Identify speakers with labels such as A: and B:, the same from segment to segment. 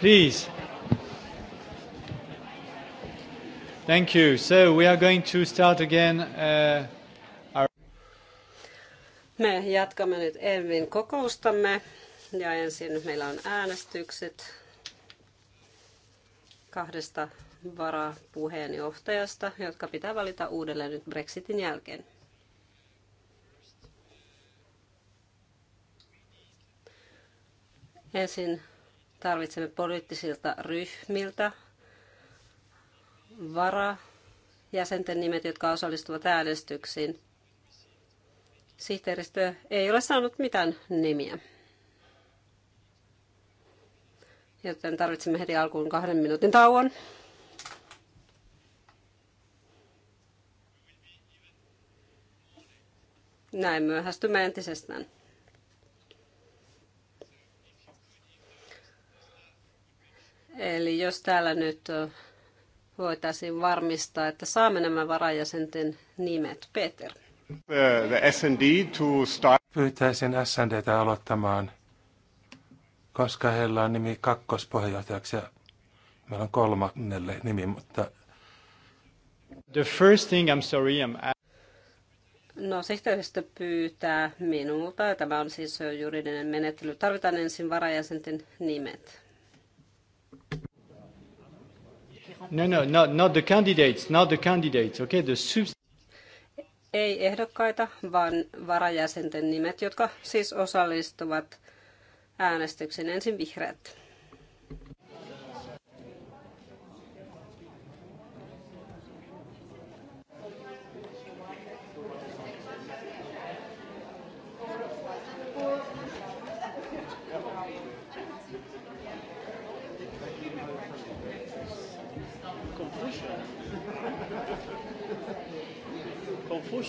A: please. Thank you. So we are going to start again uh, our...
B: Me jatkamme nyt Evin kokoustamme ja ensin meillä on äänestykset kahdesta varapuheenjohtajasta, jotka pitää valita uudelleen nyt Brexitin jälkeen. Ensin tarvitsemme poliittisilta ryhmiltä varajäsenten nimet, jotka osallistuvat äänestyksiin. Sihteeristö ei ole saanut mitään nimiä. Joten tarvitsemme heti alkuun kahden minuutin tauon. Näin myöhästymme entisestään. Eli jos täällä nyt voitaisiin varmistaa, että saamme nämä varajäsenten nimet. Peter.
C: The, the snd to start. Pyytäisin SNDtä aloittamaan, koska heillä on nimi kakkospohjohtajaksi ja meillä on kolmannelle nimi, mutta... The first thing,
A: I'm sorry, I'm...
B: No sihteeristö pyytää minulta, tämä on siis juridinen menettely. Tarvitaan ensin varajäsenten nimet.
A: No, no, not, not the candidates, not the candidates, okay, the
B: ei ehdokkaita, vaan varajäsenten nimet, jotka siis osallistuvat äänestyksen ensin vihreät.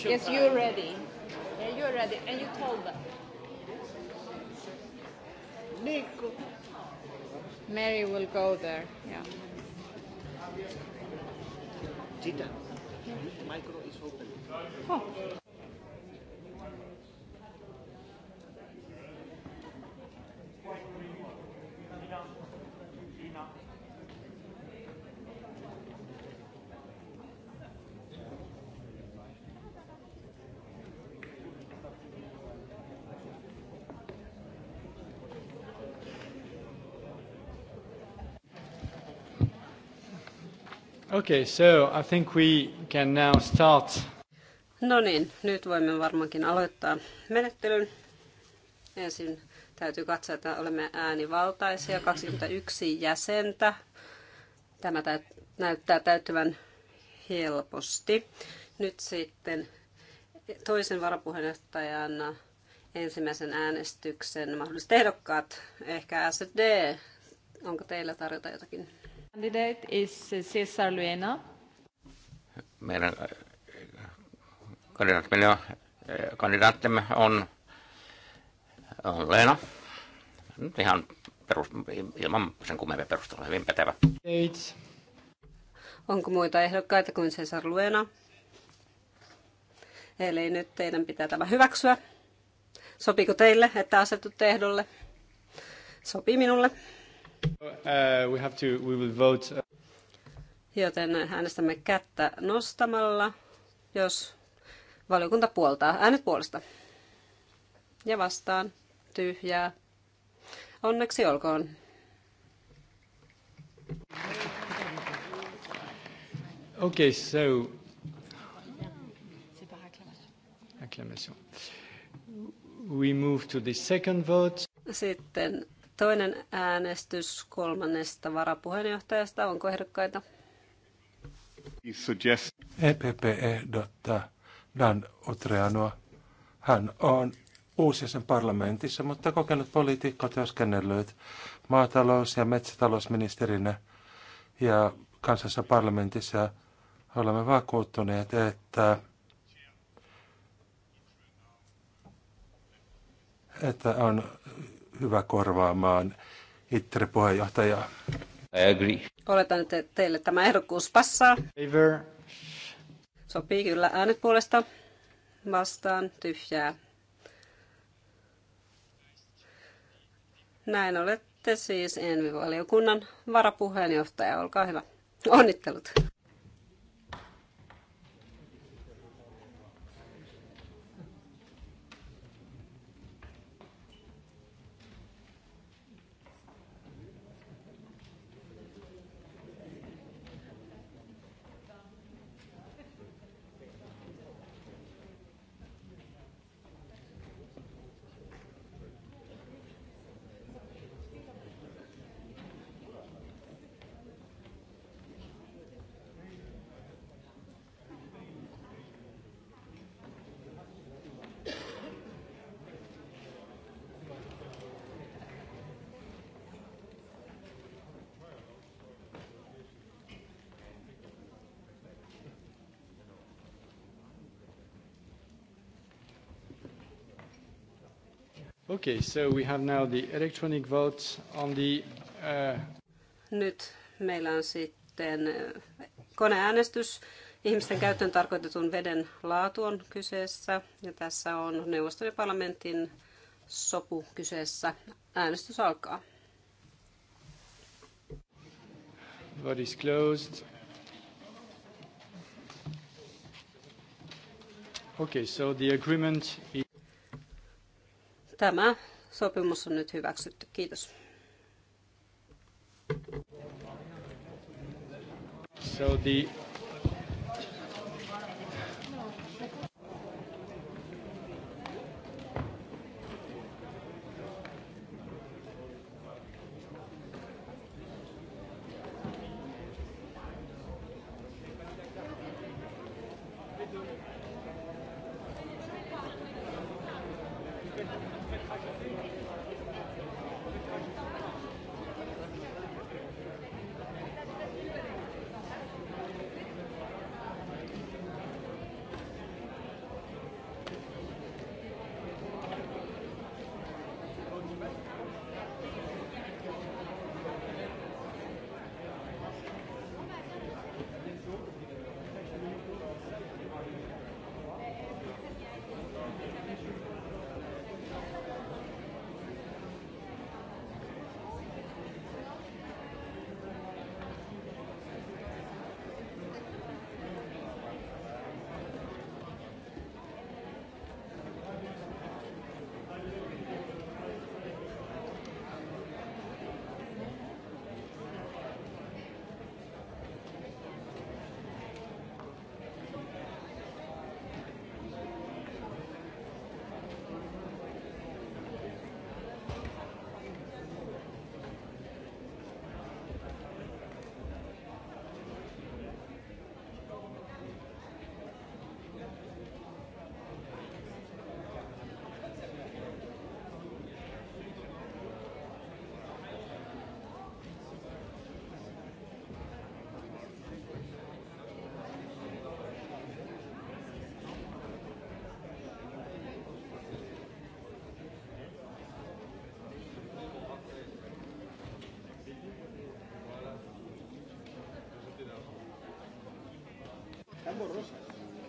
D: Yes, you're ready. Yeah, you're ready. And you told them. Nico. Mary
B: will go there. Yeah.
D: Tita,
E: micro is open. Oh.
A: Okay, so I think we can now
B: start. No niin, nyt voimme varmaankin aloittaa menettelyn. Ensin täytyy katsoa, että olemme äänivaltaisia, 21 jäsentä. Tämä näyttää täyttyvän helposti. Nyt sitten toisen varapuheenjohtajan ensimmäisen äänestyksen mahdolliset ehdokkaat, ehkä SD. Onko teillä tarjota jotakin Candidate is Cesar Luena.
F: Meidän äh, kandidaattimme on, äh, kandidaattimme on, on Leena. Nyt ihan perus, ilman sen kummempia perusteluja hyvin pätevä.
B: Eits. Onko muita ehdokkaita kuin Cesar Luena? Eli nyt teidän pitää tämä hyväksyä. Sopiiko teille, että asetutte ehdolle? Sopii minulle.
A: Uh, we have to, we will vote. Uh,
B: Joten äänestämme kättä nostamalla, jos valiokunta puoltaa. Äänet puolesta. Ja vastaan. Tyhjää. Onneksi olkoon.
A: Okay, so acclamation. We move to the second vote.
B: Sitten Toinen äänestys kolmannesta varapuheenjohtajasta. Onko ehdokkaita?
C: EPP e ehdottaa Dan Otreanoa. Hän on uusi sen parlamentissa, mutta kokenut poliitikko työskennellyt maatalous- ja metsätalousministerinä ja kansassa parlamentissa olemme vakuuttuneet, että, että on hyvä korvaamaan itre puheenjohtajaa. I agree.
B: Oletan, että teille tämä ehdokkuus passaa. Favor. Sopii kyllä äänet puolesta. Vastaan tyhjää. Näin olette siis Envi-valiokunnan varapuheenjohtaja. Olkaa hyvä. Onnittelut.
A: Okay, so we have now the electronic votes on the... Uh...
B: Nyt meillä on sitten uh, koneäänestys. Ihmisten käyttöön tarkoitetun veden laatu on kyseessä ja tässä on neuvoston ja parlamentin sopu kyseessä. Äänestys alkaa.
A: Vote is closed. Okay, so the agreement is...
B: Tämä sopimus on nyt hyväksytty. Kiitos.
A: So the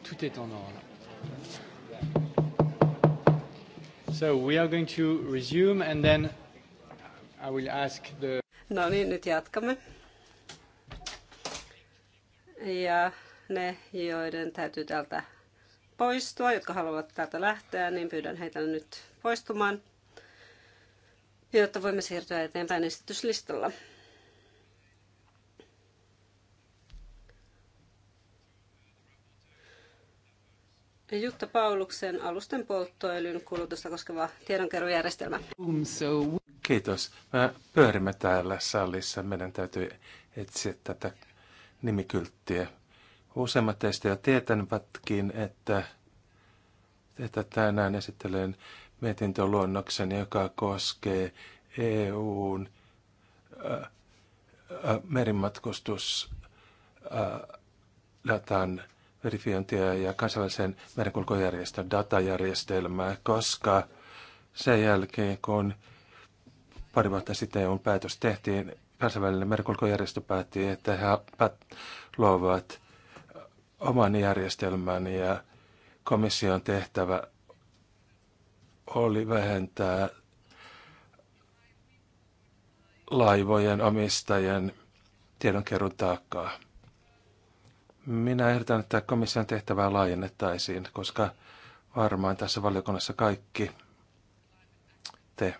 A: Tout est en ordre. So we are going to resume and then I will ask the... No niin, nyt jatkamme.
B: Ja ne, joiden täytyy täältä poistua, jotka haluavat täältä lähteä, niin pyydän heitä nyt poistumaan, jotta voimme siirtyä eteenpäin esityslistalla. Jutta Pauluksen alusten polttoöljyn kulutusta koskeva tiedonkerujärjestelmä.
C: Kiitos. Mä pyörimme täällä salissa. Meidän täytyy etsiä tätä nimikylttiä. Useimmat teistä jo tietävätkin, että, että tänään esittelen mietintöluonnoksen, joka koskee EUn äh, äh, merimatkustusdatan äh, verifiointia ja kansainvälisen merenkulkujärjestön datajärjestelmää, koska sen jälkeen, kun pari vuotta sitten on päätös tehtiin, kansainvälinen merenkulkujärjestö päätti, että he luovat oman järjestelmän ja komission tehtävä oli vähentää laivojen omistajien tiedonkerron taakkaa. Minä ehdotan, että komission tehtävää laajennettaisiin, koska varmaan tässä valiokunnassa kaikki te,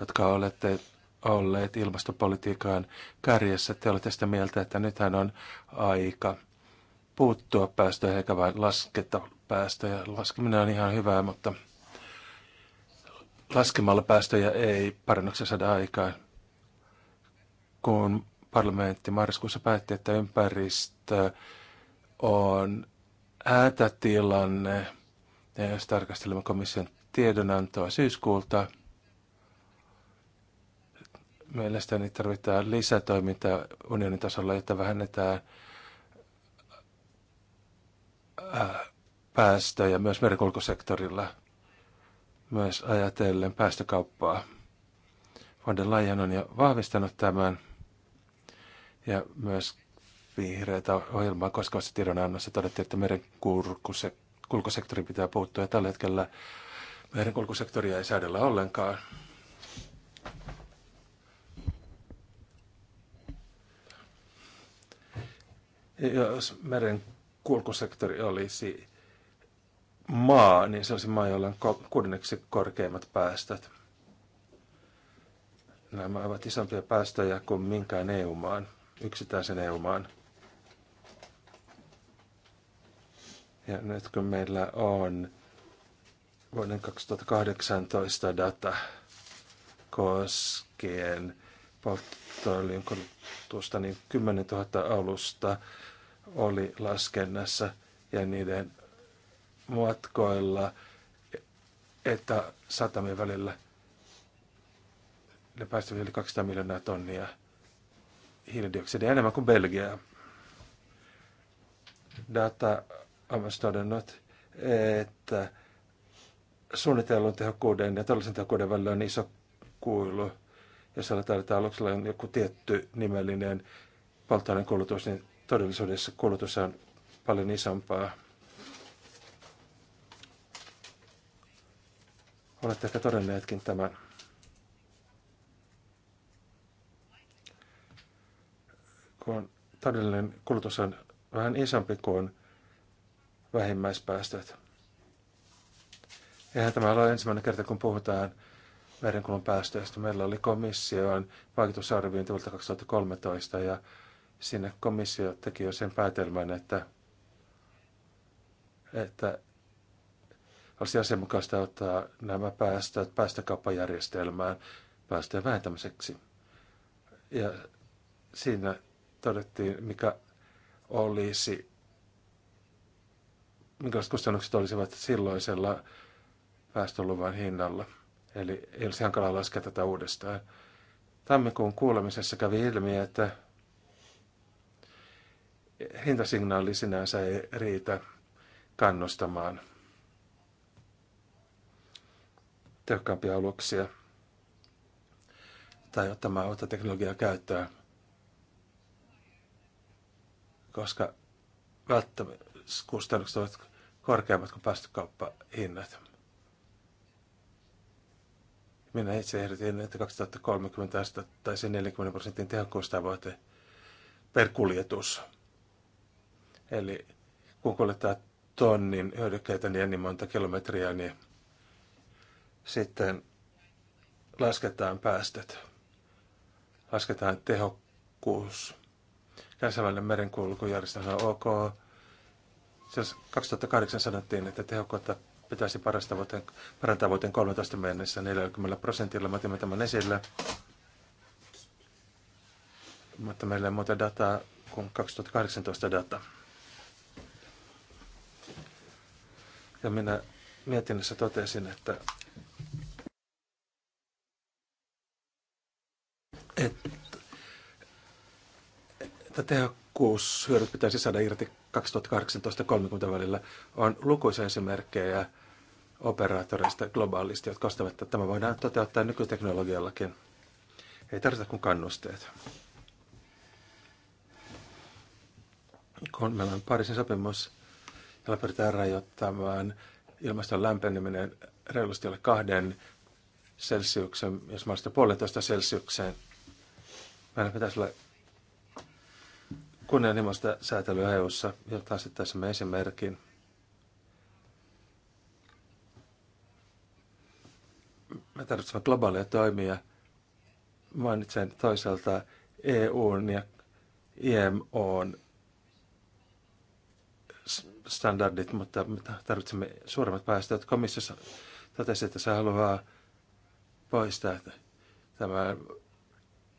C: jotka olette olleet ilmastopolitiikan kärjessä, te olette sitä mieltä, että nythän on aika puuttua päästöjä eikä vain lasketa päästöjä. Laskeminen on ihan hyvää, mutta laskemalla päästöjä ei parannuksessa saada aikaan. Kun parlamentti marraskuussa päätti, että ympäristö on hätätilanne. Ja jos tarkastelemme komission tiedonantoa syyskuulta, mielestäni tarvitaan lisätoimintaa unionin tasolla, jotta vähennetään äh, päästöjä myös merenkulkusektorilla, myös ajatellen päästökauppaa. Von der Leyen on jo vahvistanut tämän – ja myös vihreätä ohjelmaa koskevassa tiedonannossa todettiin, että kulkusektori pitää puuttua. Ja tällä hetkellä kulkusektoria ei säädellä ollenkaan. Jos kulkusektori olisi maa, niin se olisi maa, jolla on kuudenneksi korkeimmat päästöt. Nämä ovat isompia päästöjä kuin minkään EU-maan yksittäisen EU-maan. Ja nyt kun meillä on vuoden 2018 data koskien polttoöljyn kulutusta, niin 10 000 alusta oli laskennassa ja niiden matkoilla että satamien välillä ne päästivät yli 200 miljoonaa tonnia – hiilidioksidia enemmän kuin Belgia. Data on todennut, että suunnitellun tehokkuuden ja todellisen tehokkuuden välillä on iso kuilu. Jos aletaan, että aluksella on joku tietty nimellinen polttoaineen kulutus, niin todellisuudessa kulutus on paljon isompaa. Olette ehkä todenneetkin tämän. on todellinen kulutus on vähän isompi kuin vähimmäispäästöt. Eihän tämä ole ensimmäinen kerta, kun puhutaan merenkulun päästöistä. Meillä oli komission vaikutusarviointi vuodelta 2013 ja sinne komissio teki jo sen päätelmän, että, että olisi asianmukaista ottaa nämä päästöt päästökauppajärjestelmään päästöjen vähentämiseksi. Ja siinä todettiin, mikä olisi, minkälaiset kustannukset olisivat silloisella päästöluvan hinnalla. Eli ei olisi hankalaa laskea tätä uudestaan. Tammikuun kuulemisessa kävi ilmi, että hintasignaali sinänsä ei riitä kannustamaan tehokkaampia aluksia tai ottamaan uutta teknologiaa käyttöön koska välttämiskustannukset ovat korkeammat kuin päästökauppahinnat. Minä itse ehdotin, että 2030 astettaisiin 40 prosentin tehokkuustavoite per kuljetus. Eli kun kuljetaan tonnin hyödykkeitä niin, niin monta kilometriä, niin sitten lasketaan päästöt, lasketaan tehokkuus kansainvälinen merenkulkujärjestö että OK. Siis 2008 sanottiin, että tehokkuutta pitäisi parasta vuoteen, parantaa vuoteen 13 mennessä 40 prosentilla. Mä otimme tämän esille. Mutta meillä ei muuta dataa kuin 2018 data. Ja minä mietinnössä totesin, että, että että tehokkuushyödyt pitäisi saada irti 2018-30 välillä. On lukuisia esimerkkejä operaattoreista globaalisti, jotka ostavat, että tämä voidaan toteuttaa nykyteknologiallakin. Ei tarvita kuin kannusteet. Kun meillä on Pariisin sopimus, jolla pyritään rajoittamaan ilmaston lämpeneminen reilusti alle kahden selsiuksen, jos mahdollista puolentoista selsiukseen. Meidän pitäisi olla kunnianhimoista säätelyä EU-ssa, tässä me esimerkin. Me tarvitsemme globaaleja toimia. Mainitsen toisaalta EUn ja IMOn standardit, mutta me tarvitsemme suuremmat päästöt. Komissiossa totesi, että se haluaa poistaa tämän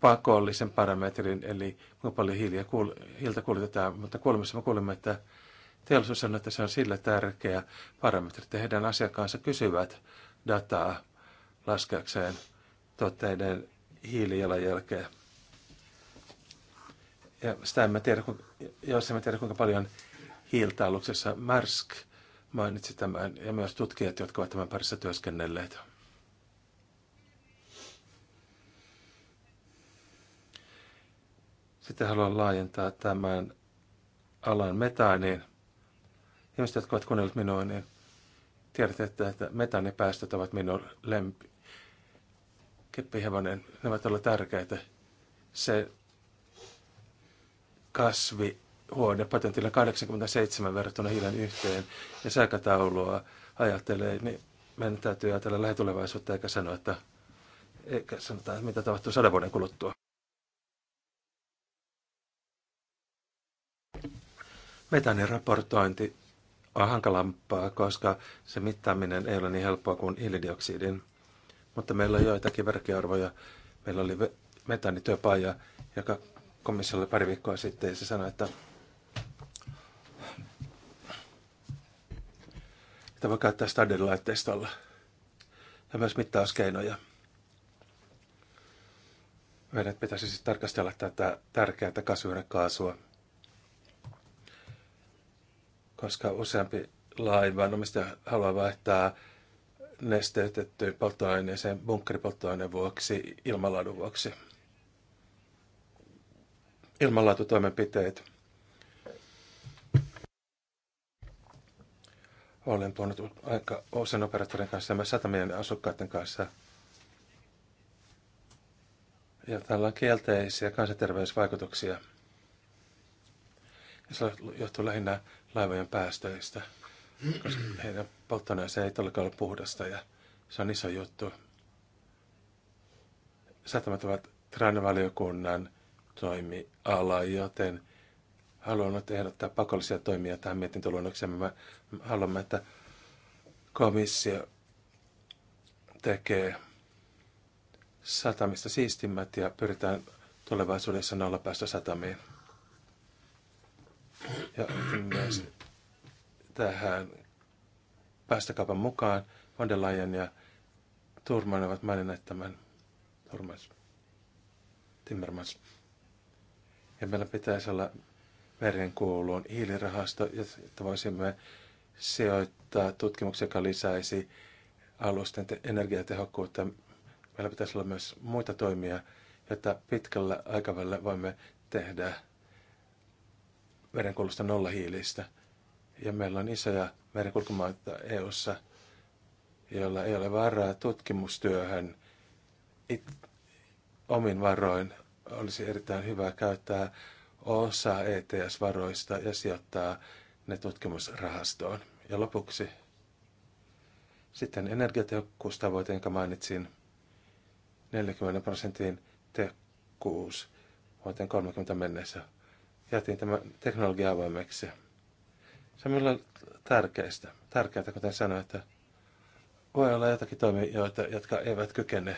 C: pakollisen parametrin, eli kuinka paljon hiiliä kuul- kuljetetaan, mutta kuulemassa me kuulemme, että teollisuus sanoo, että se on sillä tärkeä parametri, että heidän asiakkaansa kysyvät dataa laskeakseen tuotteiden hiilijalanjälkeä. Ja sitä mä tiedä, kun, jos mä tiedä, kuinka paljon hiiltä aluksessa Märsk mainitsi tämän, ja myös tutkijat, jotka ovat tämän parissa työskennelleet. Sitten haluan laajentaa tämän alan metaaniin. Ihmiset, jotka ovat kuunnelleet minua, niin tiedätte, että, että metaanipäästöt ovat minun lempi. Keppihevonen, ne ovat olla tärkeitä. Se kasvi huone patentilla 87 verrattuna hiilen yhteen ja säkätaulua ajattelee, niin meidän täytyy ajatella lähetulevaisuutta eikä sanoa, että eikä sanota, mitä tapahtuu sadan vuoden kuluttua. raportointi on hankalampaa, koska se mittaaminen ei ole niin helppoa kuin hiilidioksidin. Mutta meillä on joitakin verkkiarvoja. Meillä oli metanityöpaja, joka komissiolle pari viikkoa sitten, ja se sanoi, että että voi käyttää stadion ja myös mittauskeinoja. Meidän pitäisi siis tarkastella tätä tärkeää kasvihuonekaasua koska useampi laivan omistaja haluaa vaihtaa nesteytettyyn polttoaineeseen bunkkeripolttoaineen vuoksi ilmanlaadun vuoksi. Ilmanlaatutoimenpiteet. Olen puhunut aika osan operaattorin kanssa ja myös satamien asukkaiden kanssa. Ja tällä on kielteisiä kansanterveysvaikutuksia. Ja se johtuu lähinnä laivojen päästöistä, koska heidän polttoaineensa ei todellakaan ole puhdasta ja se on iso juttu. Satamat ovat TRAN-valiokunnan toimiala, joten haluan nyt ehdottaa pakollisia toimia tähän mietintöluonnokseen. Me haluamme, että komissio tekee satamista siistimmät ja pyritään tulevaisuudessa nollapäästösatamiin. satamiin. Ja myös tähän päästökaupan mukaan von der Leyen ja Turman ovat maininneet tämän Turmas, Timmermans. Ja meillä pitäisi olla merenkuuluun hiilirahasto, jotta voisimme sijoittaa tutkimuksia, joka lisäisi alusten energiatehokkuutta. Meillä pitäisi olla myös muita toimia, jotta pitkällä aikavälillä voimme tehdä merenkulusta nollahiilistä. Ja meillä on isoja merenkulkumaita EU-ssa, joilla ei ole varaa tutkimustyöhön it, omin varoin. Olisi erittäin hyvä käyttää osa ETS-varoista ja sijoittaa ne tutkimusrahastoon. Ja lopuksi sitten energiatehokkuustavoite, jonka mainitsin, 40 prosentin tehokkuus vuoteen 30 mennessä jätin tämä teknologia avoimeksi. Se on minulle tärkeistä. Tärkeää, kuten sanoin, että voi olla jotakin toimijoita, jotka eivät kykene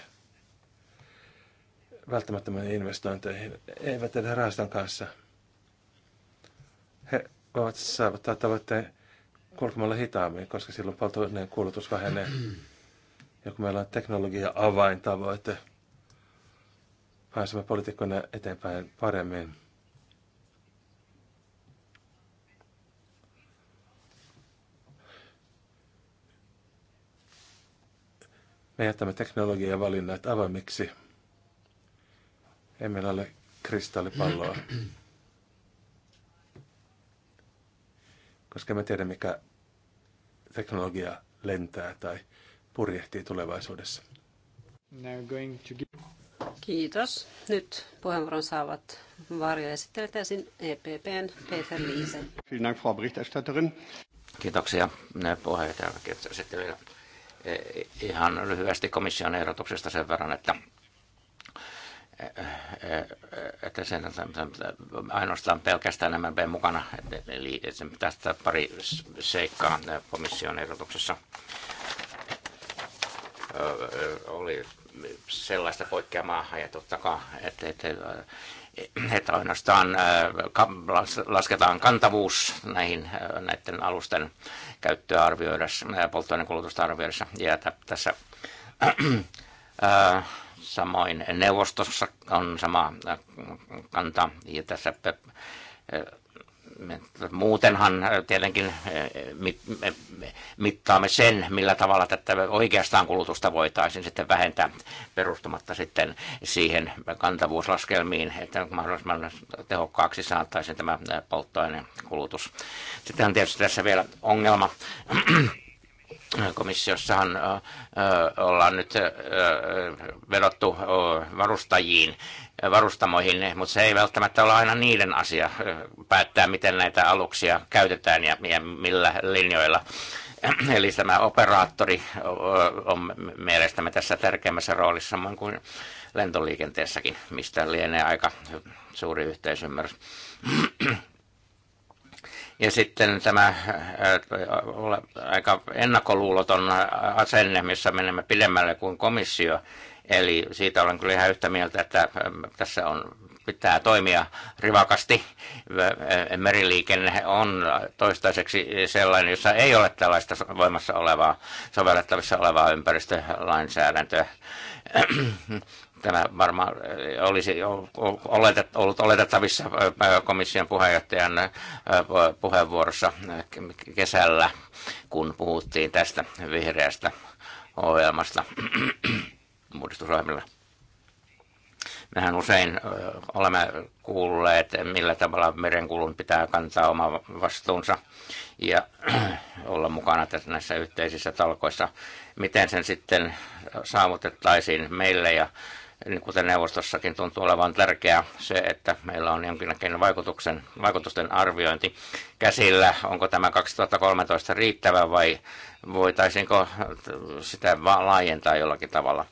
C: välttämättömiin investointeihin, eivät edes rahaston kanssa. He voivat saavuttaa tavoitteen kulkemalla hitaammin, koska silloin polttoaineen kulutus vähenee. Ja kun meillä on teknologia avaintavoite, pääsemme poliitikkoina eteenpäin paremmin. Me jätämme teknologian valinnat avoimiksi. emme ole kristallipalloa. Koska me tiedämme, mikä teknologia lentää tai purjehtii tulevaisuudessa.
B: Kiitos. Nyt puheenvuoron saavat varjoesittelijät ensin EPPn Peter Liisen.
F: Kiitoksia puheenjohtajalle. Kiitos esittelijälle Eh, ihan lyhyesti komission ehdotuksesta sen verran, että eh, eh, että sen ainoastaan pelkästään nämä mukana. Eli tästä pari seikkaa komission ehdotuksessa oli sellaista poikkeamaa ja totta että, että että ainoastaan äh, lasketaan kantavuus näihin äh, näiden alusten käyttöä arvioidessa, äh, polttoaineen kulutusta arvioidessa. Ja tässä samoin neuvostossa on sama kanta, ja tässä Muutenhan äh, tietenkin äh, mittaamme sen, millä tavalla tätä oikeastaan kulutusta voitaisiin sitten vähentää perustumatta sitten siihen kantavuuslaskelmiin, että mahdollisimman tehokkaaksi saattaisiin tämä äh, polttoaineen kulutus. Sitten on tietysti tässä vielä ongelma komissiossahan ollaan nyt vedottu varustajiin, varustamoihin, mutta se ei välttämättä ole aina niiden asia päättää, miten näitä aluksia käytetään ja, ja millä linjoilla. Eli tämä operaattori on mielestämme tässä tärkeimmässä roolissa samoin kuin lentoliikenteessäkin, mistä lienee aika suuri yhteisymmärrys. Ja sitten tämä äh, aika ennakkoluuloton asenne, missä menemme pidemmälle kuin komissio. Eli siitä olen kyllä ihan yhtä mieltä, että äh, tässä on, pitää toimia rivakasti. Äh, meriliikenne on toistaiseksi sellainen, jossa ei ole tällaista voimassa olevaa, sovellettavissa olevaa ympäristölainsäädäntöä Tämä varmaan äh, olisi oletet, ollut oletettavissa äh, komission puheenjohtajan äh, puheenvuorossa kesällä, kun puhuttiin tästä vihreästä ohjelmasta uudistusohjelmilla. Mehän usein olemme kuulleet, millä tavalla merenkulun pitää kantaa oma vastuunsa ja olla mukana tässä näissä yhteisissä talkoissa. Miten sen sitten saavutettaisiin meille ja niin kuten neuvostossakin tuntuu olevan tärkeää se, että meillä on jonkinnäköinen vaikutuksen, vaikutusten arviointi käsillä. Onko tämä 2013 riittävä vai voitaisiinko sitä laajentaa jollakin tavalla?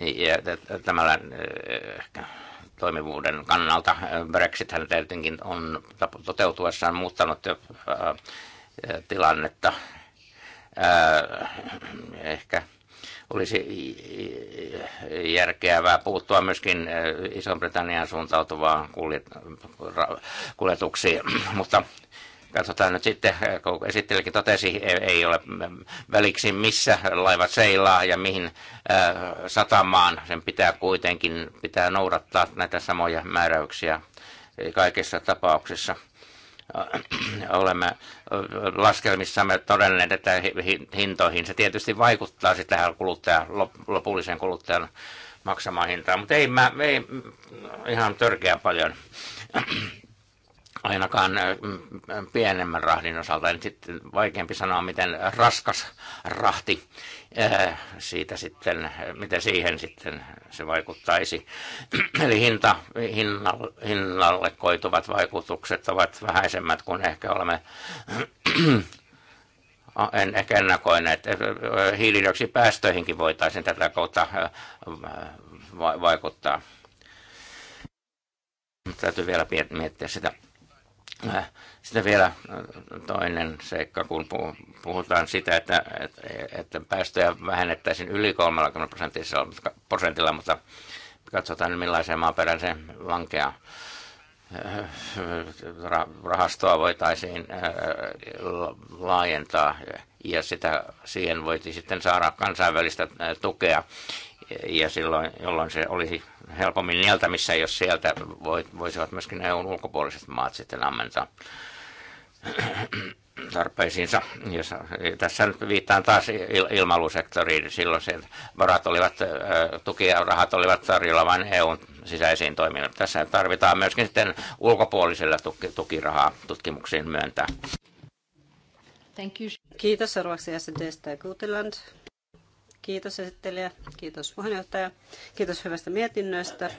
F: Ja tämän eh, toimivuuden kannalta eh, Brexit tietenkin on toteutuessaan muuttanut eh, tilannetta ehkä olisi järkeävää puuttua myöskin Iso-Britannian suuntautuvaan kuljetuksiin, mutta katsotaan nyt sitten, kun esittelikin totesi, e, ei ole väliksi missä laivat seilaa ja mihin satamaan. Sen pitää kuitenkin pitää noudattaa näitä samoja määräyksiä kaikissa tapauksissa olemme laskelmissamme todenneet, että hintoihin se tietysti vaikuttaa sitten tähän kuluttajan, lopullisen kuluttajan maksamaan hintaan, mutta ei, mä, ei ihan törkeä paljon ainakaan pienemmän rahdin osalta. Nyt sitten vaikeampi sanoa, miten raskas rahti Äh, siitä sitten, miten siihen sitten se vaikuttaisi. Eli hinta, hinnalle, hinnalle koituvat vaikutukset ovat vähäisemmät kuin ehkä olemme en ehkä ennakoineet. Äh, äh, Hiilidioksipäästöihinkin voitaisiin tätä kautta vaikuttaa. Täytyy vielä miettiä sitä. Äh, sitten vielä äh, toinen seikka, kun puhutaan sitä, että, että, että päästöjä vähennettäisiin yli 30 prosentilla, mutta katsotaan millaiseen se vankea äh, rahastoa voitaisiin laajentaa ja sitä, siihen voitiin sitten saada kansainvälistä tukea ja silloin, jolloin se olisi helpommin nieltämissä, missä jos sieltä voisivat myöskin EUn ulkopuoliset maat sitten ammentaa tarpeisiinsa. Ja tässä nyt viittaan taas ilmailusektoriin. Silloin se varat olivat, tuki ja rahat olivat tarjolla vain EUn sisäisiin toimiin. Tässä tarvitaan myöskin sitten ulkopuolisella tukirahaa tutkimuksiin myöntää.
B: Thank you. Kiitos seuraavaksi SDstä Kuteland. Kiitos esittelijä, kiitos puheenjohtaja, kiitos hyvästä mietinnöstä.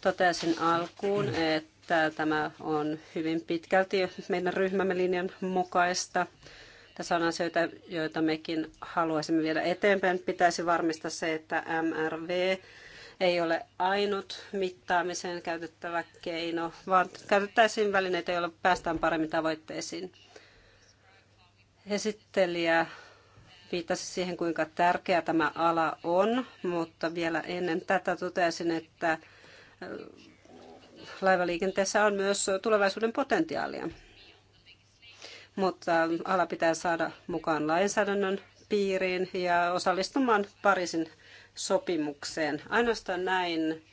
B: Totesin alkuun, että tämä on hyvin pitkälti meidän ryhmämme linjan mukaista. Tässä on asioita, joita mekin haluaisimme viedä eteenpäin. Pitäisi varmistaa se, että MRV ei ole ainut mittaamiseen käytettävä keino, vaan käytettäisiin välineitä, joilla päästään paremmin tavoitteisiin. Esittelijä viittasi siihen, kuinka tärkeä tämä ala on, mutta vielä ennen tätä totesin, että äh, laivaliikenteessä on myös tulevaisuuden potentiaalia. Mutta äh, ala pitää saada mukaan lainsäädännön piiriin ja osallistumaan Pariisin sopimukseen. Ainoastaan näin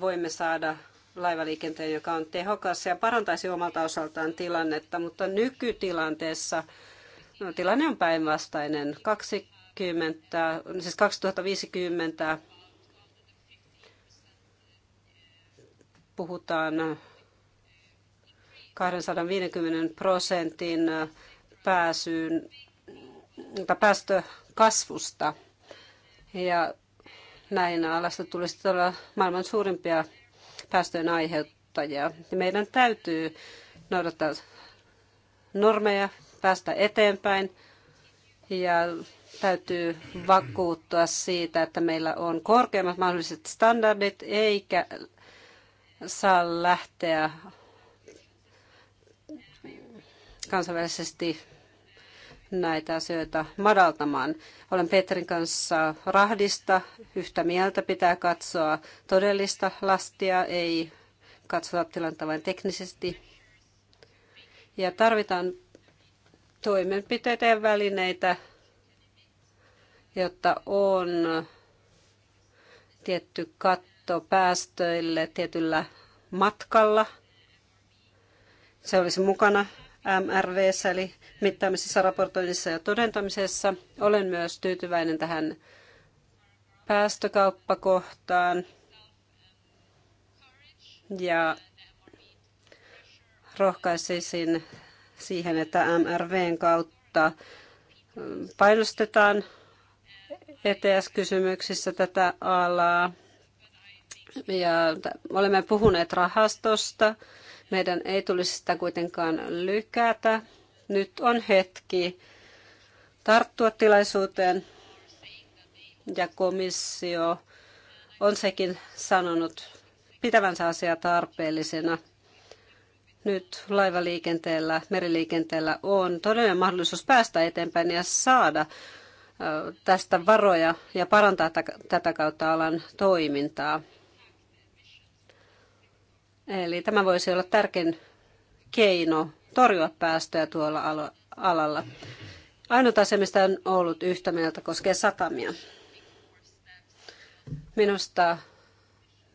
B: voimme saada laivaliikenteen, joka on tehokas ja parantaisi omalta osaltaan tilannetta, mutta nykytilanteessa No, tilanne on päinvastainen. 20, siis 2050 puhutaan 250 prosentin pääsyyn, päästökasvusta. Ja näin alasta tulisi olla maailman suurimpia päästöjen aiheuttajia. Ja meidän täytyy noudattaa normeja, päästä eteenpäin ja täytyy vakuuttua siitä, että meillä on korkeimmat mahdolliset standardit eikä saa lähteä kansainvälisesti näitä asioita madaltamaan. Olen Petrin kanssa rahdista yhtä mieltä. Pitää katsoa todellista lastia, ei katsota tilannetta vain teknisesti. Ja tarvitaan toimenpiteitä ja välineitä, jotta on tietty katto päästöille tietyllä matkalla. Se olisi mukana MRV, eli mittaamisessa, raportoinnissa ja todentamisessa. Olen myös tyytyväinen tähän päästökauppakohtaan. Ja rohkaisisin siihen, että MRVn kautta painostetaan ETS-kysymyksissä tätä alaa. Ja olemme puhuneet rahastosta. Meidän ei tulisi sitä kuitenkaan lykätä. Nyt on hetki tarttua tilaisuuteen. Ja komissio on sekin sanonut pitävänsä asiaa tarpeellisena nyt laivaliikenteellä, meriliikenteellä on todellinen mahdollisuus päästä eteenpäin ja saada tästä varoja ja parantaa tätä kautta alan toimintaa. Eli tämä voisi olla tärkein keino torjua päästöjä tuolla alalla. Ainut asia, mistä on ollut yhtä mieltä, koskee satamia. Minusta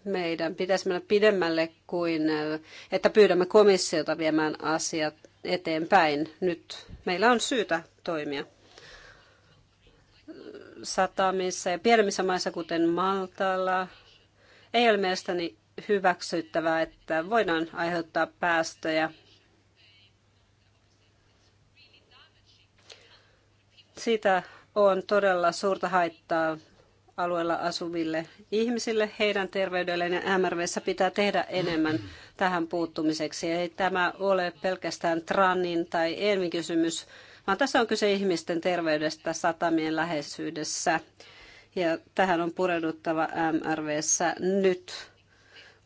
B: meidän pitäisi mennä pidemmälle kuin, että pyydämme komissiota viemään asiat eteenpäin. Nyt meillä on syytä toimia. Satamissa ja pienemmissä maissa, kuten Maltalla, ei ole mielestäni hyväksyttävää, että voidaan aiheuttaa päästöjä. Siitä on todella suurta haittaa alueella asuville ihmisille, heidän terveydelleen ja MRVssä pitää tehdä enemmän tähän puuttumiseksi. Ei tämä ole pelkästään Trannin tai ELMin kysymys, vaan tässä on kyse ihmisten terveydestä satamien läheisyydessä. Ja tähän on pureuduttava MRVssä nyt.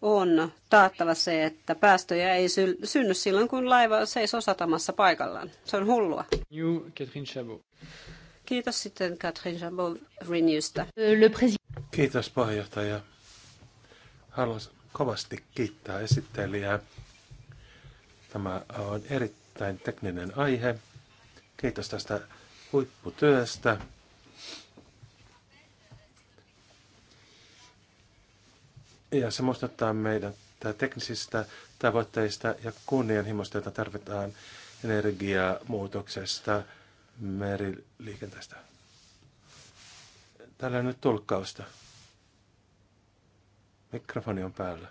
B: On taattava se, että päästöjä ei synny silloin, kun laiva seisoo satamassa paikallaan. Se on hullua. New Catherine Chabot. Kiitos sitten Katrin Jambon Renewstä.
C: Kiitos puheenjohtaja. Haluan kovasti kiittää esittelijää. Tämä on erittäin tekninen aihe. Kiitos tästä huipputyöstä. Ja se muistuttaa meidän teknisistä tavoitteista ja kunnianhimoista, joita tarvitaan energiamuutoksesta – meriliikenteestä. Täällä on nyt tulkkausta. Mikrofoni on päällä.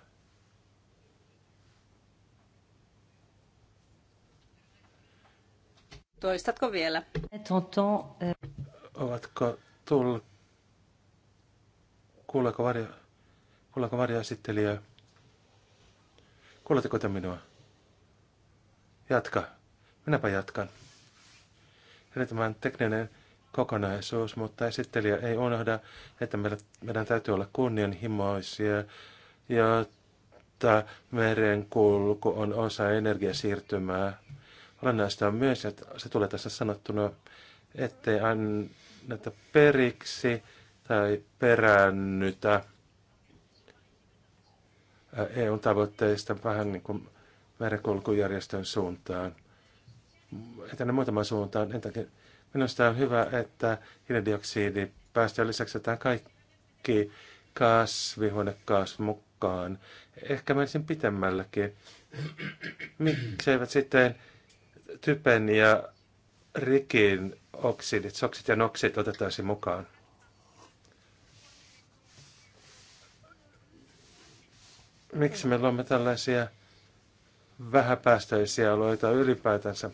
B: Toistatko vielä?
C: Ovatko tull... Kuuleeko varja? Kuuleeko esittelijä? Kuuletteko te minua? Jatka. Minäpä jatkan. Eli tämä on tekninen kokonaisuus, mutta esittelijä ei unohda, että meidän, meidän täytyy olla kunnianhimoisia, jotta merenkulku on osa energiasiirtymää. Olennaista on myös, että se tulee tässä sanottuna, ettei anneta periksi tai peräännytä EUn tavoitteista vähän niin kuin merenkulkujärjestön suuntaan etene muutamaan suuntaan. Entäkin, minusta on hyvä, että hiilidioksidipäästöjen lisäksi otetaan kaikki kasvihuonekaasut mukaan. Ehkä menisin pitemmällekin. Mikseivät sitten typen ja rikin oksidit, soksit ja noksit otettaisiin mukaan? Miksi me luomme tällaisia vähäpäästöisiä alueita ylipäätänsä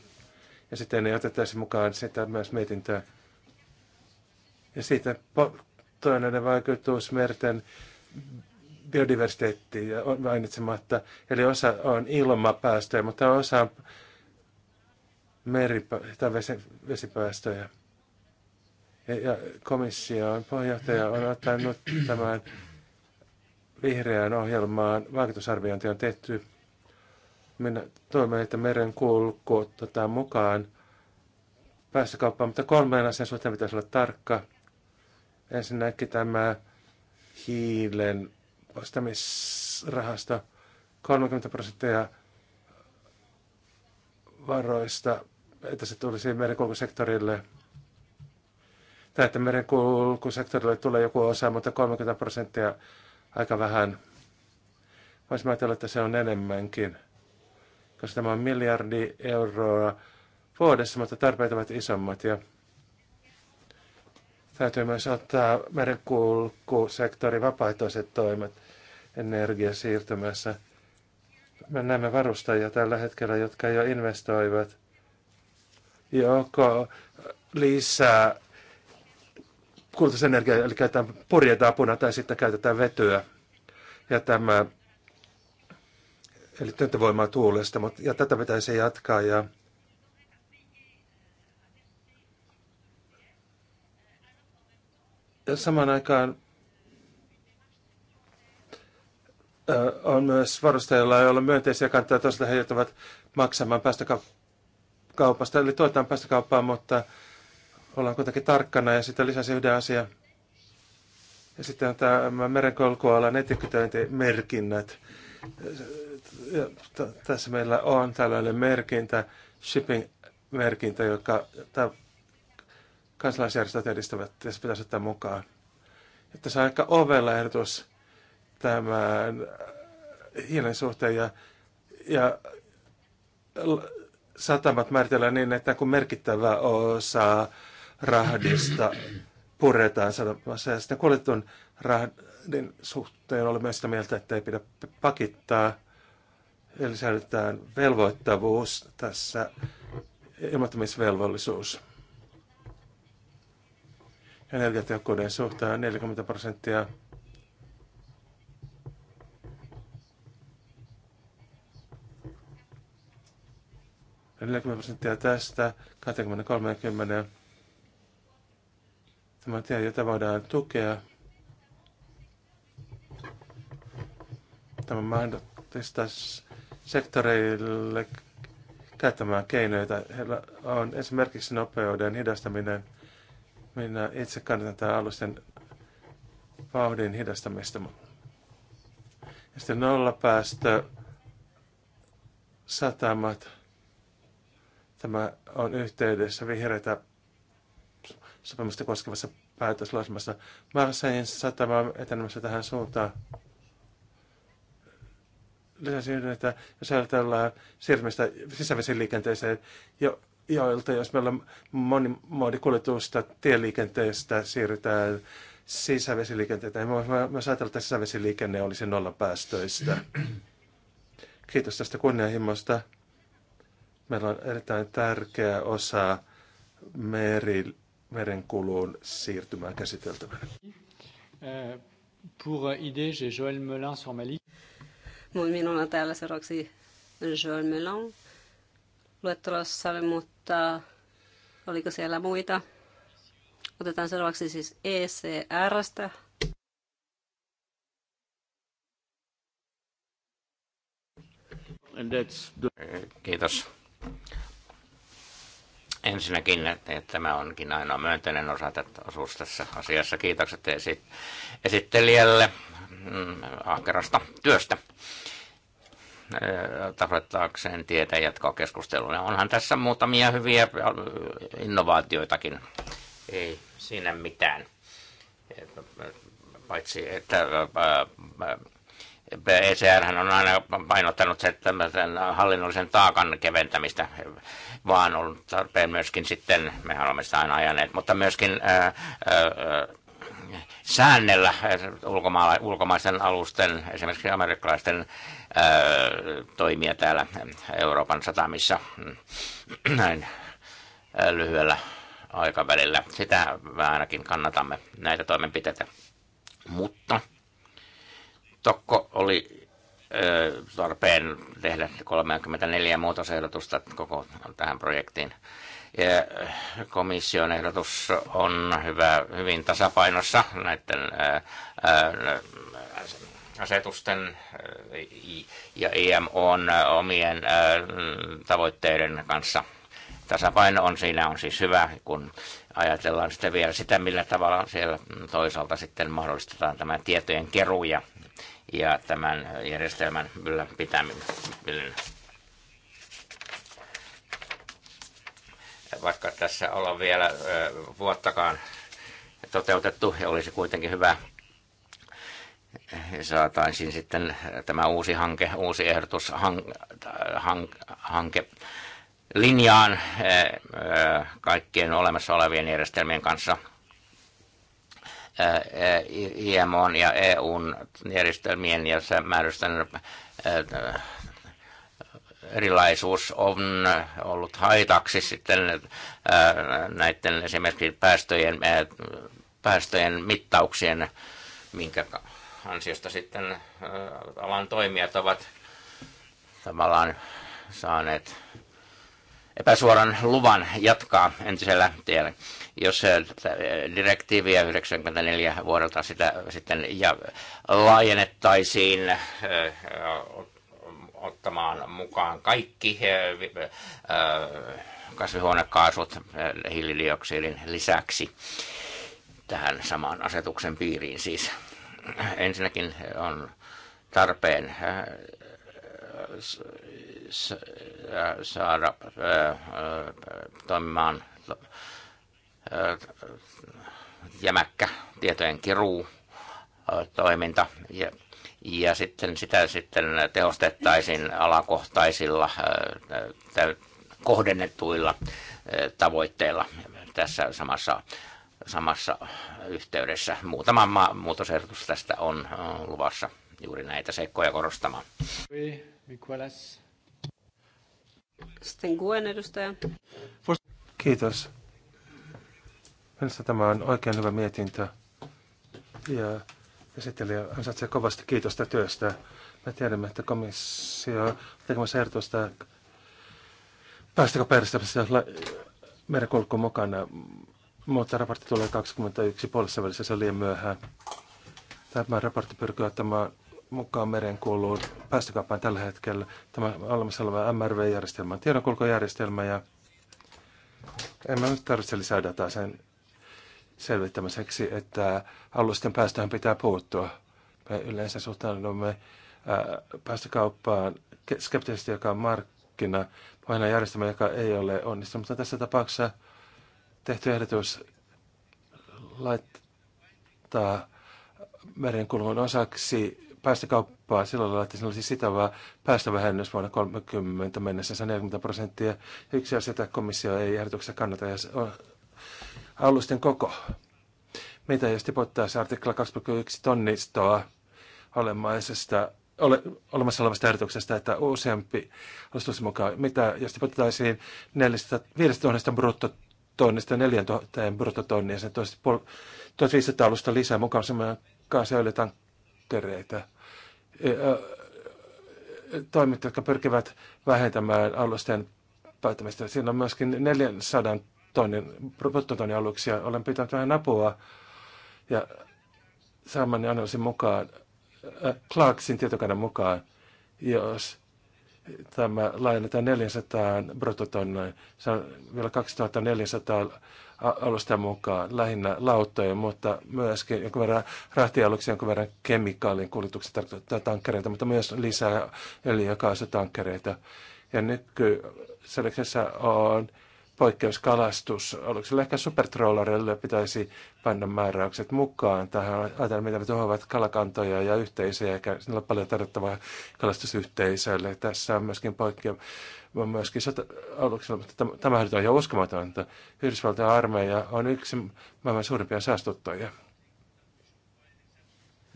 C: ja sitten ne otettaisiin mukaan sitä myös mietintöä. Ja siitä toinen vaikutus merten biodiversiteettiin ja on mainitsematta. Eli osa on ilmapäästöjä, mutta osa on meri- tai vesipäästöjä. Ja, ja komissio on pohjohtaja, on ottanut tämän vihreään ohjelmaan. Vaikutusarviointi on tehty minä toivon, että merenkulku tota, mukaan päästökauppaan, mutta kolmeen asian suhteen pitäisi olla tarkka. Ensinnäkin tämä hiilen ostamisrahasto 30 prosenttia varoista, että se tulisi merenkulkusektorille. Tai että merenkulkusektorille tulee joku osa, mutta 30 prosenttia aika vähän. Voisi ajatella, että se on enemmänkin koska tämä on miljardi euroa vuodessa, mutta tarpeet ovat isommat. Ja täytyy myös ottaa merenkulkusektori vapaaehtoiset toimet energiasiirtymässä. Me näemme varustajia tällä hetkellä, jotka jo investoivat joko lisää kulutusenergiaa, eli käytetään purjeita apuna tai sitten käytetään vetyä. Ja tämä eli työntövoimaa tuulesta, mutta, ja tätä pitäisi jatkaa. Ja ja samaan aikaan on myös varustajilla, joilla myönteisiä kantaa toisaalta he joutuvat maksamaan päästökaupasta. Eli tuetaan päästökauppaa, mutta ollaan kuitenkin tarkkana ja sitten lisäsi yhden asian. Ja sitten on tämä merenkulkualan etiketöintimerkinnät tässä meillä on tällainen merkintä, shipping-merkintä, joka kansalaisjärjestöt edistävät, ja se pitäisi ottaa mukaan. Että se on aika ovella ehdotus tämän äh, hiilen suhteen, ja, ja satamat määritellään niin, että kun merkittävä osa rahdista puretaan satamassa, ja sitten kuljetun rahdin suhteen olemme sitä mieltä, että ei pidä pakittaa – Eli säilytetään velvoittavuus tässä ilmoittamisvelvollisuus. Energiatehokkuuden suhteen 40 prosenttia ja 40 prosenttia tästä 20-30. Tämä on tie, jota voidaan tukea. Tämä mahdollistaa sektoreille käyttämään keinoita. Heillä on esimerkiksi nopeuden hidastaminen. Minä itse kannatan tämän alusten vauhdin hidastamista. Ja sitten nollapäästö satamat. Tämä on yhteydessä vihreitä sopimusta koskevassa päätöslausumassa. Marseille satama etenemässä tähän suuntaan lisäksi ja että jos ajatellaan siirtymistä jo, joilta, jos meillä monimuodikuljetusta tieliikenteestä siirrytään sisävesiliikenteitä. Niin me voimme mä, mä että sisävesiliikenne olisi nolla päästöistä. Kiitos tästä kunnianhimosta. Meillä on erittäin tärkeä osa meri, merenkuluun siirtymään käsiteltävänä.
B: Euh, pour idée, j'ai Joël Melin sur ma liste minun on täällä seuraavaksi Jean Melon luettelossa, mutta oliko siellä muita? Otetaan seuraavaksi siis ECRstä.
F: Kiitos. Ensinnäkin, että tämä onkin ainoa myönteinen osa tätä osuus tässä asiassa. Kiitokset esittelijälle Mm, ahkerasta työstä tasoittaakseen tietä jatkaa keskustelua. Ja onhan tässä muutamia hyviä innovaatioitakin. Ei siinä mitään. Paitsi, että ECR on aina painottanut että hallinnollisen taakan keventämistä, vaan on tarpeen myöskin sitten, mehän olemme sitä aina ajaneet, mutta myöskin säännellä äh, ulkomaala, ulkomaisten alusten, esimerkiksi amerikkalaisten ää, äh, toimia täällä Euroopan satamissa mm, näin äh, lyhyellä aikavälillä. Sitä me ainakin kannatamme näitä toimenpiteitä. Mutta Tokko oli tarpeen tehdä 34 muutosehdotusta koko tähän projektiin Eh, komission ehdotus on hyvä, hyvin tasapainossa näiden eh, eh, asetusten ja on omien tavoitteiden kanssa. Tasapaino on siinä on siis hyvä, kun ajatellaan sitten vielä sitä, millä tavalla siellä toisaalta sitten mahdollistetaan tämä tietojen keruu ja, ja tämän järjestelmän ylläpitäminen. vaikka tässä olla vielä vuottakaan toteutettu ja olisi kuitenkin hyvä eh, saataisiin sitten eh, tämä uusi hanke, uusi ehdotus hank, eh, hank, hanke linjaan kaikkien olemassa olevien järjestelmien kanssa. IMO ja EUn järjestelmien ja määrysten erilaisuus on ollut haitaksi sitten äh, näiden esimerkiksi päästöjen, äh, päästöjen mittauksien, minkä ansiosta sitten äh, alan toimijat ovat tavallaan saaneet epäsuoran luvan jatkaa entisellä tiellä. Jos direktiiviä 94 vuodelta sitä sitten ja laajennettaisiin ottamaan mukaan kaikki eh, eh, kasvihuonekaasut eh, hiilidioksidin lisäksi tähän samaan asetuksen piiriin siis. Ensinnäkin on tarpeen saada toimimaan jämäkkä tietojen kiruu toiminta ja ja sitten sitä sitten tehostettaisiin alakohtaisilla äh, kohdennetuilla äh, tavoitteilla tässä samassa, samassa yhteydessä. Muutama muutosehdotus tästä on luvassa juuri näitä seikkoja korostamaan.
B: Sitten Guen edustaja.
C: Kiitos. Minusta tämä on oikein hyvä mietintö. Ja esittelijä ansaitsee kovasti kiitosta työstä. Me tiedämme, että komissio on tekemässä ehdotusta päästäkö meidän merenkulku mukana, mutta raportti tulee 21 puolessa välissä, se on liian myöhään. Tämä raportti pyrkii ottamaan mukaan merenkulun päästökaupan tällä hetkellä. Tämä olemassa oleva MRV-järjestelmä on tiedonkulkojärjestelmä ja emme nyt tarvitse lisää dataa sen selvittämiseksi, että alusten päästöihin pitää puuttua. Me yleensä suhtaudumme äh, päästökauppaan skeptisesti, joka on markkina, aina järjestelmä, joka ei ole onnistunut. Mutta tässä tapauksessa tehty ehdotus laittaa merenkulun osaksi päästökauppaa sillä lailla, että siinä olisi sitova päästövähennys vuonna 30 mennessä 140 prosenttia. Yksi asia, jota komissio ei ehdotuksessa kannata, ja alusten koko. Mitä jos tiputtaisiin artikla 2,1 tonnistoa olemaisesta, ole, olemassa olevasta ehdotuksesta, että useampi alustus mukaan, mitä jos tiputtaisiin 5000 bruttotonnista 4000 bruttotonnia, sen 1500 alusta lisää mukaan semmoinen kaasuöljytankkereita toimet, jotka pyrkivät vähentämään alusten päättämistä. Siinä on myöskin 400 bruttotonnin, bruttotonnin aluksi ja olen pitänyt vähän apua. Ja saamani analyysin mukaan, äh, Clarksin tietokannan mukaan, jos tämä laajennetaan 400 bruttotonnoin, se on vielä 2400 alusta mukaan, lähinnä lauttoja, mutta myöskin jonkun verran rahtialuksia, jonkun verran kemikaalien kuljetuksia tarkoittaa tankkereita, mutta myös lisää öljy- ja kaasutankkereita. Ja nykyseliksessä on poikkeuskalastus, oliko ehkä supertrollerille pitäisi panna määräykset mukaan tähän, ajatellaan mitä tuhoavat kalakantoja ja yhteisöjä, eikä niillä ole paljon tarjottavaa kalastusyhteisölle. Tässä on myöskin poikkeus, myöskin sota, aluksella, mutta tämä on jo uskomatonta. Yhdysvaltain armeija on yksi maailman suurimpia saastuttajia.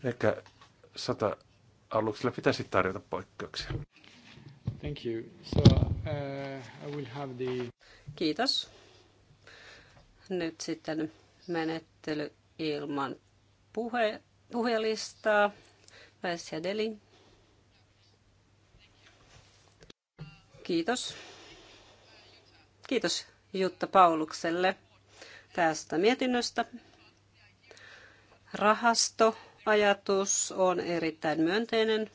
C: Eikä sota aluksella pitäisi tarjota poikkeuksia.
A: Thank you. So
B: Uh, I will have the... Kiitos. Nyt sitten menettely ilman puhe, puhujalistaa. Väisiä Deli. Kiitos. Kiitos Jutta Paulukselle tästä mietinnöstä. Rahastoajatus on erittäin myönteinen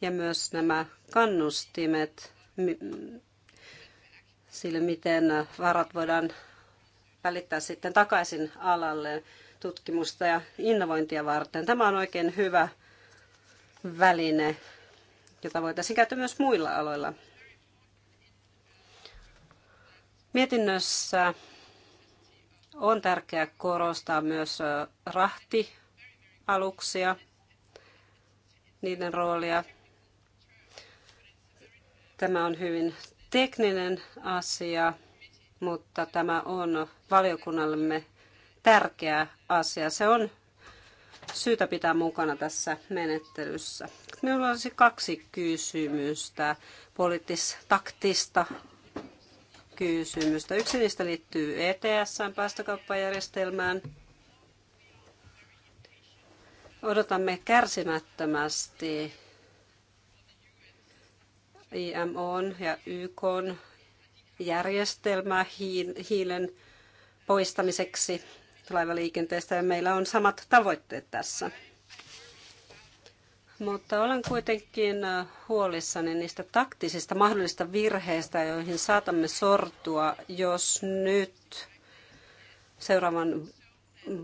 B: ja myös nämä kannustimet sille, miten varat voidaan välittää sitten takaisin alalle tutkimusta ja innovointia varten. Tämä on oikein hyvä väline, jota voitaisiin käyttää myös muilla aloilla. Mietinnössä on tärkeää korostaa myös rahtialuksia, niiden roolia. Tämä on hyvin tekninen asia, mutta tämä on valiokunnallemme tärkeä asia. Se on syytä pitää mukana tässä menettelyssä. Minulla olisi kaksi kysymystä, poliittis-taktista kysymystä. Yksi niistä liittyy ETS-päästökauppajärjestelmään. Odotamme kärsimättömästi IMOn ja YKn järjestelmä hiilen poistamiseksi laivaliikenteestä ja meillä on samat tavoitteet tässä. Mutta olen kuitenkin äh, huolissani niistä taktisista mahdollisista virheistä, joihin saatamme sortua, jos nyt seuraavan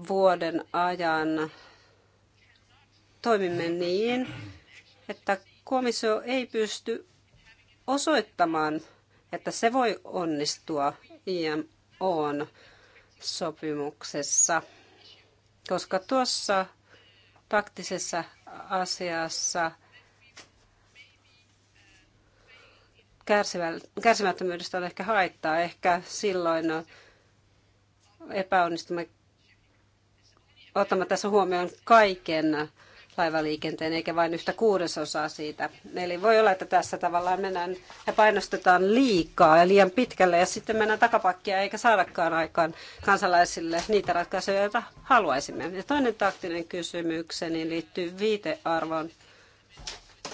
B: vuoden ajan toimimme niin, että komissio ei pysty osoittamaan, että se voi onnistua IMOn sopimuksessa, koska tuossa praktisessa asiassa kärsimättömyydestä on ehkä haittaa. Ehkä silloin epäonnistumme ottamaan tässä huomioon kaiken päiväliikenteen, eikä vain yhtä kuudesosaa siitä. Eli voi olla, että tässä tavallaan mennään ja painostetaan liikaa ja liian pitkälle, ja sitten mennään takapakkia eikä saadakaan aikaan kansalaisille niitä ratkaisuja, joita haluaisimme. Ja toinen taktinen kysymykseni liittyy viitearvoon,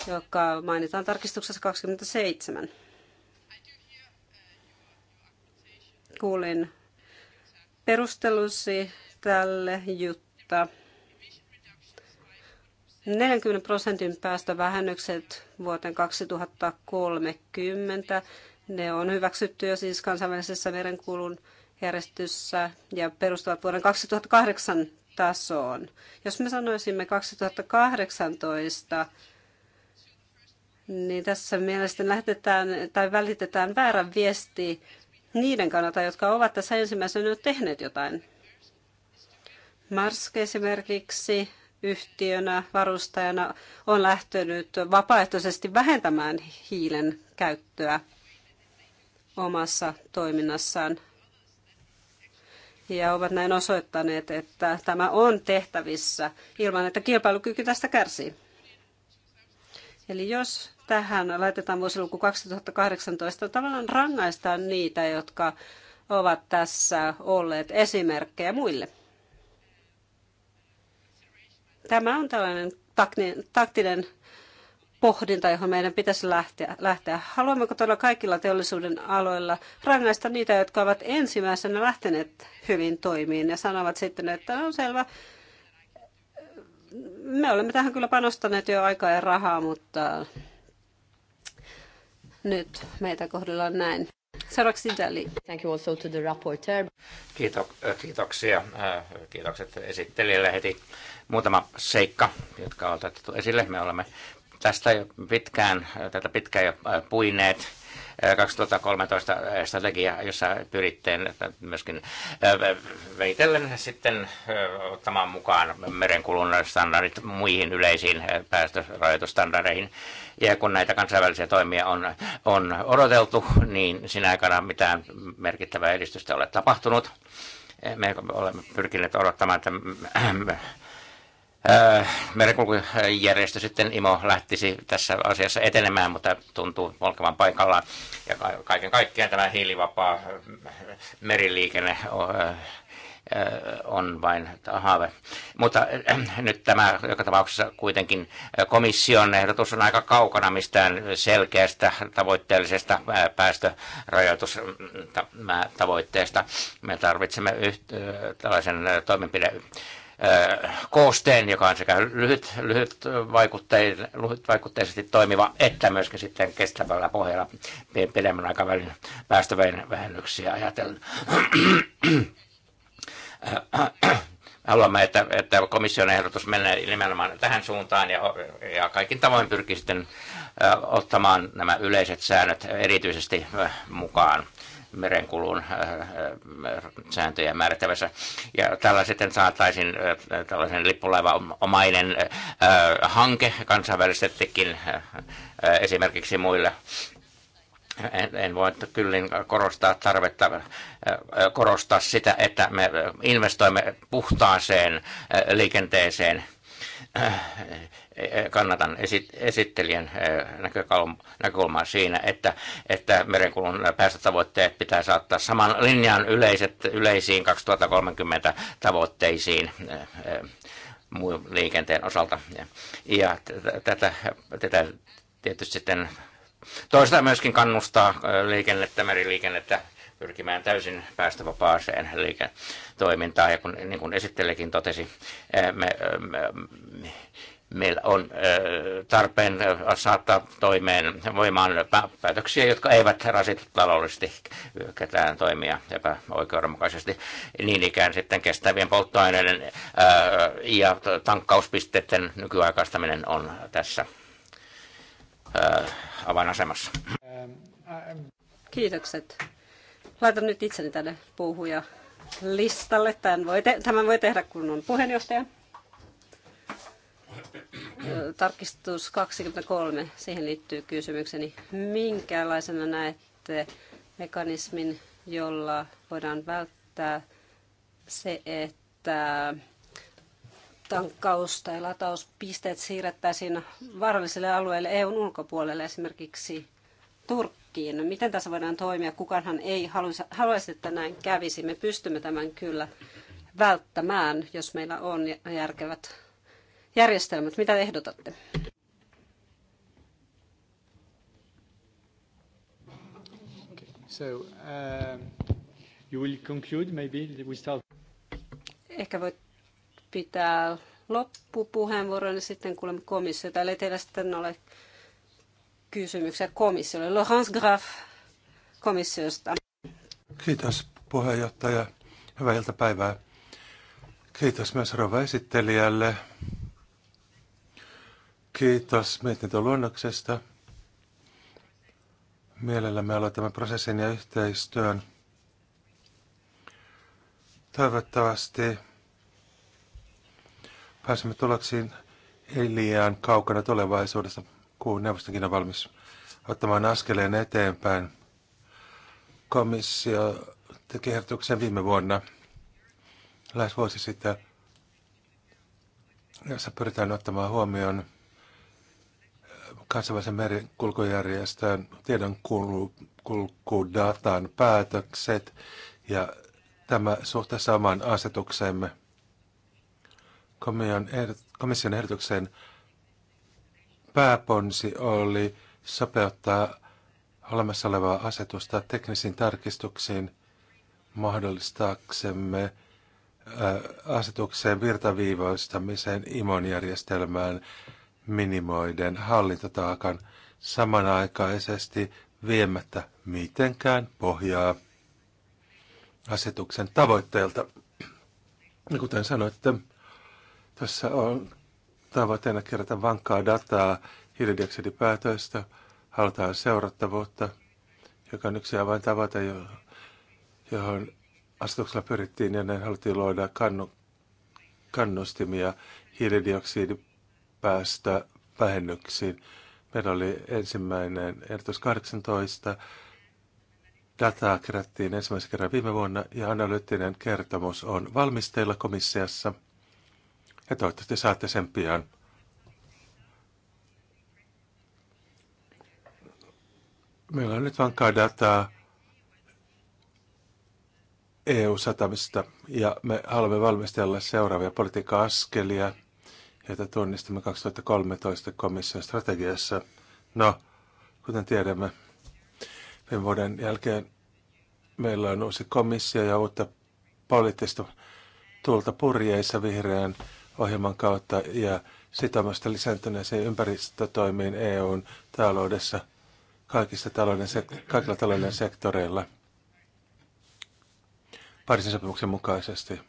B: joka mainitaan tarkistuksessa 27. Kuulin perustelusi tälle juttu. 40 prosentin päästövähennykset vuoteen 2030. Ne on hyväksytty jo siis kansainvälisessä merenkulun järjestyssä ja perustuvat vuoden 2008 tasoon. Jos me sanoisimme 2018, niin tässä mielestäni lähetetään tai välitetään väärä viesti niiden kannalta, jotka ovat tässä ensimmäisenä tehneet jotain. Marsk esimerkiksi yhtiönä, varustajana on lähtenyt vapaaehtoisesti vähentämään hiilen käyttöä omassa toiminnassaan. Ja ovat näin osoittaneet, että tämä on tehtävissä ilman, että kilpailukyky tästä kärsii. Eli jos tähän laitetaan vuosiluku 2018, tavallaan rangaistaan niitä, jotka ovat tässä olleet esimerkkejä muille. Tämä on tällainen taktinen pohdinta, johon meidän pitäisi lähteä. lähteä. Haluammeko todella kaikilla teollisuuden aloilla rangaista niitä, jotka ovat ensimmäisenä lähteneet hyvin toimiin ja sanovat sitten, että on selvä, me olemme tähän kyllä panostaneet jo aikaa ja rahaa, mutta nyt meitä kohdellaan näin. Seuraavaksi Dali. Thank you also to the rapporteur.
F: Kiitok, äh, kiitoksia. Äh, kiitokset esittelijälle heti. Muutama seikka, jotka on otettu esille. Me olemme Tästä jo pitkään, tätä pitkään jo äh, puineet. 2013 äh, strategia, jossa pyrittiin äh, myöskin veitellen sitten ottamaan mukaan merenkulun standardit muihin yleisiin päästörajoitustandardeihin. Ja kun näitä kansainvälisiä toimia on, on odoteltu, niin sinä aikana mitään merkittävää edistystä ole tapahtunut. Me olemme pyrkineet odottamaan, että Äh, merenkulkujärjestö sitten IMO lähtisi tässä asiassa etenemään, mutta tuntuu olevan paikallaan. Ja kaiken kaikkiaan tämä hiilivapaa äh, meriliikenne äh, on vain haave. Mutta nyt tämä joka tapauksessa kuitenkin komission ehdotus on aika kaukana mistään selkeästä tavoitteellisesta päästörajoitustavoitteesta. Mm, Me tarvitsemme yht, tällaisen toimenpide koosteen, joka on sekä lyhyt, lyhyt, vaikuttein, lyhyt vaikutteisesti toimiva, että myöskin sitten kestävällä pohjalla pidemmän aikavälin päästövähennyksiä ajatellen. Haluamme, että, että komission ehdotus menee nimenomaan tähän suuntaan ja, ja kaikin tavoin pyrkii sitten ottamaan nämä yleiset säännöt erityisesti mukaan merenkulun äh, äh, sääntöjä määrittävässä. Ja tällä sitten saataisiin äh, tällaisen lippulaivaomainen hanke kansainvälisestikin esimerkiksi muille en, en voi kyllin korostaa tarvetta, korostaa sitä, että me investoimme puhtaaseen liikenteeseen kannatan esittelijän näkökulmaa siinä, että, että merenkulun päästötavoitteet pitää saattaa saman linjan yleiset, yleisiin 2030 tavoitteisiin muun liikenteen osalta. Ja tätä, tätä tietysti sitten toista myöskin kannustaa liikennettä, meriliikennettä pyrkimään täysin päästövapaaseen liiketoimintaan. Ja kun, niin kuin esittelekin totesi, me, me, me meillä on tarpeen saattaa toimeen voimaan päätöksiä, jotka eivät rasita taloudellisesti ketään toimia epäoikeudenmukaisesti. Niin ikään sitten kestävien polttoaineiden ja tankkauspisteiden nykyaikaistaminen on tässä avainasemassa.
B: Kiitokset. Laitan nyt itseni tänne puhuja listalle. Tämän voi, te- tämän voi tehdä, kun on puheenjohtaja tarkistus 23, siihen liittyy kysymykseni. Minkälaisena näette mekanismin, jolla voidaan välttää se, että tankkaus- tai latauspisteet siirrettäisiin vaarallisille alueille EUn ulkopuolelle, esimerkiksi Turkkiin. Miten tässä voidaan toimia? Kukaanhan ei haluaisi, että näin kävisi. Me pystymme tämän kyllä välttämään, jos meillä on järkevät järjestelmät. Mitä ehdotatte?
A: So, uh, you will conclude, maybe we start.
B: Ehkä voit pitää loppupuheenvuoron ja sitten kuulemme komissiota, ei teillä sitten ole kysymyksiä komissiolle. Laurence Graf komissiosta.
C: Kiitos puheenjohtaja. Hyvää iltapäivää. Kiitos myös rouva esittelijälle Kiitos mietintöluonnoksesta. Mielellämme aloitamme prosessin ja yhteistyön. Toivottavasti pääsemme tuloksiin ei liian kaukana tulevaisuudessa, kun neuvostokin on valmis ottamaan askeleen eteenpäin. Komissio teki ehdotuksen viime vuonna, lähes vuosi sitten, jossa pyritään ottamaan huomioon kansainvälisen merikulkujärjestön tiedon kulkudatan päätökset ja tämä suhteessa omaan asetukseemme. Komission ehdotuksen pääponsi oli sopeuttaa olemassa olevaa asetusta teknisiin tarkistuksiin mahdollistaaksemme asetukseen virtaviivoistamiseen imon järjestelmään minimoiden hallintataakan samanaikaisesti viemättä mitenkään pohjaa asetuksen tavoitteelta. Ja kuten sanoitte, tässä on tavoitteena kerätä vankkaa dataa hiilidioksidipäätöistä, halutaan seurattavuutta, joka on yksi avaintavoite, johon asetuksella pyrittiin ja näin haluttiin luoda kannu, kannustimia hiilidioksidipäätöistä päästä vähennyksiin. Meillä oli ensimmäinen ehdotus 18. Dataa kerättiin ensimmäisen kerran viime vuonna ja analyyttinen kertomus on valmisteilla komissiassa. Ja toivottavasti saatte sen pian. Meillä on nyt vankkaa dataa EU-satamista ja me haluamme valmistella seuraavia politiikka-askelia – joita tunnistamme 2013 komission strategiassa. No, kuten tiedämme, viime vuoden jälkeen meillä on uusi komissio ja uutta poliittista tuulta purjeissa vihreän ohjelman kautta ja sitomasta lisääntyneeseen ympäristötoimiin EUn taloudessa kaikista talouden, kaikilla talouden sektoreilla Pariisin sopimuksen mukaisesti.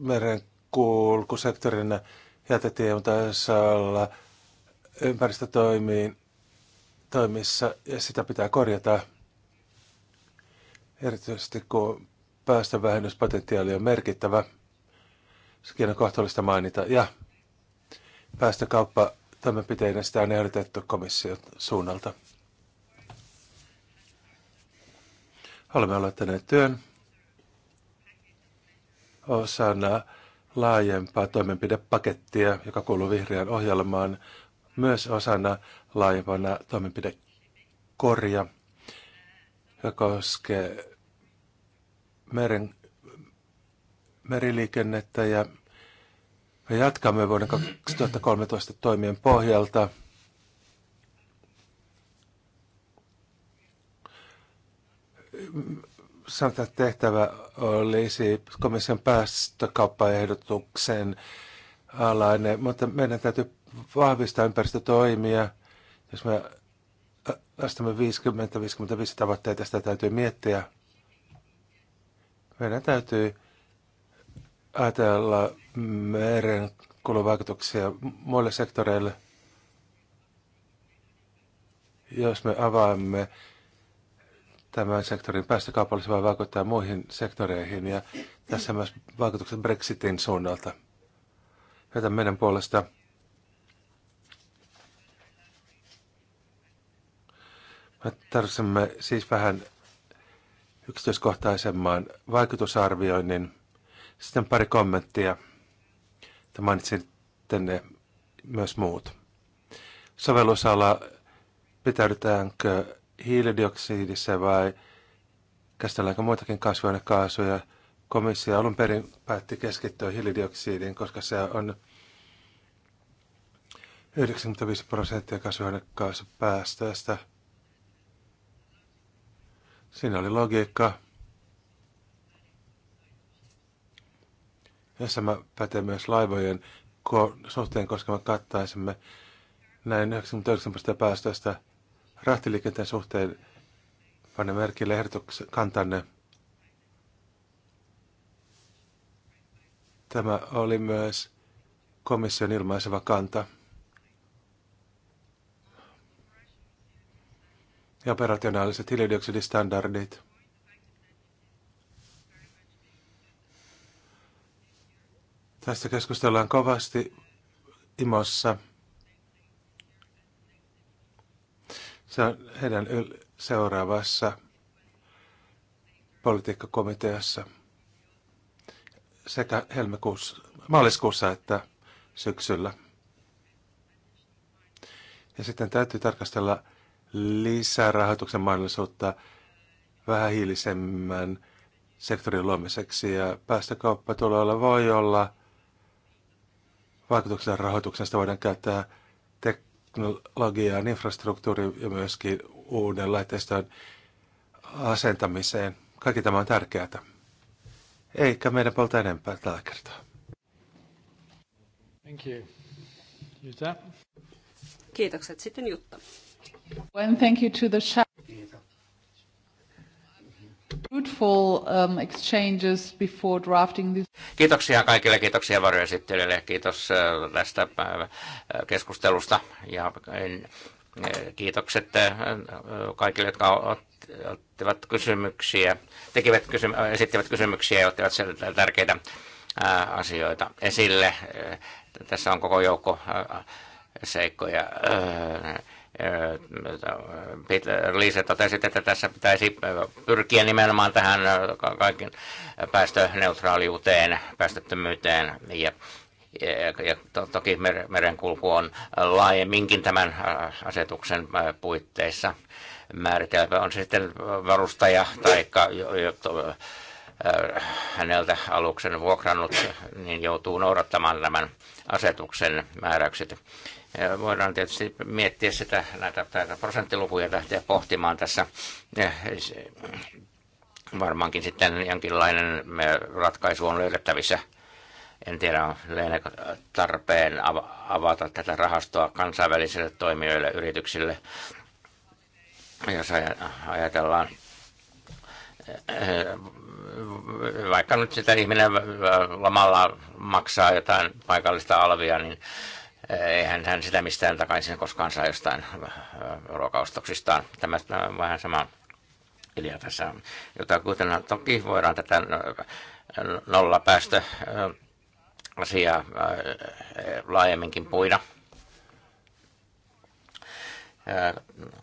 C: meren kulkusektorina jätettiin tasalla ympäristötoimiin toimissa ja sitä pitää korjata erityisesti kun päästövähennyspotentiaali on merkittävä. Sekin on kohtuullista mainita. Ja päästökauppa toimenpiteinä sitä on ehdotettu komission suunnalta. Olemme aloittaneet työn osana laajempaa toimenpidepakettia, joka kuuluu vihreän ohjelmaan, myös osana laajempana toimenpidekorja, joka koskee meren, meriliikennettä ja me jatkamme vuoden 2013 toimien pohjalta sanotaan, että tehtävä olisi komission päästökauppaehdotuksen alainen, mutta meidän täytyy vahvistaa ympäristötoimia. Jos me astamme 50-55 tavoitteita, sitä täytyy miettiä. Meidän täytyy ajatella meren kuluvaikutuksia muille sektoreille. Jos me avaamme tämän sektorin se voi vaikuttaa muihin sektoreihin ja tässä myös vaikutukset Brexitin suunnalta. Joten meidän puolesta me tarvitsemme siis vähän yksityiskohtaisemman vaikutusarvioinnin. Sitten pari kommenttia. Tämä mainitsin tänne myös muut. Sovellusala, pitäydytäänkö hiilidioksidissa vai käsitelläänkö muitakin kasvihuonekaasuja? Komissio alun perin päätti keskittyä hiilidioksidiin, koska se on 95 prosenttia kasvihuonekaasupäästöistä. Siinä oli logiikka. Ja sama pätee myös laivojen suhteen, koska me kattaisimme näin 99 prosenttia päästöistä – rahtiliikenteen suhteen panne merkille ehdotuksen kantanne. Tämä oli myös komission ilmaiseva kanta. Ja operationaaliset hiilidioksidistandardit. Tästä keskustellaan kovasti Imossa. Se on heidän seuraavassa politiikkakomiteassa sekä helmikuussa, maaliskuussa että syksyllä. Ja sitten täytyy tarkastella lisää rahoituksen mahdollisuutta vähähiilisemmän sektorin luomiseksi. Ja päästökauppatuloilla voi olla vaikutuksia rahoituksesta, voidaan käyttää teknologiaan, niin infrastruktuuriin ja myöskin uuden laitteiston asentamiseen. Kaikki tämä on tärkeää. Eikä meidän polta enempää tällä kertaa.
B: Thank you. Jutta. Kiitokset sitten Jutta.
G: And thank you to the Um,
B: kiitoksia kaikille,
F: kiitoksia varjoesittelijöille, kiitos äh, tästä äh, äh, keskustelusta ja kiitokset kaikille, jotka ottivat kysymyksiä, tekivät kysym- esittivät kysymyksiä ja ottivat tärkeitä asioita esille. Tässä on koko joukko seikkoja Äh, Liise totesi, että tässä pitäisi äh, pyrkiä nimenomaan tähän äh, kaiken päästöneutraaliuteen, päästöttömyyteen ja ja toki merenkulku on laajemminkin tämän asetuksen puitteissa määritelmä. On sitten varustaja tai häneltä aluksen vuokrannut, niin joutuu noudattamaan tämän asetuksen määräykset. Ja voidaan tietysti miettiä sitä, näitä, näitä prosenttilukuja lähteä pohtimaan tässä. Varmaankin sitten jonkinlainen ratkaisu on löydettävissä. En tiedä, on tarpeen avata tätä rahastoa kansainvälisille toimijoille, yrityksille. Jos ajatellaan eh, vaikka nyt sitä ihminen eh, lamalla maksaa jotain paikallista alvia, niin eihän hän sitä mistään takaisin koskaan saa jostain äh, ruokaustoksistaan. Tämä on vähän sama ilmiö tässä. Jota kuten toki voidaan tätä äh, nollapäästö äh, asiaa laajemminkin puida.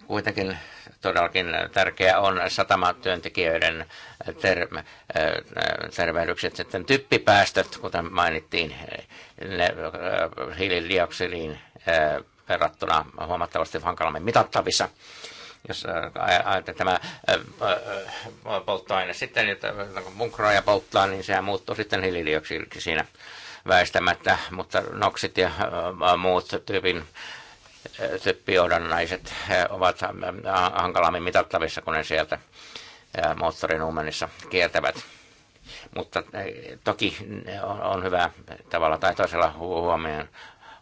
F: Kuitenkin todellakin tärkeää on satamatyöntekijöiden ter- äh, tervehdykset. Sitten typpipäästöt, kuten mainittiin, ne äh, hiilidioksidiin äh, verrattuna huomattavasti hankalammin mitattavissa jos ajatte tämä polttoaine sitten, kun munkroja polttaa, niin sehän muuttuu sitten hiilidioksidiksi siinä väistämättä, mutta noksit ja muut tyypin typpijohdannaiset ovat hankalammin mitattavissa, kun ne sieltä moottorinuumenissa kiertävät. Mutta toki on hyvä tavalla tai toisella huomioon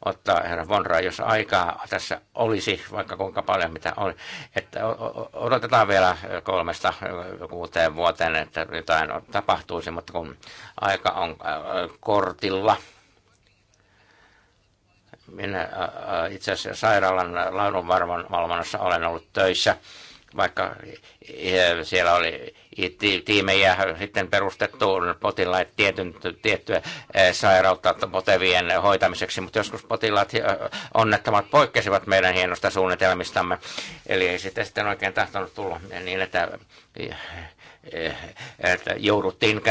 F: ottaa herra Vonra, jos aikaa tässä olisi, vaikka kuinka paljon mitä oli, että odotetaan vielä kolmesta kuuteen vuoteen, että jotain tapahtuisi, mutta kun aika on kortilla, minä itse asiassa sairaalan laadunvalvonnassa olen ollut töissä vaikka eh, siellä oli tiimejä sitten perustettu potilaat tietyn, tiettyä eh, sairautta potevien hoitamiseksi, mutta joskus potilaat eh, onnettomat poikkesivat meidän hienosta suunnitelmistamme. Eli ei sitä sitten oikein tahtonut tulla niin, että, että jouduttiin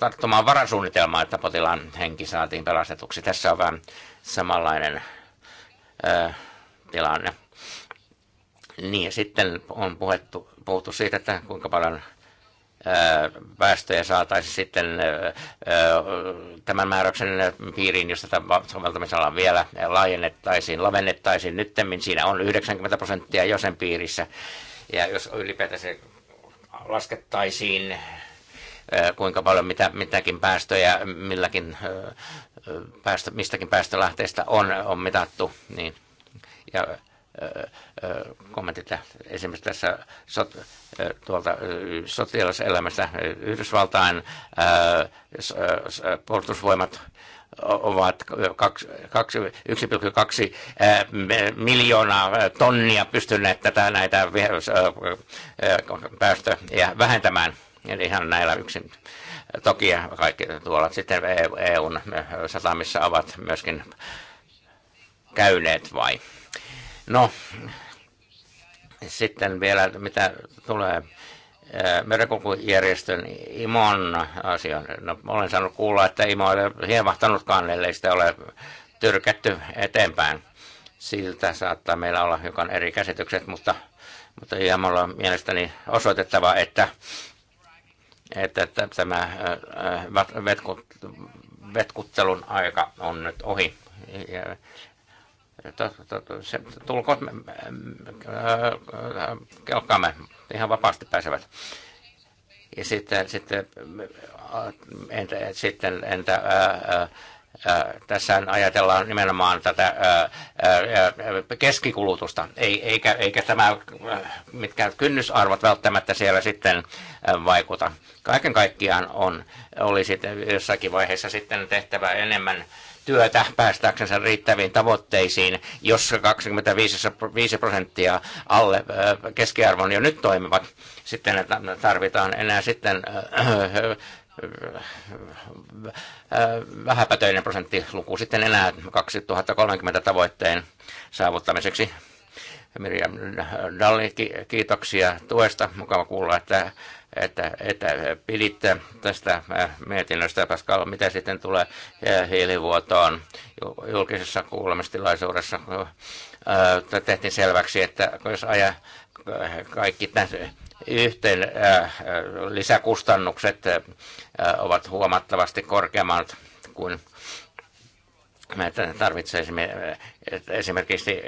F: tarttumaan varasuunnitelmaan, että potilaan henki saatiin pelastetuksi. Tässä on vähän samanlainen tilanne niin, sitten on puhuttu, puhuttu siitä, että kuinka paljon päästöjä saataisiin sitten tämän määräyksen piiriin, jos tätä soveltamisalaa vielä laajennettaisiin, lavennettaisiin. Nyttemmin siinä on 90 prosenttia jo sen piirissä. Ja jos ylipäätään se laskettaisiin, kuinka paljon mitä, mitäkin päästöjä milläkin päästö, mistäkin päästölähteestä on, on mitattu, niin ja kommentit esimerkiksi tässä sot, tuolta sotilaselämästä Yhdysvaltain puolustusvoimat ovat 1,2 miljoonaa tonnia pystyneet tätä näitä päästöjä vähentämään. Eli ihan näillä yksin. Toki kaikki tuolla sitten e-, EUn satamissa ovat myöskin käyneet vai? No, sitten vielä, mitä tulee äh, merenkulkujärjestön IMON asian. No, olen saanut kuulla, että IMO ei ole hievahtanutkaan, ellei sitä ole tyrkätty eteenpäin. Siltä saattaa meillä olla hiukan eri käsitykset, mutta, mutta IMOlla on mielestäni osoitettava, että, että, että tämä äh, äh, vetkut, vetkuttelun aika on nyt ohi tulkoot kelkkaamme, ihan vapaasti pääsevät. Ja sitten, sitten, äh, entä, sitten entä, ää, äh, ää, äh, tässä ajatellaan nimenomaan tätä ää, ää, keskikulutusta, Ei, eikä, eikä tämä, mitkä kynnysarvot välttämättä siellä sitten vaikuta. Kaiken kaikkiaan on, oli sitten jossakin vaiheessa sitten tehtävä enemmän työtä päästäksensä riittäviin tavoitteisiin, jos 25 prosenttia alle keskiarvon jo nyt toimivat. Sitten tarvitaan enää sitten vähäpätöinen prosenttiluku sitten enää 2030 tavoitteen saavuttamiseksi. Mirjam Dalli, kiitoksia tuesta. Mukava kuulla, että että, että piditte tästä äh, mietinnöstä, Pascal, mitä sitten tulee äh, hiilivuotoon julkisessa kuulemistilaisuudessa. Äh, tehtiin selväksi, että jos aja kaikki tässä yhteen lisäkustannukset ovat huomattavasti korkeammat kuin me tarvitsemme esimerkiksi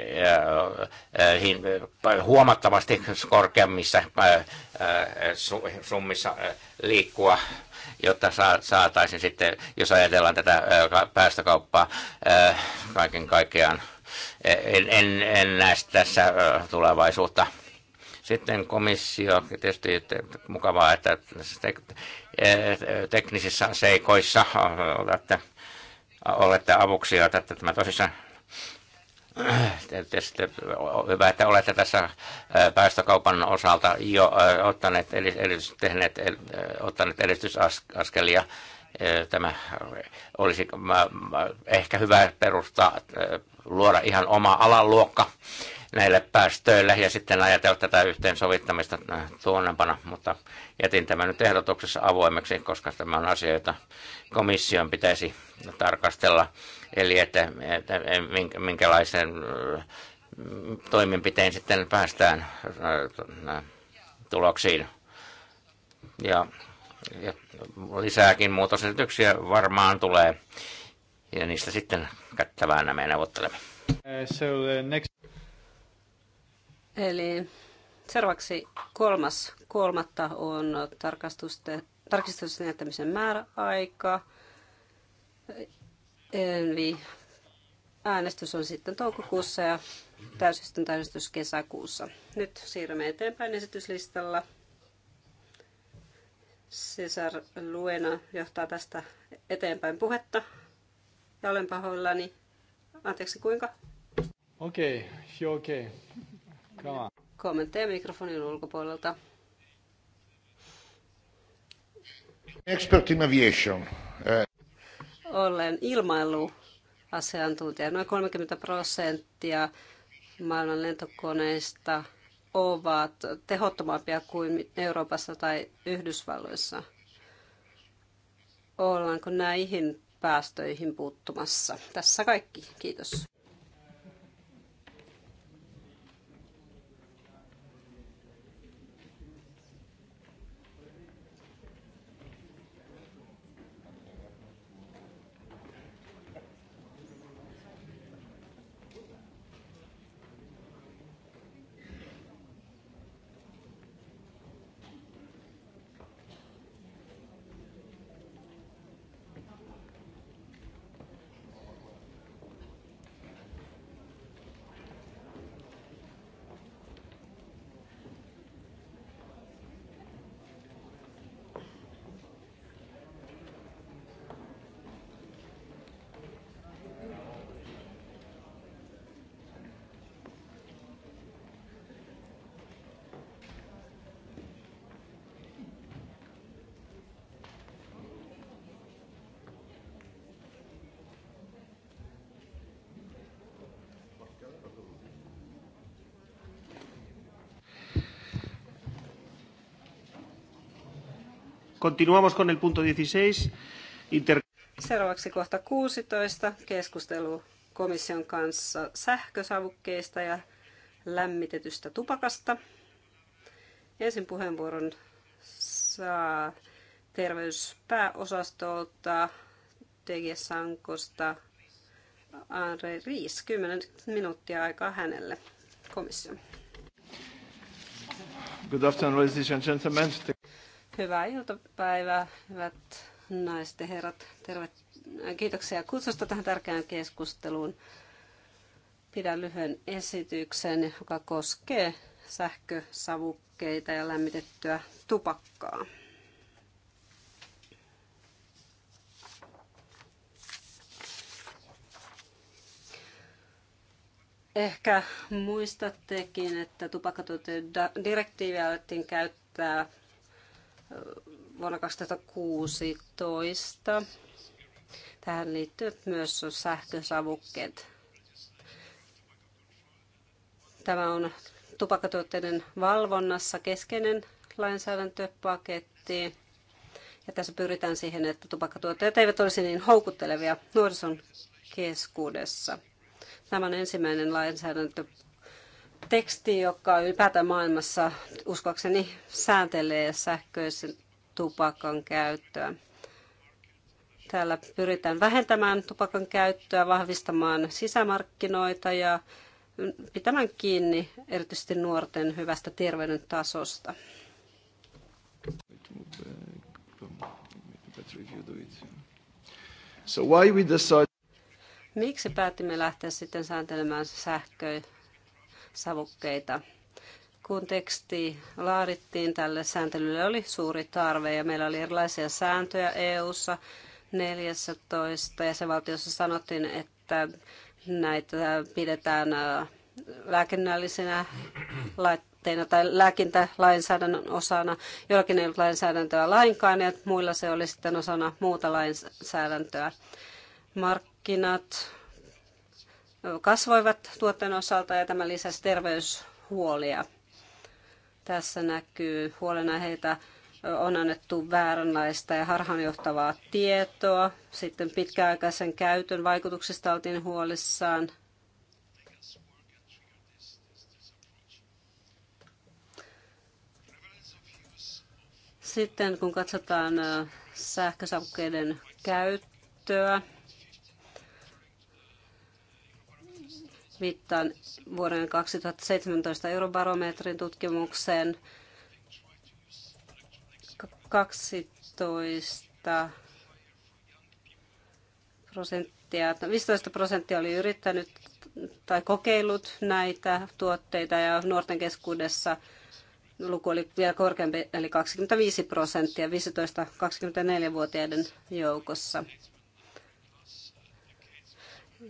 F: huomattavasti korkeammissa summissa liikkua, jotta saataisiin sitten, jos ajatellaan tätä päästökauppaa kaiken kaikkiaan, en, en, en näe tässä tulevaisuutta. Sitten komissio, tietysti mukavaa, että teknisissä seikoissa, että olette avuksi ja että tämä tosissaan Tietysti hyvä, että olette tässä päästökaupan osalta jo ottaneet, edistys, tehneet, ottaneet edistysaskelia. Tämä olisi ehkä hyvä perustaa, luoda ihan oma alaluokka näille päästöille ja sitten ajatella tätä yhteensovittamista äh, tuonnempana, mutta jätin tämän nyt ehdotuksessa avoimeksi, koska tämä on asia, jota komission pitäisi tarkastella, eli että, että minkälaisen äh, toimenpiteen sitten päästään äh, tuloksiin. Ja, ja lisääkin muutosesityksiä varmaan tulee, ja niistä sitten kättävää nämä neuvottelemme.
A: Uh, so, uh, next...
B: Eli seuraavaksi kolmas kolmatta on tarkistusten jättämisen määräaika. Eli äänestys on sitten toukokuussa ja täysistön äänestys kesäkuussa. Nyt siirrymme eteenpäin esityslistalla. Cesar Luena johtaa tästä eteenpäin puhetta. Ja olen pahoillani. Anteeksi, kuinka?
A: Okei, okay, okei.
B: Okay. Kommentteja mikrofonin ulkopuolelta.
G: Expert in aviation. Eh.
B: Olen ilmailuasiantuntija. Noin 30 prosenttia maailman lentokoneista ovat tehottomampia kuin Euroopassa tai Yhdysvalloissa. Ollaanko näihin päästöihin puuttumassa? Tässä kaikki. Kiitos.
E: Continuamos con el punto 16. Inter...
B: Seuraavaksi kohta 16. Keskustelu komission kanssa sähkösavukkeista ja lämmitetystä tupakasta. Ensin puheenvuoron saa terveyspääosastolta DG Sankosta Andre Riis. 10 minuuttia aikaa hänelle komission.
G: Good afternoon, ladies and gentlemen.
B: Hyvää iltapäivää, hyvät naiset ja herrat. Tervet... Kiitoksia kutsusta tähän tärkeään keskusteluun. Pidän lyhyen esityksen, joka koskee sähkösavukkeita ja lämmitettyä tupakkaa. Ehkä muistattekin, että direktiiviä alettiin käyttää vuonna 2016. Tähän liittyvät myös sähkösavukkeet. Tämä on tupakkatuotteiden valvonnassa keskeinen lainsäädäntöpaketti. Ja tässä pyritään siihen, että tupakkatuotteet eivät olisi niin houkuttelevia nuorison keskuudessa. Tämä on ensimmäinen lainsäädäntö teksti, joka ylipäätään maailmassa uskoakseni sääntelee sähköisen tupakan käyttöä. Täällä pyritään vähentämään tupakan käyttöä, vahvistamaan sisämarkkinoita ja pitämään kiinni erityisesti nuorten hyvästä terveyden tasosta. Miksi päätimme lähteä sitten sääntelemään sähköä? savukkeita. Kun teksti laadittiin tälle sääntelylle oli suuri tarve ja meillä oli erilaisia sääntöjä EU-ssa 14 valtiossa sanottiin, että näitä pidetään äh, lääkinnällisenä laitteena tai lääkintälainsäädännön osana. Jollakin ei ollut lainsäädäntöä lainkaan ja muilla se oli sitten osana muuta lainsäädäntöä. Markkinat kasvoivat tuotteen osalta ja tämä lisäsi terveyshuolia. Tässä näkyy huolenaiheita on annettu vääränlaista ja harhaanjohtavaa tietoa. Sitten pitkäaikaisen käytön vaikutuksista oltiin huolissaan. Sitten kun katsotaan äh, sähkösavukkeiden käyttöä, Viittaan vuoden 2017 eurobarometrin tutkimukseen. 12 prosenttia, 15 no, prosenttia oli yrittänyt tai kokeillut näitä tuotteita ja nuorten keskuudessa luku oli vielä korkeampi, eli 25 prosenttia 15-24-vuotiaiden joukossa.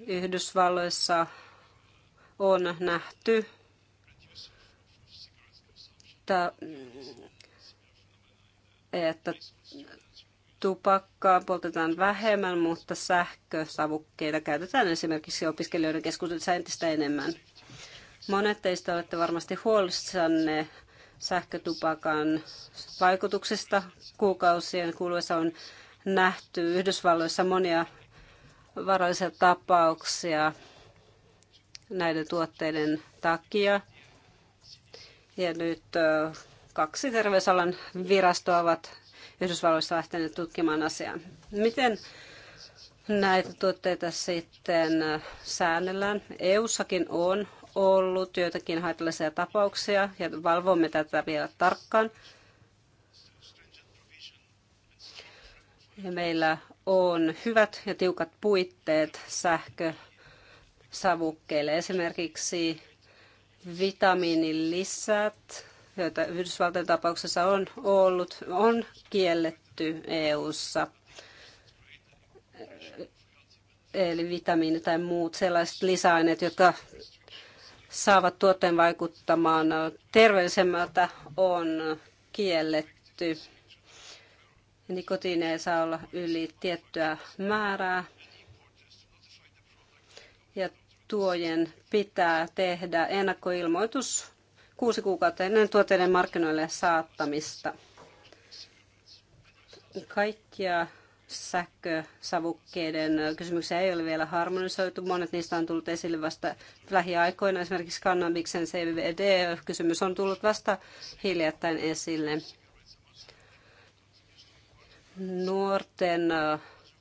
B: Yhdysvalloissa on nähty että tupakkaa poltetaan vähemmän, mutta sähkösavukkeita käytetään esimerkiksi opiskelijoiden keskuudessa entistä enemmän. Monet teistä olette varmasti huolissanne sähkötupakan vaikutuksesta. Kuukausien kuluessa on nähty Yhdysvalloissa monia varoisia tapauksia näiden tuotteiden takia. Ja nyt kaksi terveysalan virastoa ovat Yhdysvalloissa lähteneet tutkimaan asiaa. Miten näitä tuotteita sitten säännellään? EU-sakin on ollut joitakin haitallisia tapauksia ja valvomme tätä vielä tarkkaan. Ja meillä on hyvät ja tiukat puitteet sähkö savukkeille. Esimerkiksi vitamiinilisät, joita Yhdysvaltain tapauksessa on ollut, on kielletty EU:ssa. Eli vitamiinit tai muut sellaiset lisäaineet, jotka saavat tuotteen vaikuttamaan terveellisemmältä, on kielletty. Nikotiineja saa olla yli tiettyä määrää tuojen pitää tehdä ennakkoilmoitus kuusi kuukautta ennen tuotteiden markkinoille saattamista. Kaikkia sähkösavukkeiden kysymyksiä ei ole vielä harmonisoitu. Monet niistä on tullut esille vasta lähiaikoina. Esimerkiksi kannabiksen CVD-kysymys on tullut vasta hiljattain esille. Nuorten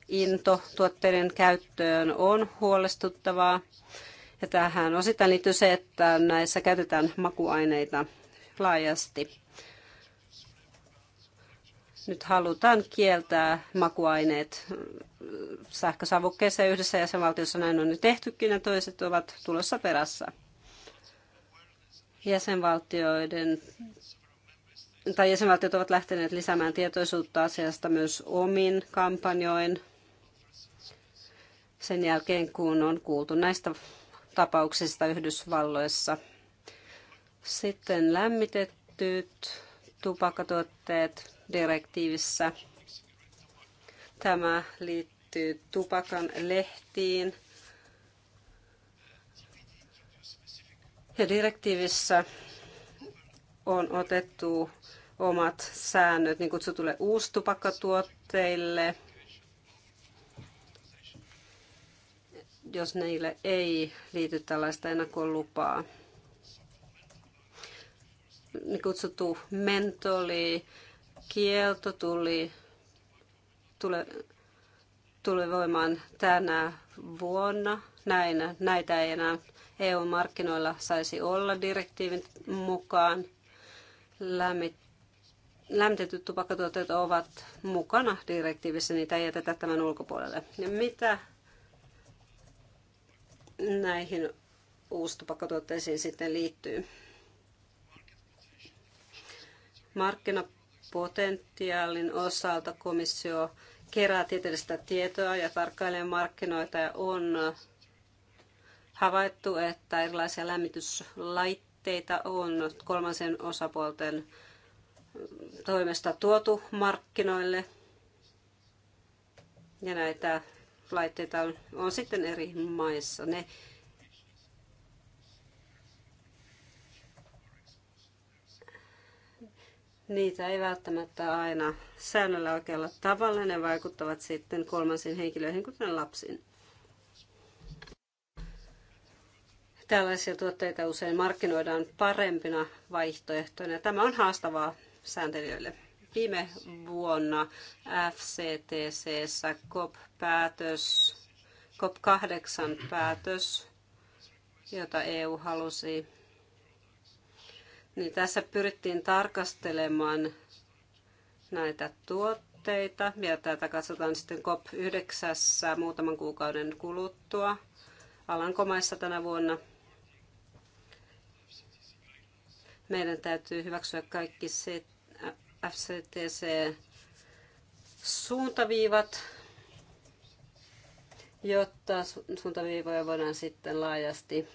B: into tuotteiden käyttöön on huolestuttavaa. Ja tähän osittain liittyy se, että näissä käytetään makuaineita laajasti. Nyt halutaan kieltää makuaineet sähkösavukkeeseen yhdessä jäsenvaltiossa. Näin on nyt tehtykin ja toiset ovat tulossa perässä. Jäsenvaltioiden tai jäsenvaltiot ovat lähteneet lisäämään tietoisuutta asiasta myös omin kampanjoin sen jälkeen, kun on kuultu näistä tapauksista Yhdysvalloissa. Sitten lämmitettyt tupakkatuotteet direktiivissä. Tämä liittyy tupakan lehtiin. Ja direktiivissä on otettu omat säännöt niin kutsutulle uustupakkatuotteille – jos niille ei liity tällaista ennakkolupaa. Niin kutsuttu mentoli, kielto tuli, tule, tuli voimaan tänä vuonna. Näin, näitä ei enää EU-markkinoilla saisi olla direktiivin mukaan. Lämmit, lämmitetyt tupakkatuotteet ovat mukana direktiivissä, niitä ei jätetä tämän ulkopuolelle. Ja mitä näihin uustupakkatuotteisiin sitten liittyy. Markkinapotentiaalin osalta komissio kerää tieteellistä tietoa ja tarkkailee markkinoita ja on havaittu, että erilaisia lämmityslaitteita on kolmansen osapuolten toimesta tuotu markkinoille. Ja näitä laitteita on, on sitten eri maissa. Ne Niitä ei välttämättä aina säännöllä oikealla tavalla. Ne vaikuttavat sitten kolmansiin henkilöihin, kuten lapsiin. Tällaisia tuotteita usein markkinoidaan parempina vaihtoehtoina. Tämä on haastavaa sääntelijöille viime vuonna FCTCssä COP-päätös, COP8 päätös, jota EU halusi, niin tässä pyrittiin tarkastelemaan näitä tuotteita ja tätä katsotaan sitten COP9 muutaman kuukauden kuluttua Alankomaissa tänä vuonna meidän täytyy hyväksyä kaikki se FCTC-suuntaviivat, jotta suuntaviivoja voidaan sitten laajasti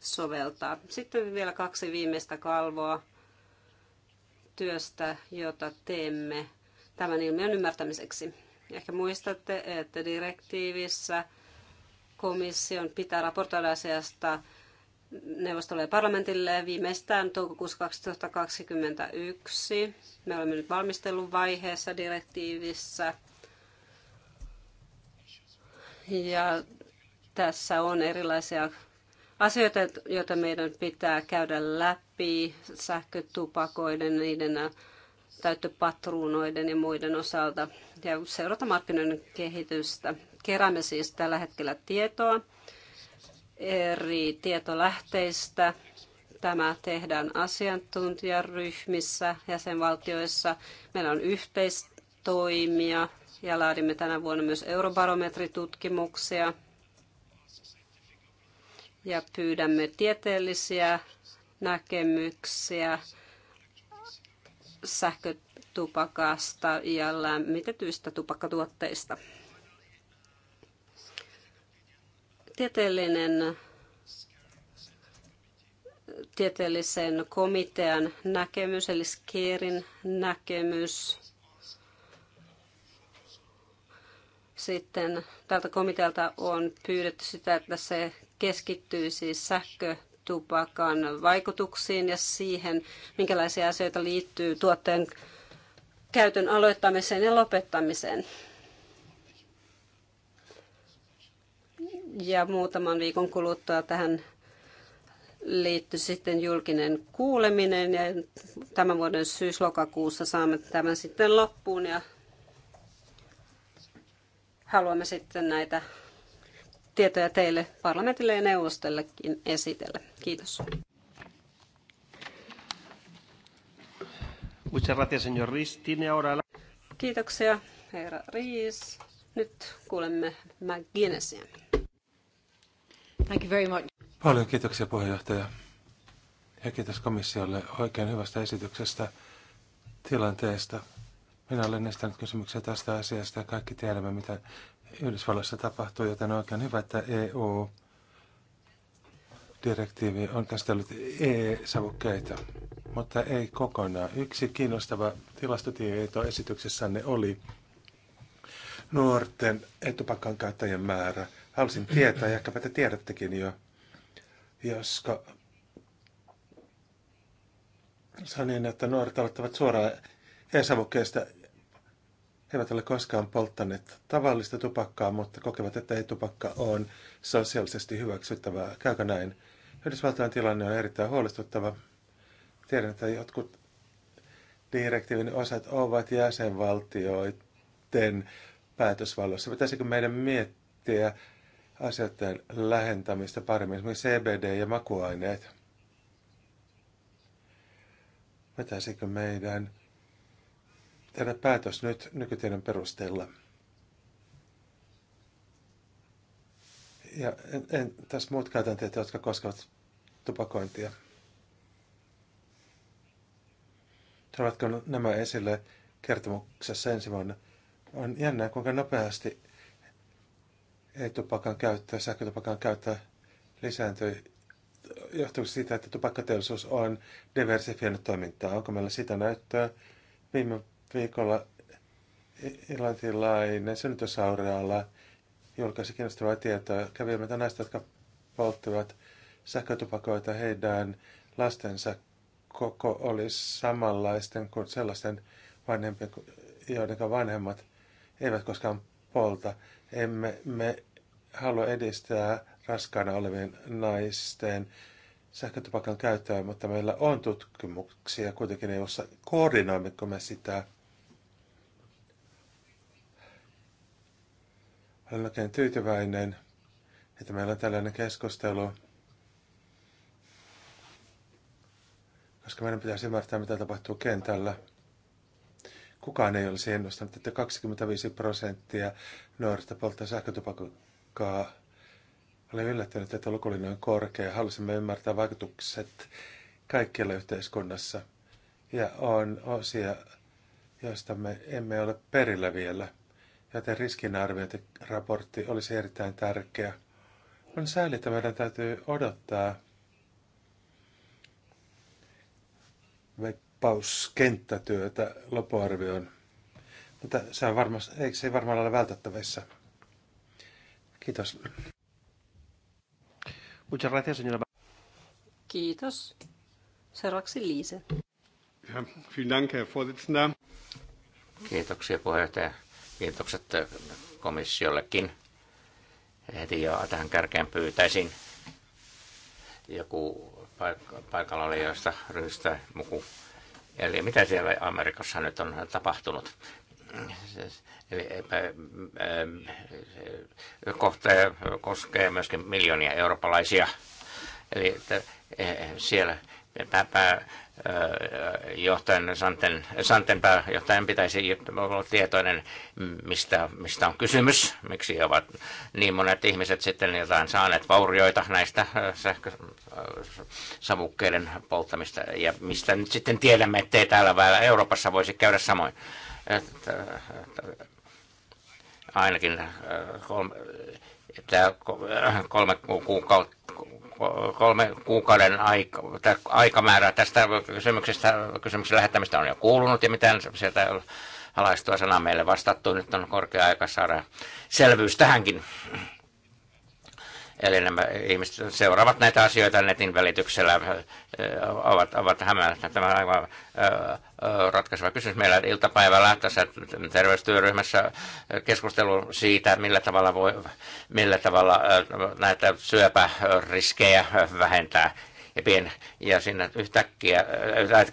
B: soveltaa. Sitten vielä kaksi viimeistä kalvoa työstä, jota teemme tämän ilmiön ymmärtämiseksi. Ehkä muistatte, että direktiivissä komission pitää raportoida asiasta neuvostolle ja parlamentille viimeistään toukokuussa 2021. Me olemme nyt valmisteluvaiheessa direktiivissä. Ja tässä on erilaisia asioita, joita meidän pitää käydä läpi sähkötupakoiden, niiden täyttöpatruunoiden ja muiden osalta ja seurata markkinoiden kehitystä. Keräämme siis tällä hetkellä tietoa eri tietolähteistä. Tämä tehdään asiantuntijaryhmissä jäsenvaltioissa. Meillä on yhteistoimia ja laadimme tänä vuonna myös eurobarometritutkimuksia ja pyydämme tieteellisiä näkemyksiä sähkötupakasta ja lämmitetyistä tupakkatuotteista. tieteellinen tieteellisen komitean näkemys, eli Skeerin näkemys. Sitten tältä komitealta on pyydetty sitä, että se keskittyisi sähkötupakan vaikutuksiin ja siihen, minkälaisia asioita liittyy tuotteen käytön aloittamiseen ja lopettamiseen. Ja muutaman viikon kuluttua tähän liittyi sitten julkinen kuuleminen ja tämän vuoden syyslokakuussa saamme tämän sitten loppuun ja haluamme sitten näitä tietoja teille parlamentille ja neuvostellekin esitellä. Kiitos. Kiitoksia, herra Riis. Nyt kuulemme McGuinnessia. Thank you very much.
C: Paljon kiitoksia puheenjohtaja. Ja kiitos komissiolle oikein hyvästä esityksestä tilanteesta. Minä olen estänyt kysymyksiä tästä asiasta ja kaikki tiedämme, mitä Yhdysvalloissa tapahtuu, joten on oikein hyvä, että EU direktiivi on käsitellyt e-savukkeita, mutta ei kokonaan. Yksi kiinnostava tilastotieto esityksessänne oli nuorten etupakan käyttäjien määrä – halusin tietää, ja ehkäpä te tiedättekin jo, joska sanin, että nuoret aloittavat suoraan e-savukkeesta. He eivät ole koskaan polttaneet tavallista tupakkaa, mutta kokevat, että ei-tupakka on sosiaalisesti hyväksyttävää. Käykö näin? Yhdysvaltain tilanne on erittäin huolestuttava. Tiedän, että jotkut direktiivin osat ovat jäsenvaltioiden päätösvallassa. Pitäisikö meidän miettiä asioiden lähentämistä paremmin, esimerkiksi CBD ja makuaineet. Vetäisikö meidän tehdä päätös nyt nykytiedon perusteella? Ja en, en, tässä muut käytänteet, jotka koskevat tupakointia. Tulevatko nämä esille kertomuksessa ensi vuonna? On jännää, kuinka nopeasti e-tupakan käyttö, sähkötupakan käyttö lisääntyi johtuuko siitä, että tupakkateollisuus on diversifioinut toimintaa? Onko meillä sitä näyttöä? Viime viikolla Ilantilainen synnytysaurealla julkaisi kiinnostavaa tietoa. Kävimme näistä, jotka polttivat sähkötupakoita heidän lastensa koko oli samanlaisten kuin sellaisten vanhempien, joiden vanhemmat eivät koskaan polta. Emme me halua edistää raskaana olevien naisten sähkötupakan käyttöä, mutta meillä on tutkimuksia kuitenkin, joissa koordinoimmeko me sitä. Olen oikein tyytyväinen, että meillä on tällainen keskustelu, koska meidän pitäisi ymmärtää, mitä tapahtuu kentällä kukaan ei olisi ennustanut, että 25 prosenttia nuorista polttaa sähkötupakkaa. Olen yllättynyt, että luku oli noin korkea. Halusimme ymmärtää vaikutukset kaikkialla yhteiskunnassa. Ja on osia, joista me emme ole perillä vielä. Joten riskinarviointiraportti olisi erittäin tärkeä. On sääli, että meidän täytyy odottaa. Me kauppauskenttätyötä lopuarvioon. Mutta se, on varmasti, eikö se ei varmaan ole vältettävissä. Kiitos. Muchas gracias, señora.
B: Kiitos. Seuraavaksi Liise.
G: Ja, vielen Dank, Herr Vorsitzender.
F: Kiitoksia puheenjohtaja. Kiitokset komissiollekin. Heti jo tähän kärkeen pyytäisin joku paik- paikalla oli joista ryhdystä muku Eli mitä siellä Amerikassa nyt on tapahtunut? Eli koskee myöskin miljoonia eurooppalaisia. Eli siellä pää, pää, johtajan, Santen, Santen pääjohtajan pitäisi olla tietoinen, mistä, mistä on kysymys, miksi ovat niin monet ihmiset sitten jotain saaneet vaurioita näistä sähkösavukkeiden polttamista, ja mistä nyt sitten tiedämme, ettei täällä väillä Euroopassa voisi käydä samoin. Että, että, ainakin kolme, tämä kolme kuukautta kolme kuukauden aika, aikamäärä tästä kysymyksestä, kysymyksen lähettämistä on jo kuulunut ja mitään sieltä halaistua sanaa meille vastattu. Nyt on korkea aika saada selvyys tähänkin. Eli nämä ihmiset seuraavat näitä asioita netin välityksellä, äh, ovat, ovat hämälässä. Tämä on aivan äh, äh, ratkaiseva kysymys. Meillä iltapäivällä tässä terveystyöryhmässä keskustelu siitä, millä tavalla, voi, millä tavalla näitä syöpäriskejä vähentää ja, pien, ja sinne yhtäkkiä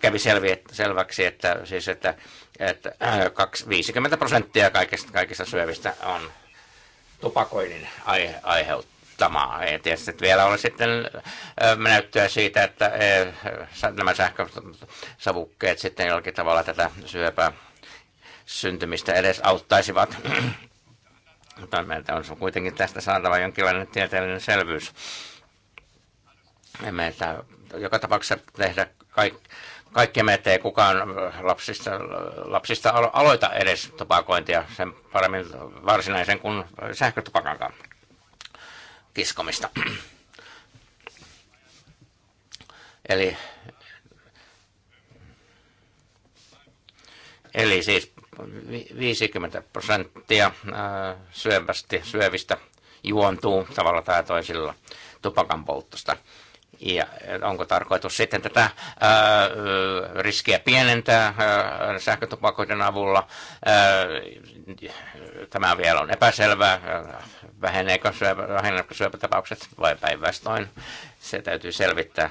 F: kävi selvi, selväksi, että, siis että, että 50 prosenttia kaikista, kaikista syövistä on tupakoinnin aihe, aihe, ostamaan. Ja tietysti vielä on sitten näyttöä siitä, että nämä sähkösavukkeet sitten jollakin tavalla tätä syöpää syntymistä edes auttaisivat. Mutta meiltä on kuitenkin tästä saatava jonkinlainen tieteellinen selvyys. Meiltä joka tapauksessa tehdä kaikki, kaikki me ettei kukaan lapsista, lapsista aloita edes tupakointia sen paremmin varsinaisen kuin sähkötupakankaan kiskomista. Eli, eli siis 50 prosenttia syövästi, syövistä juontuu tavalla tai toisilla tupakan polttosta. Ja onko tarkoitus sitten tätä ää, riskiä pienentää ää, sähkötupakoiden avulla? Ää, tämä vielä on epäselvää. Väheneekö, syöpä, väheneekö syöpätapaukset vai päinvastoin? Se täytyy selvittää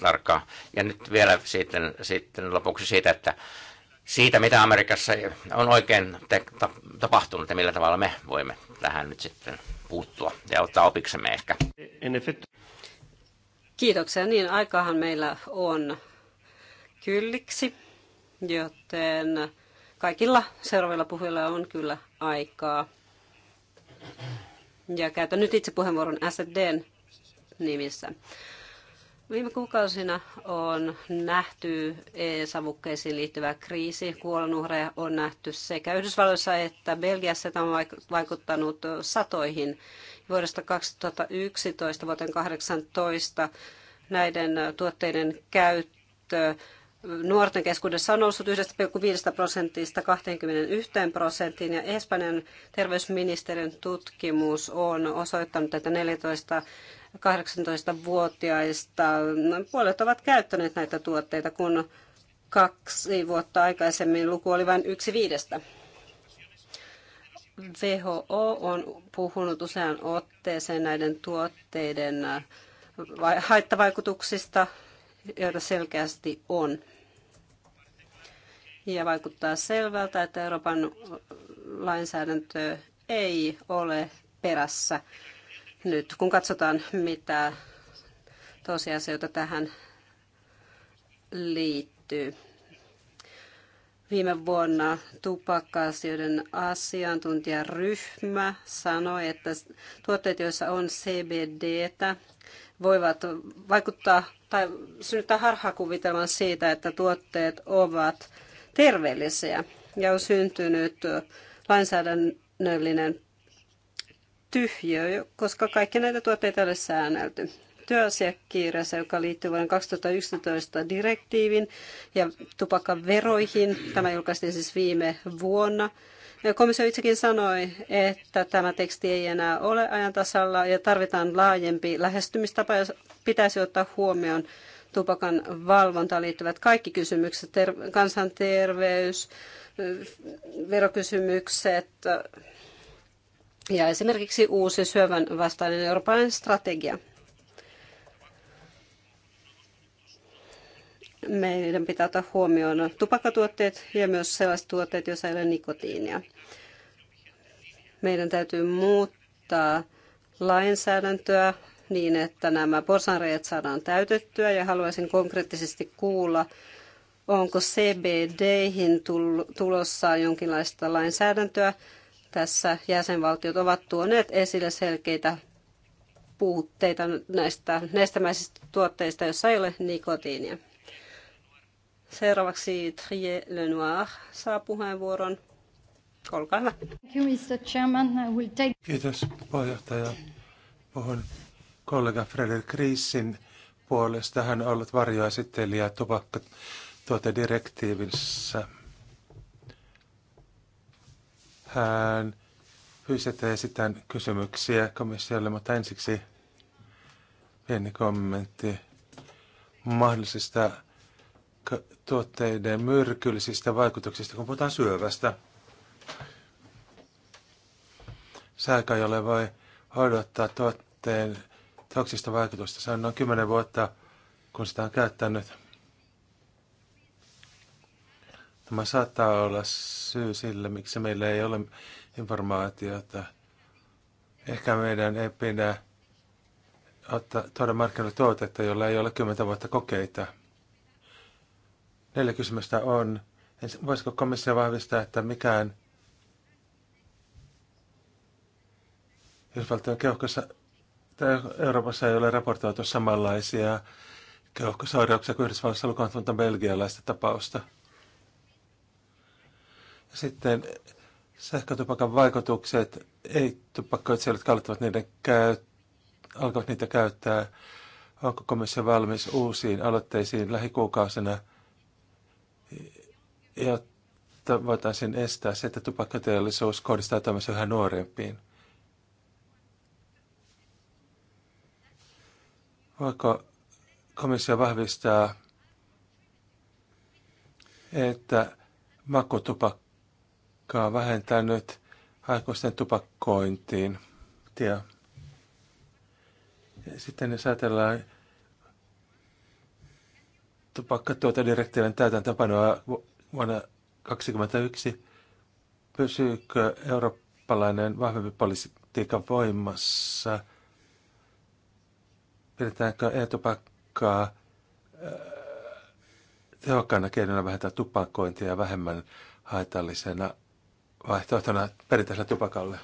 F: tarkkaan. Ja nyt vielä sitten, sitten lopuksi siitä, että siitä, mitä Amerikassa on oikein tapahtunut ja millä tavalla me voimme tähän nyt sitten puuttua ja ottaa opiksemme ehkä.
B: Kiitoksia. Niin, aikahan meillä on kylliksi, joten kaikilla seuraavilla puhujilla on kyllä aikaa. Ja käytän nyt itse puheenvuoron SDn nimissä. Viime kuukausina on nähty e-savukkeisiin liittyvä kriisi. Kuolonuhreja on nähty sekä Yhdysvalloissa että Belgiassa. Tämä on vaikuttanut satoihin vuodesta 2011 vuoteen 2018 näiden tuotteiden käyttö nuorten keskuudessa on noussut 1,5 prosentista 21 prosenttiin ja Espanjan terveysministerin tutkimus on osoittanut, että 14 18-vuotiaista noin puolet ovat käyttäneet näitä tuotteita, kun kaksi vuotta aikaisemmin luku oli vain yksi viidestä. WHO on puhunut usean otteeseen näiden tuotteiden äh, haittavaikutuksista, joita selkeästi on. Ja vaikuttaa selvältä, että Euroopan lainsäädäntö ei ole perässä nyt, kun katsotaan, mitä tosiasioita tähän liittyy. Viime vuonna tupakka-asioiden asiantuntijaryhmä sanoi, että tuotteet, joissa on CBDtä, voivat vaikuttaa tai synnyttää harhakuvitelman siitä, että tuotteet ovat terveellisiä ja on syntynyt lainsäädännöllinen tyhjö, koska kaikki näitä tuotteita ei ole säännelty työasiakirjassa, joka liittyy vuoden 2011 direktiivin ja tupakan veroihin. Tämä julkaistiin siis viime vuonna. Komissio itsekin sanoi, että tämä teksti ei enää ole ajan tasalla ja tarvitaan laajempi lähestymistapa, jos pitäisi ottaa huomioon tupakan valvontaan liittyvät kaikki kysymykset, ter- kansanterveys, verokysymykset ja esimerkiksi uusi syövän vastainen eurooppalainen strategia. meidän pitää ottaa huomioon tupakatuotteet ja myös sellaiset tuotteet, joissa ei ole nikotiinia. Meidän täytyy muuttaa lainsäädäntöä niin, että nämä porsanreijat saadaan täytettyä ja haluaisin konkreettisesti kuulla, onko CBD-hin tulossa jonkinlaista lainsäädäntöä. Tässä jäsenvaltiot ovat tuoneet esille selkeitä puutteita näistä nestemäisistä tuotteista, joissa ei ole nikotiinia. Seuraavaksi Trier Lenoir saa puheenvuoron. Olkaa hyvä. Thank you, Mr. Chairman. I will take...
C: Kiitos puheenjohtaja. Puhun kollega Frederik Riisin puolesta. Hän on ollut varjoesittelijä tupakkatuotedirektiivissä. Hän pyysi, että esitän kysymyksiä komissiolle, mutta ensiksi pieni kommentti mahdollisista tuotteiden myrkyllisistä vaikutuksista, kun puhutaan syövästä. Sääkä, jolle voi odottaa tuotteen toksista vaikutusta. Se on noin 10 vuotta, kun sitä on käyttänyt. Tämä saattaa olla syy sille, miksi meillä ei ole informaatiota. Ehkä meidän ei pidä ottaa, tuoda markkinoille tuotetta, jolla ei ole 10 vuotta kokeita. Neljä kysymystä on. Voisiko komissio vahvistaa, että mikään Yhdysvaltojen keuhkossa tai Euroopassa ei ole raportoitu samanlaisia keuhkosairauksia kuin Yhdysvalloissa lukuunottamatta belgialaista tapausta. Ja sitten sähkötupakan vaikutukset, ei tupakkoitsijat alkavat, niiden käyt, alkavat niitä käyttää. Onko komissio valmis uusiin aloitteisiin lähikuukausina – jotta voitaisiin estää se, että tupakkateollisuus kohdistaa tämmöisiä yhä nuorempiin. Voiko komissio vahvistaa, että makutupakkaa vähentää nyt aikuisten tupakointiin? ja Sitten jos ajatellaan tupakkatuotedirektiivin täytäntöpanoa vuonna 2021. Pysyykö eurooppalainen vahvempi politiikka voimassa? Pidetäänkö e-tupakkaa äh, tehokkaana keinona vähentää tupakointia ja vähemmän haitallisena vaihtoehtona perinteiselle tupakalle?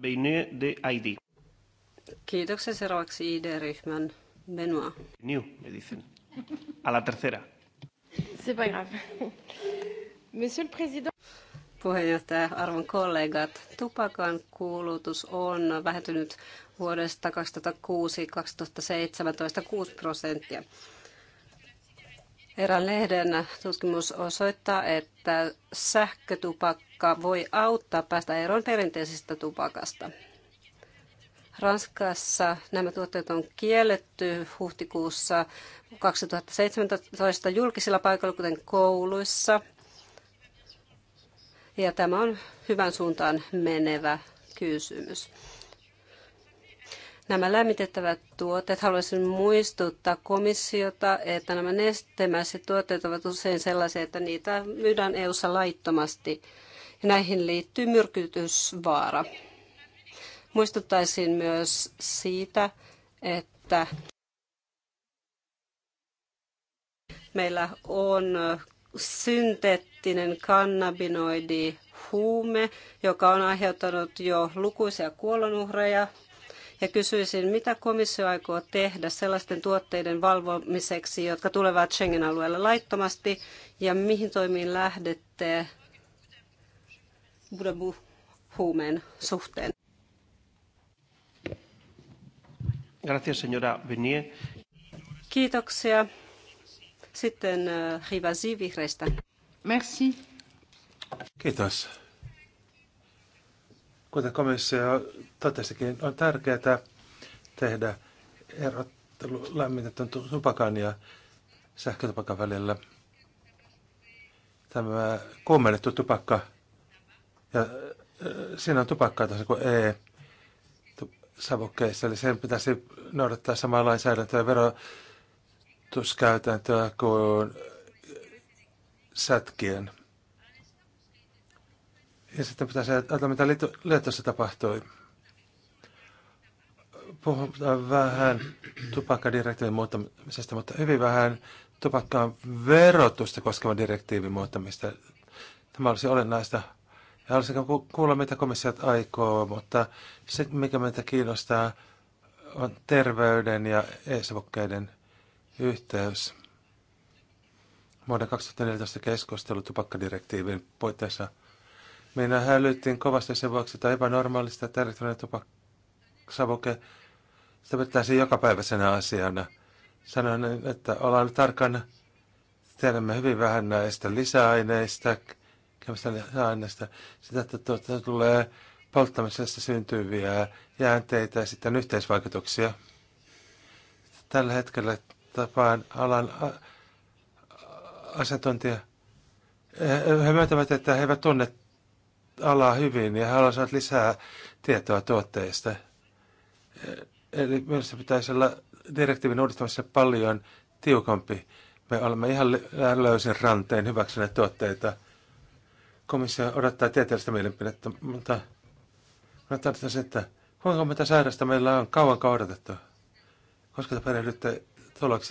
E: Bene de ID.
B: Kiitoksia seuraavaksi ID-ryhmän Benoit.
C: New, me dicen.
E: A la tercera.
B: C'est pas grave. Monsieur le Président. Puheenjohtaja, arvon kollegat, tupakan kulutus on vähentynyt vuodesta 2006-2017 6 prosenttia. Erään lehden tutkimus osoittaa, että sähkötupakka voi auttaa päästä eroon perinteisestä tupakasta. Ranskassa nämä tuotteet on kielletty huhtikuussa 2017 julkisilla paikoilla, kuten kouluissa. Ja tämä on hyvän suuntaan menevä kysymys. Nämä lämmitettävät tuotteet, haluaisin muistuttaa komissiota, että nämä nestemäiset tuotteet ovat usein sellaisia, että niitä myydään EU-ssa laittomasti. Ja näihin liittyy myrkytysvaara. Muistuttaisin myös siitä, että meillä on synteettinen kannabinoidi huume, joka on aiheuttanut jo lukuisia kuolonuhreja. Ja kysyisin, mitä komissio aikoo tehdä sellaisten tuotteiden valvomiseksi, jotka tulevat Schengen-alueelle laittomasti, ja mihin toimiin lähdette Budabu-huumeen suhteen? Gracias, Kiitoksia. Sitten äh, Rivasi vihreistä. Merci.
C: Kiitos. Kuten komissio totesikin, on tärkeää tehdä erottelu lämmitetyn tupakan ja sähkötupakan välillä. Tämä kuumennettu tupakka ja äh, siinä on tupakkaa tässä kuin E savukkeissa, eli sen pitäisi noudattaa samaa lainsäädäntöä verotuskäytäntöä kuin sätkien. Ja sitten pitäisi ajatella, mitä Liettuassa tapahtui. Puhutaan vähän tupakkadirektiivin muuttamisesta, mutta hyvin vähän tupakkaan verotusta koskevan direktiivin muuttamista. Tämä olisi olennaista ja haluaisin kuulla, mitä komissiot aikoo, mutta se, mikä meitä kiinnostaa, on terveyden ja e-savukkeiden yhteys. Vuoden 2014 keskustelu tupakkadirektiivin puitteissa. Minä hälyttiin kovasti sen vuoksi, että on epänormaalista, että elektroninen tupaksavuke, sitä pitäisi jokapäiväisenä asiana. Sanoin, että ollaan tarkkana. Tiedämme hyvin vähän näistä lisäaineista, aineesta. Sitä, että tuota, tulee polttamisesta syntyviä jäänteitä ja sitten yhteisvaikutuksia. Tällä hetkellä tapaan alan asiantuntija. He myöntävät, että he eivät tunne alaa hyvin ja haluaisivat lisää tietoa tuotteista. Eli minusta pitäisi olla direktiivin uudistamisessa paljon tiukampi. Me olemme ihan löysin ranteen hyväksyneet tuotteita – komissio odottaa tieteellistä mielipidettä, mutta odottaa se, että kuinka mitä sairasta meillä on kauan odotettu. Koska te perehdytte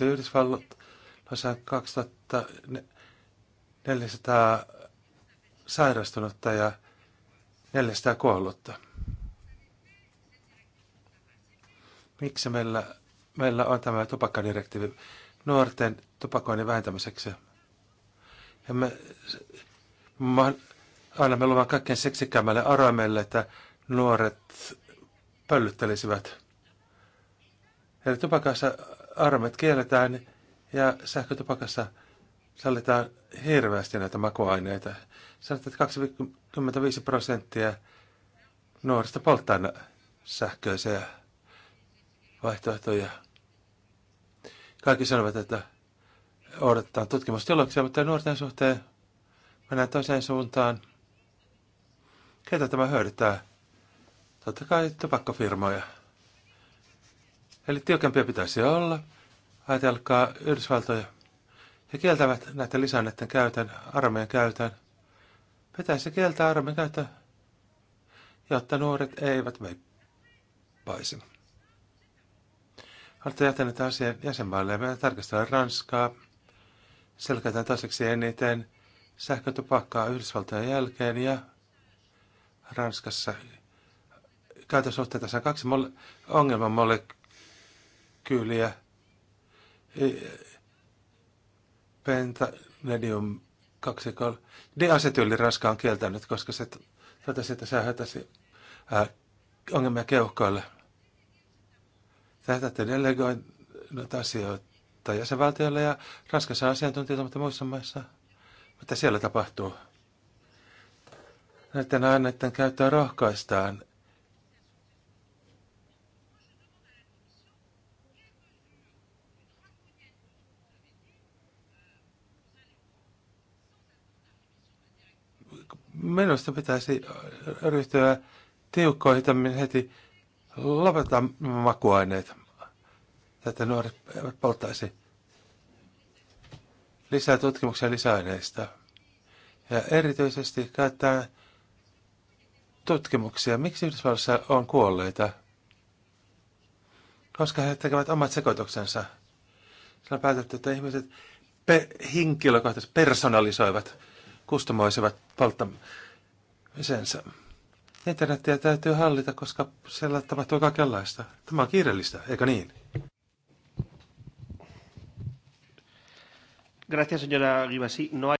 C: Yhdysvallot, Yhdysvalloissa 2400 sairastunutta ja 400 kuollutta. Miksi meillä, meillä on tämä tupakkadirektiivi nuorten tupakoinnin vähentämiseksi? Ja me, Aina me luvan kaikkein seksikämmälle aramelle, että nuoret pöllyttelisivät. Eli tupakassa aramet kielletään ja sähkötupakassa sallitaan hirveästi näitä makuaineita. Sanotaan, että 25 prosenttia nuorista polttaa sähköisiä vaihtoehtoja. Kaikki sanovat, että odotetaan tutkimustuloksia, mutta nuorten suhteen mennään toiseen suuntaan. Ketä tämä hyödyttää? Totta kai tupakkafirmoja. Eli tiukempia pitäisi olla. Ajatelkaa Yhdysvaltoja. He kieltävät näiden lisänneiden käytön, armeijan käytön. Pitäisi kieltää armeijan käytön, jotta nuoret eivät veippaisi. Olette jättäneet asian jäsenmaille ja me tarkastellaan Ranskaa. Selkätään toiseksi eniten sähkötupakkaa Yhdysvaltojen jälkeen ja Ranskassa käytösuhteita on kaksi mole- ongelmamolekyyliä. medium, kaksi, d Diasetyyli niin, Ranska on kieltänyt, koska se totesi, että se hätäsi ää, ongelmia keuhkoille. Tätä delegoinut asioita jäsenvaltioille ja Ranskassa asiantuntijoita, mutta muissa maissa, mitä siellä tapahtuu näiden aineiden käyttöä rohkaistaan. Minusta pitäisi ryhtyä tiukkoihin heti lopettaa makuaineet, että nuoret eivät polttaisi lisää tutkimuksia lisäaineista. Ja erityisesti käyttää tutkimuksia, miksi Yhdysvalloissa on kuolleita, koska he tekevät omat sekoituksensa. Se on päätetty, että ihmiset pe- henkilökohtaisesti personalisoivat, kustomoisivat polttamisensa. Internetiä täytyy hallita, koska siellä tapahtuu kaikenlaista. Tämä on kiireellistä, eikö niin?
E: Gracias, señora Rivasi. No hay...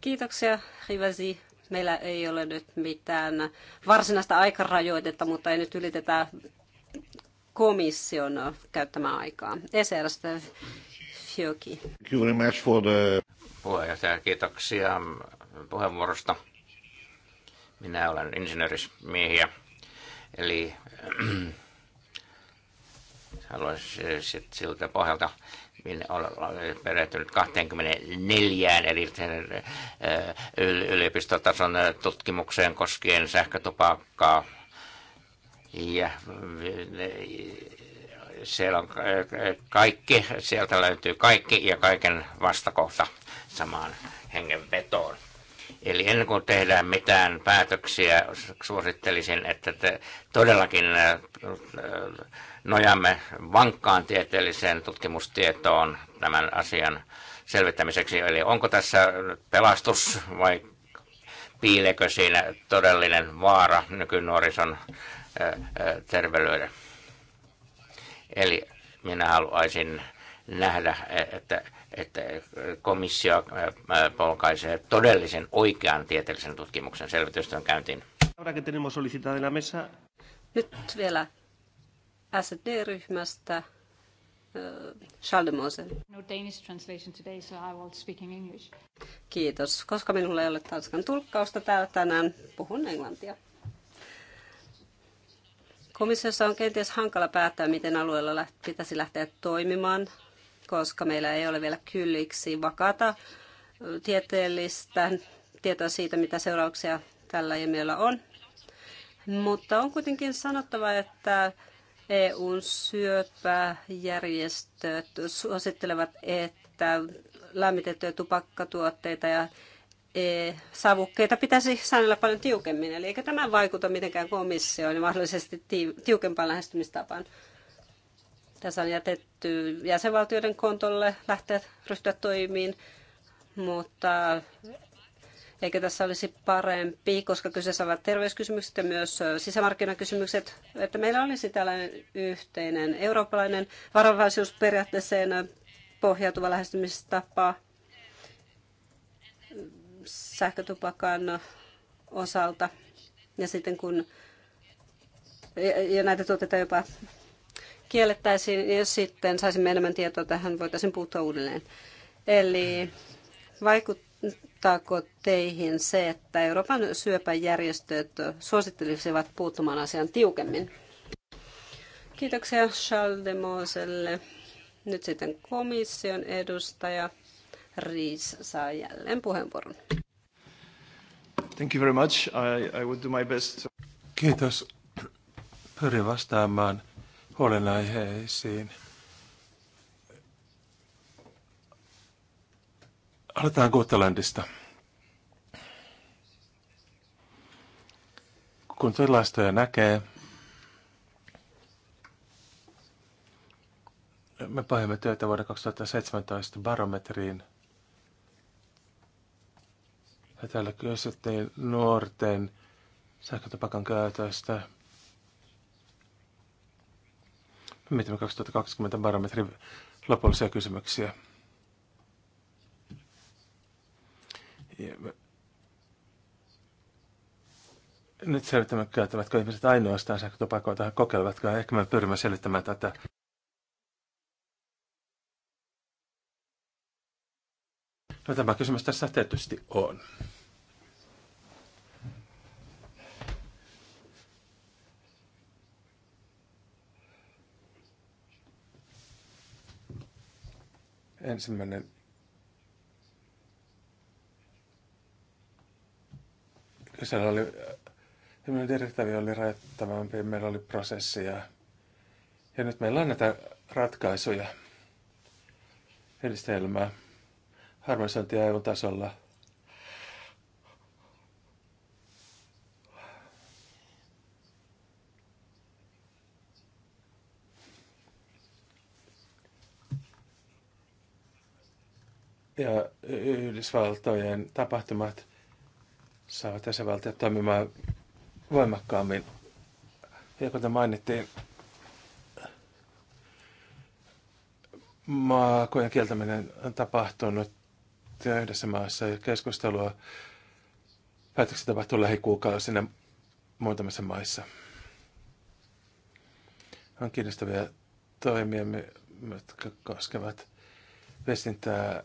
B: Kiitoksia, Rivasi. Meillä ei ole nyt mitään varsinaista aikarajoitetta, mutta ei nyt ylitetä komission käyttämää aikaa. ECRstä Fjoki.
F: Puheenjohtaja, kiitoksia puheenvuorosta. Minä olen insinöörismiehiä, eli haluaisin siltä pohjalta olen perehtynyt 24 eri eh, yliopistotason eh, tutkimukseen koskien sähkötupakkaa. Ja eh, siellä on kaikki, sieltä löytyy kaikki ja kaiken vastakohta samaan hengenvetoon. Eli ennen kuin tehdään mitään päätöksiä, suosittelisin, että te todellakin nojamme vankkaan tieteelliseen tutkimustietoon tämän asian selvittämiseksi. Eli onko tässä pelastus vai piilekö siinä todellinen vaara nykynuorison terveydelle? Eli minä haluaisin nähdä, että, että komissio polkaisee todellisen oikean tieteellisen tutkimuksen selvitystön käyntiin.
B: Nyt vielä SD-ryhmästä Schaldemosen. No Danish translation today, so I will speak in English. Kiitos. Koska minulla ei ole tanskan tulkkausta täällä tänään, puhun englantia. Komissiossa on kenties hankala päättää, miten alueella pitäisi lähteä toimimaan, koska meillä ei ole vielä kylliksi vakata tieteellistä tietoa siitä, mitä seurauksia tällä ilmiöllä on. Mutta on kuitenkin sanottava, että EUn syöpäjärjestöt suosittelevat, että lämmitettyjä tupakkatuotteita ja savukkeita pitäisi säännellä paljon tiukemmin. Eli eikä tämä vaikuta mitenkään komissioon ja mahdollisesti tiukempaan lähestymistapaan. Tässä on jätetty jäsenvaltioiden kontolle lähteä ryhtyä toimiin, mutta Eikö tässä olisi parempi, koska kyseessä ovat terveyskysymykset ja myös sisämarkkinakysymykset, että meillä olisi tällainen yhteinen eurooppalainen varovaisuusperiaatteeseen pohjautuva lähestymistapa sähkötupakan osalta. Ja sitten kun ja näitä tuotteita jopa kiellettäisiin, ja niin jos sitten saisimme enemmän tietoa tähän, voitaisiin puuttua uudelleen. Eli vaikut, vaikuttaako teihin se, että Euroopan syöpäjärjestöt suosittelisivat puuttumaan asian tiukemmin? Kiitoksia Charles de Moselle. Nyt sitten komission edustaja Riis saa jälleen puheenvuoron.
C: Thank you very
E: much. I, I would do my best.
C: Kiitos. Pyrin vastaamaan huolenaiheisiin. Aletaan Gotalandista. Kun tilastoja näkee, me pahimme työtä vuoden 2017 barometriin. Ja täällä kysyttiin nuorten sähkötupakan käytöstä. Me mietimme 2020 barometrin lopullisia kysymyksiä. nyt selvitämme, käyttävätkö ihmiset ainoastaan sähkötupakoita tai kokeilevatko. Ehkä me pyrimme selvittämään tätä. No tämä kysymys tässä tietysti on. Ensimmäinen siellä oli, semmoinen direktiivi oli rajoittavampi, meillä oli prosessi Ja nyt meillä on näitä ratkaisuja, edistelmää, harmonisointia EU-tasolla. Ja Yhdysvaltojen tapahtumat – saavat jäsenvaltiot toimimaan voimakkaammin. Ja kuten mainittiin, maakojen kieltäminen on tapahtunut jo yhdessä maassa ja keskustelua päätöksiä tapahtuu lähikuukausina muutamissa maissa. On kiinnostavia toimia, jotka koskevat viestintää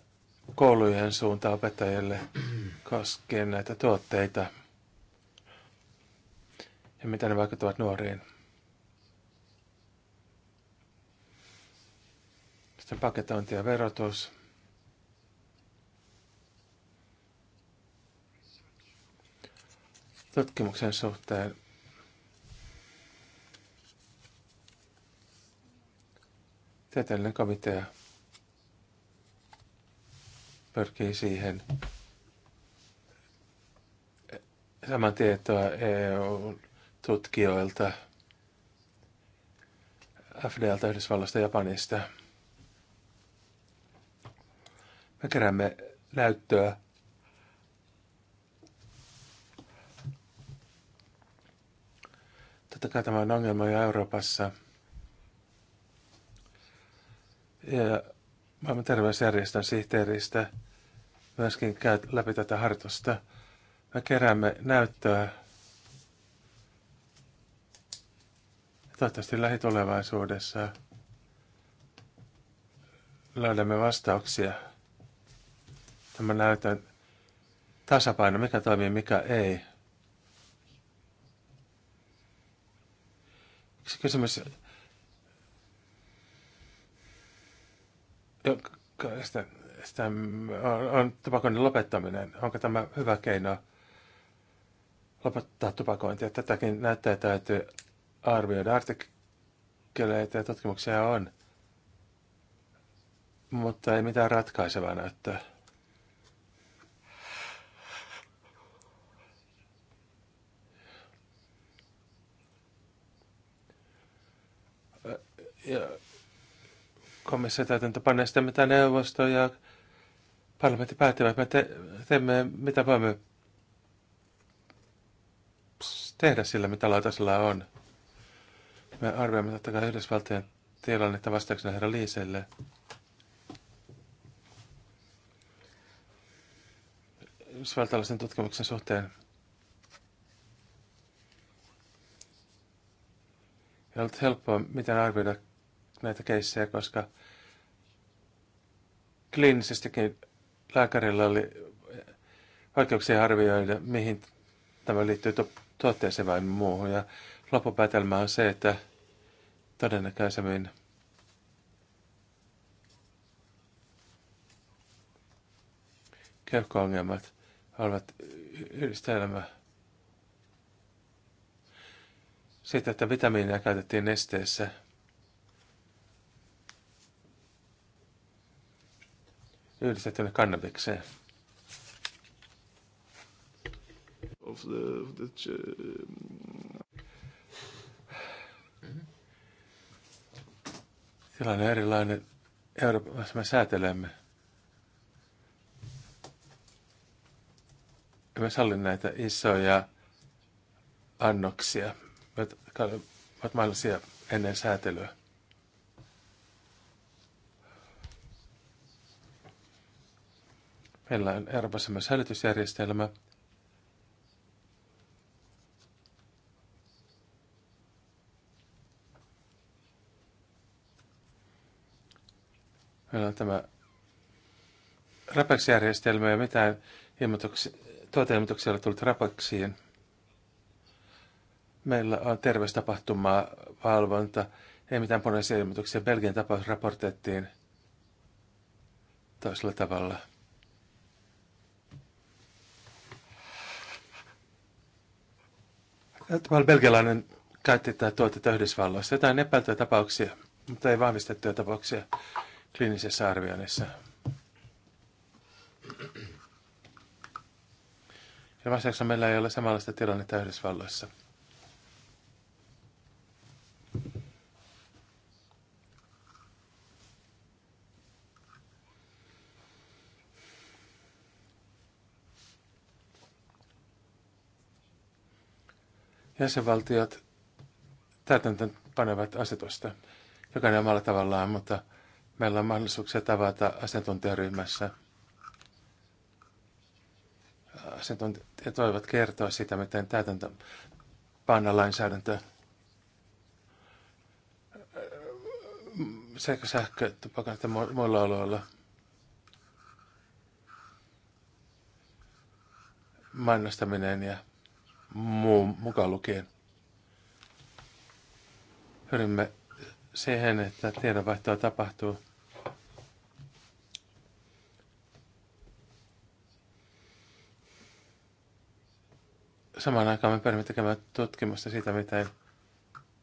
C: koulujen suuntaan opettajille koskien näitä tuotteita ja mitä ne vaikuttavat nuoriin. Sitten paketointi ja verotus. Tutkimuksen suhteen tieteellinen komitea – pyrkii siihen saman tietoa EU-tutkijoilta, e FDLtä, Yhdysvalloista, Japanista. Me keräämme näyttöä Totta kai tämä on ongelma jo Euroopassa. Ja maailman terveysjärjestön sihteeristä myöskin käy läpi tätä harjoitusta. Me keräämme näyttöä toivottavasti lähitulevaisuudessa löydämme vastauksia tämän näytön tasapaino, mikä toimii, mikä ei. Yksi kysymys sitä, sitä on, on tupakoinnin lopettaminen. Onko tämä hyvä keino lopettaa tupakointia? Tätäkin näyttää täytyy arvioida. Artikkeleita ja tutkimuksia on, mutta ei mitään ratkaisevaa näyttää. Yeah komissio täytäntö panee sitä, mitä neuvosto ja parlamentti päättävät. Me te- teemme, mitä voimme tehdä sillä, mitä lautasella on. Me arvioimme totta kai Yhdysvaltojen tilannetta vastauksena herra Liiselle. Yhdysvaltalaisen tutkimuksen suhteen. Ei ollut helppoa, miten arvioida näitä keissejä, koska kliinisestikin lääkärillä oli vaikeuksia arvioida, mihin tämä liittyy tuotteeseen vai muuhun. Ja loppupäätelmä on se, että todennäköisemmin keuhko-ongelmat ovat yhdistelmä siitä, että vitamiinia käytettiin nesteessä – yhdistettynä kannabikseen. Of the, of the, mm-hmm. Tilanne on erilainen. Euroopassa me säätelemme. Emme salli näitä isoja annoksia, jotka ovat mahdollisia ennen säätelyä. Meillä on Euroopassa myös hälytysjärjestelmä. Meillä on tämä rapeksjärjestelmä ja mitään tuoteilmoituksia ei tullut rapeksiin. Meillä on terveystapahtumaa, valvonta, ei mitään punaisia ilmoituksia. Belgian tapaus raportettiin toisella tavalla. Tämä belgialainen käytti tätä tuotetta Yhdysvalloissa. Jotain epäiltyjä tapauksia, mutta ei vahvistettuja tapauksia kliinisessä arvioinnissa. Ja vastauksessa meillä ei ole samanlaista tilannetta Yhdysvalloissa. jäsenvaltiot täytäntöön panevat asetusta. Jokainen omalla tavallaan, mutta meillä on mahdollisuuksia tavata asiantuntijaryhmässä. Asiantuntijat voivat kertoa sitä, miten täytäntö panna lainsäädäntö. sekä sähkö, tupakan että muilla alueilla. Mainostaminen ja muu, mukaan lukien. Pyrimme siihen, että tiedonvaihtoa tapahtuu. Samaan aikaan me pyrimme tekemään tutkimusta siitä, miten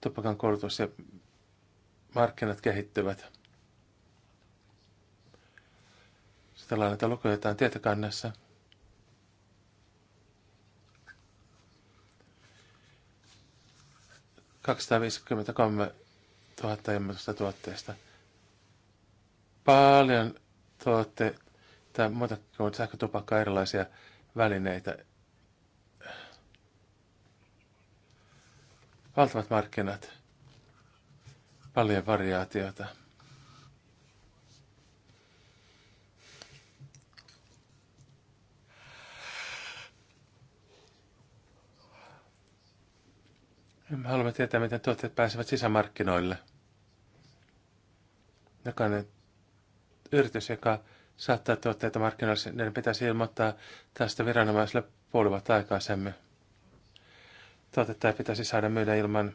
C: tupakan koulutus ja markkinat kehittyvät. Sitten lainataan lukuja jotain tietokannassa – 253 000 ilmoitusta tuotteesta. Paljon tuotteita, muuta kuin sähkötupakkaa, erilaisia välineitä. Valtavat markkinat. Paljon variaatiota. Me haluamme tietää, miten tuotteet pääsevät sisämarkkinoille. Jokainen yritys, joka saattaa tuotteita markkinoille, niin pitäisi ilmoittaa tästä viranomaiselle puoli vuotta aikaisemmin. Tuotetta ei pitäisi saada myydä ilman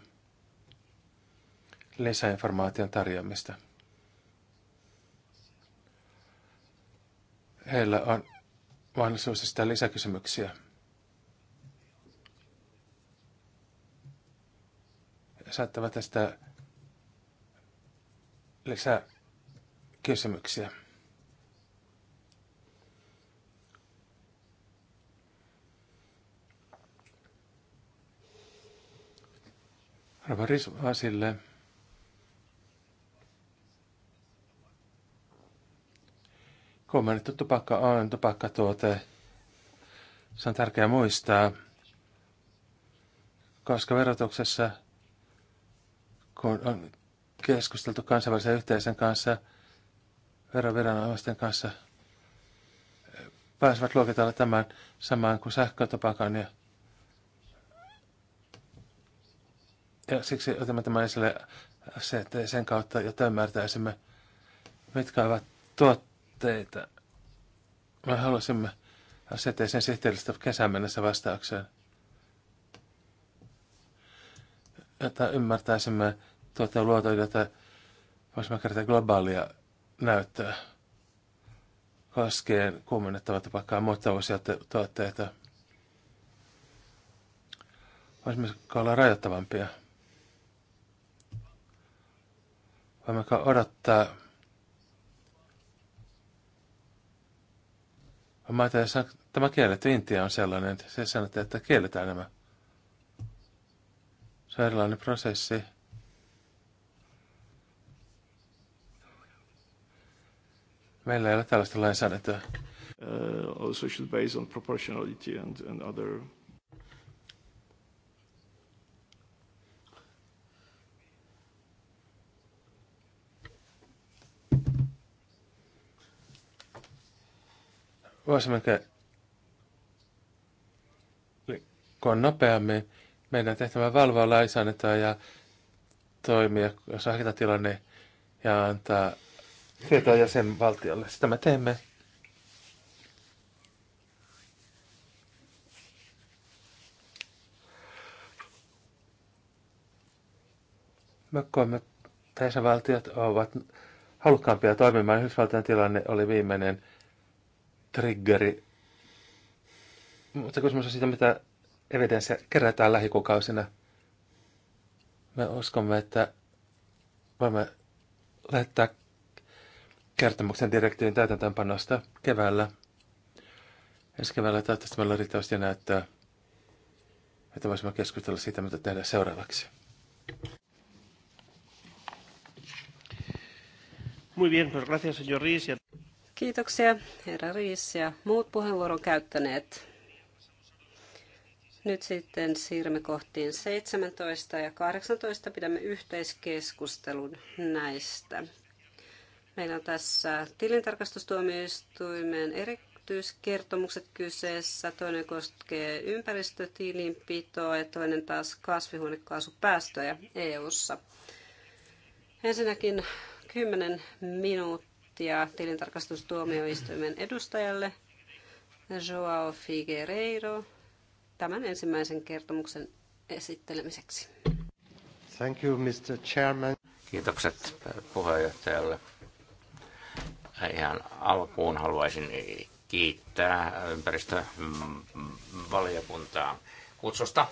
C: lisäinformaation tarjoamista. Heillä on mahdollisuus esittää lisäkysymyksiä. saattava tästä lisää kysymyksiä. Rava Risvasille. Kommentti tupakka on tupakkatuote. Se on tärkeää muistaa, koska verotuksessa – kun on keskusteltu kansainvälisen yhteisön kanssa, viranomaisten kanssa, pääsevät luokitella tämän samaan kuin sähkötopakan. Ja, ja siksi otamme tämän esille se, sen kautta, jotta ymmärtäisimme, mitkä ovat tuotteita. Me halusimme sen sihteellistä kesän mennessä vastaukseen. Jotta ymmärtäisimme, Tuota, tätä, luotoidata mä kertaa globaalia näyttöä koskien kuumennettavaa tupakkaa muita uusia tuotteita. Voisimmeko olla rajoittavampia? Voimmeko odottaa Mä ajattelin, että tämä kielletty Intia on sellainen, että se sanotaan, että kielletään nämä. Se on erilainen prosessi. Meillä ei ole tällaista lainsäädäntöä.
G: Uh, also should base on proportionality and, and other
C: voisimmeko liikkua nopeammin. Meidän tehtävä valvoa lainsäädäntöä ja toimia, jos tilanne ja antaa tietoa jäsenvaltiolle. Sitä me teemme. Me koemme, että jäsenvaltiot ovat halukkaampia toimimaan. Yhdysvaltain tilanne oli viimeinen triggeri. Mutta kysymys on siitä, mitä evidenssiä kerätään lähikuukausina. Me uskomme, että voimme lähettää kertomuksen direktiivin täytäntöönpanosta keväällä. Ensi keväällä toivottavasti meillä on riittävästi näyttää, että voisimme keskustella siitä, mitä tehdään seuraavaksi.
E: Muy bien, pues gracias, señor Riis.
B: Kiitoksia, herra Riis ja muut puheenvuoron käyttäneet. Nyt sitten siirrymme kohtiin 17 ja 18. Pidämme yhteiskeskustelun näistä. Meillä on tässä tilintarkastustuomioistuimen erityiskertomukset kyseessä. Toinen koskee ympäristötilinpitoa ja toinen taas kasvihuonekaasupäästöjä EU-ssa. Ensinnäkin 10 minuuttia tilintarkastustuomioistuimen edustajalle Joao Figueiredo tämän ensimmäisen kertomuksen esittelemiseksi.
C: Thank you, Mr. Chairman.
F: Kiitokset puheenjohtajalle. Ihan alkuun haluaisin kiittää ympäristövaliokuntaa kutsusta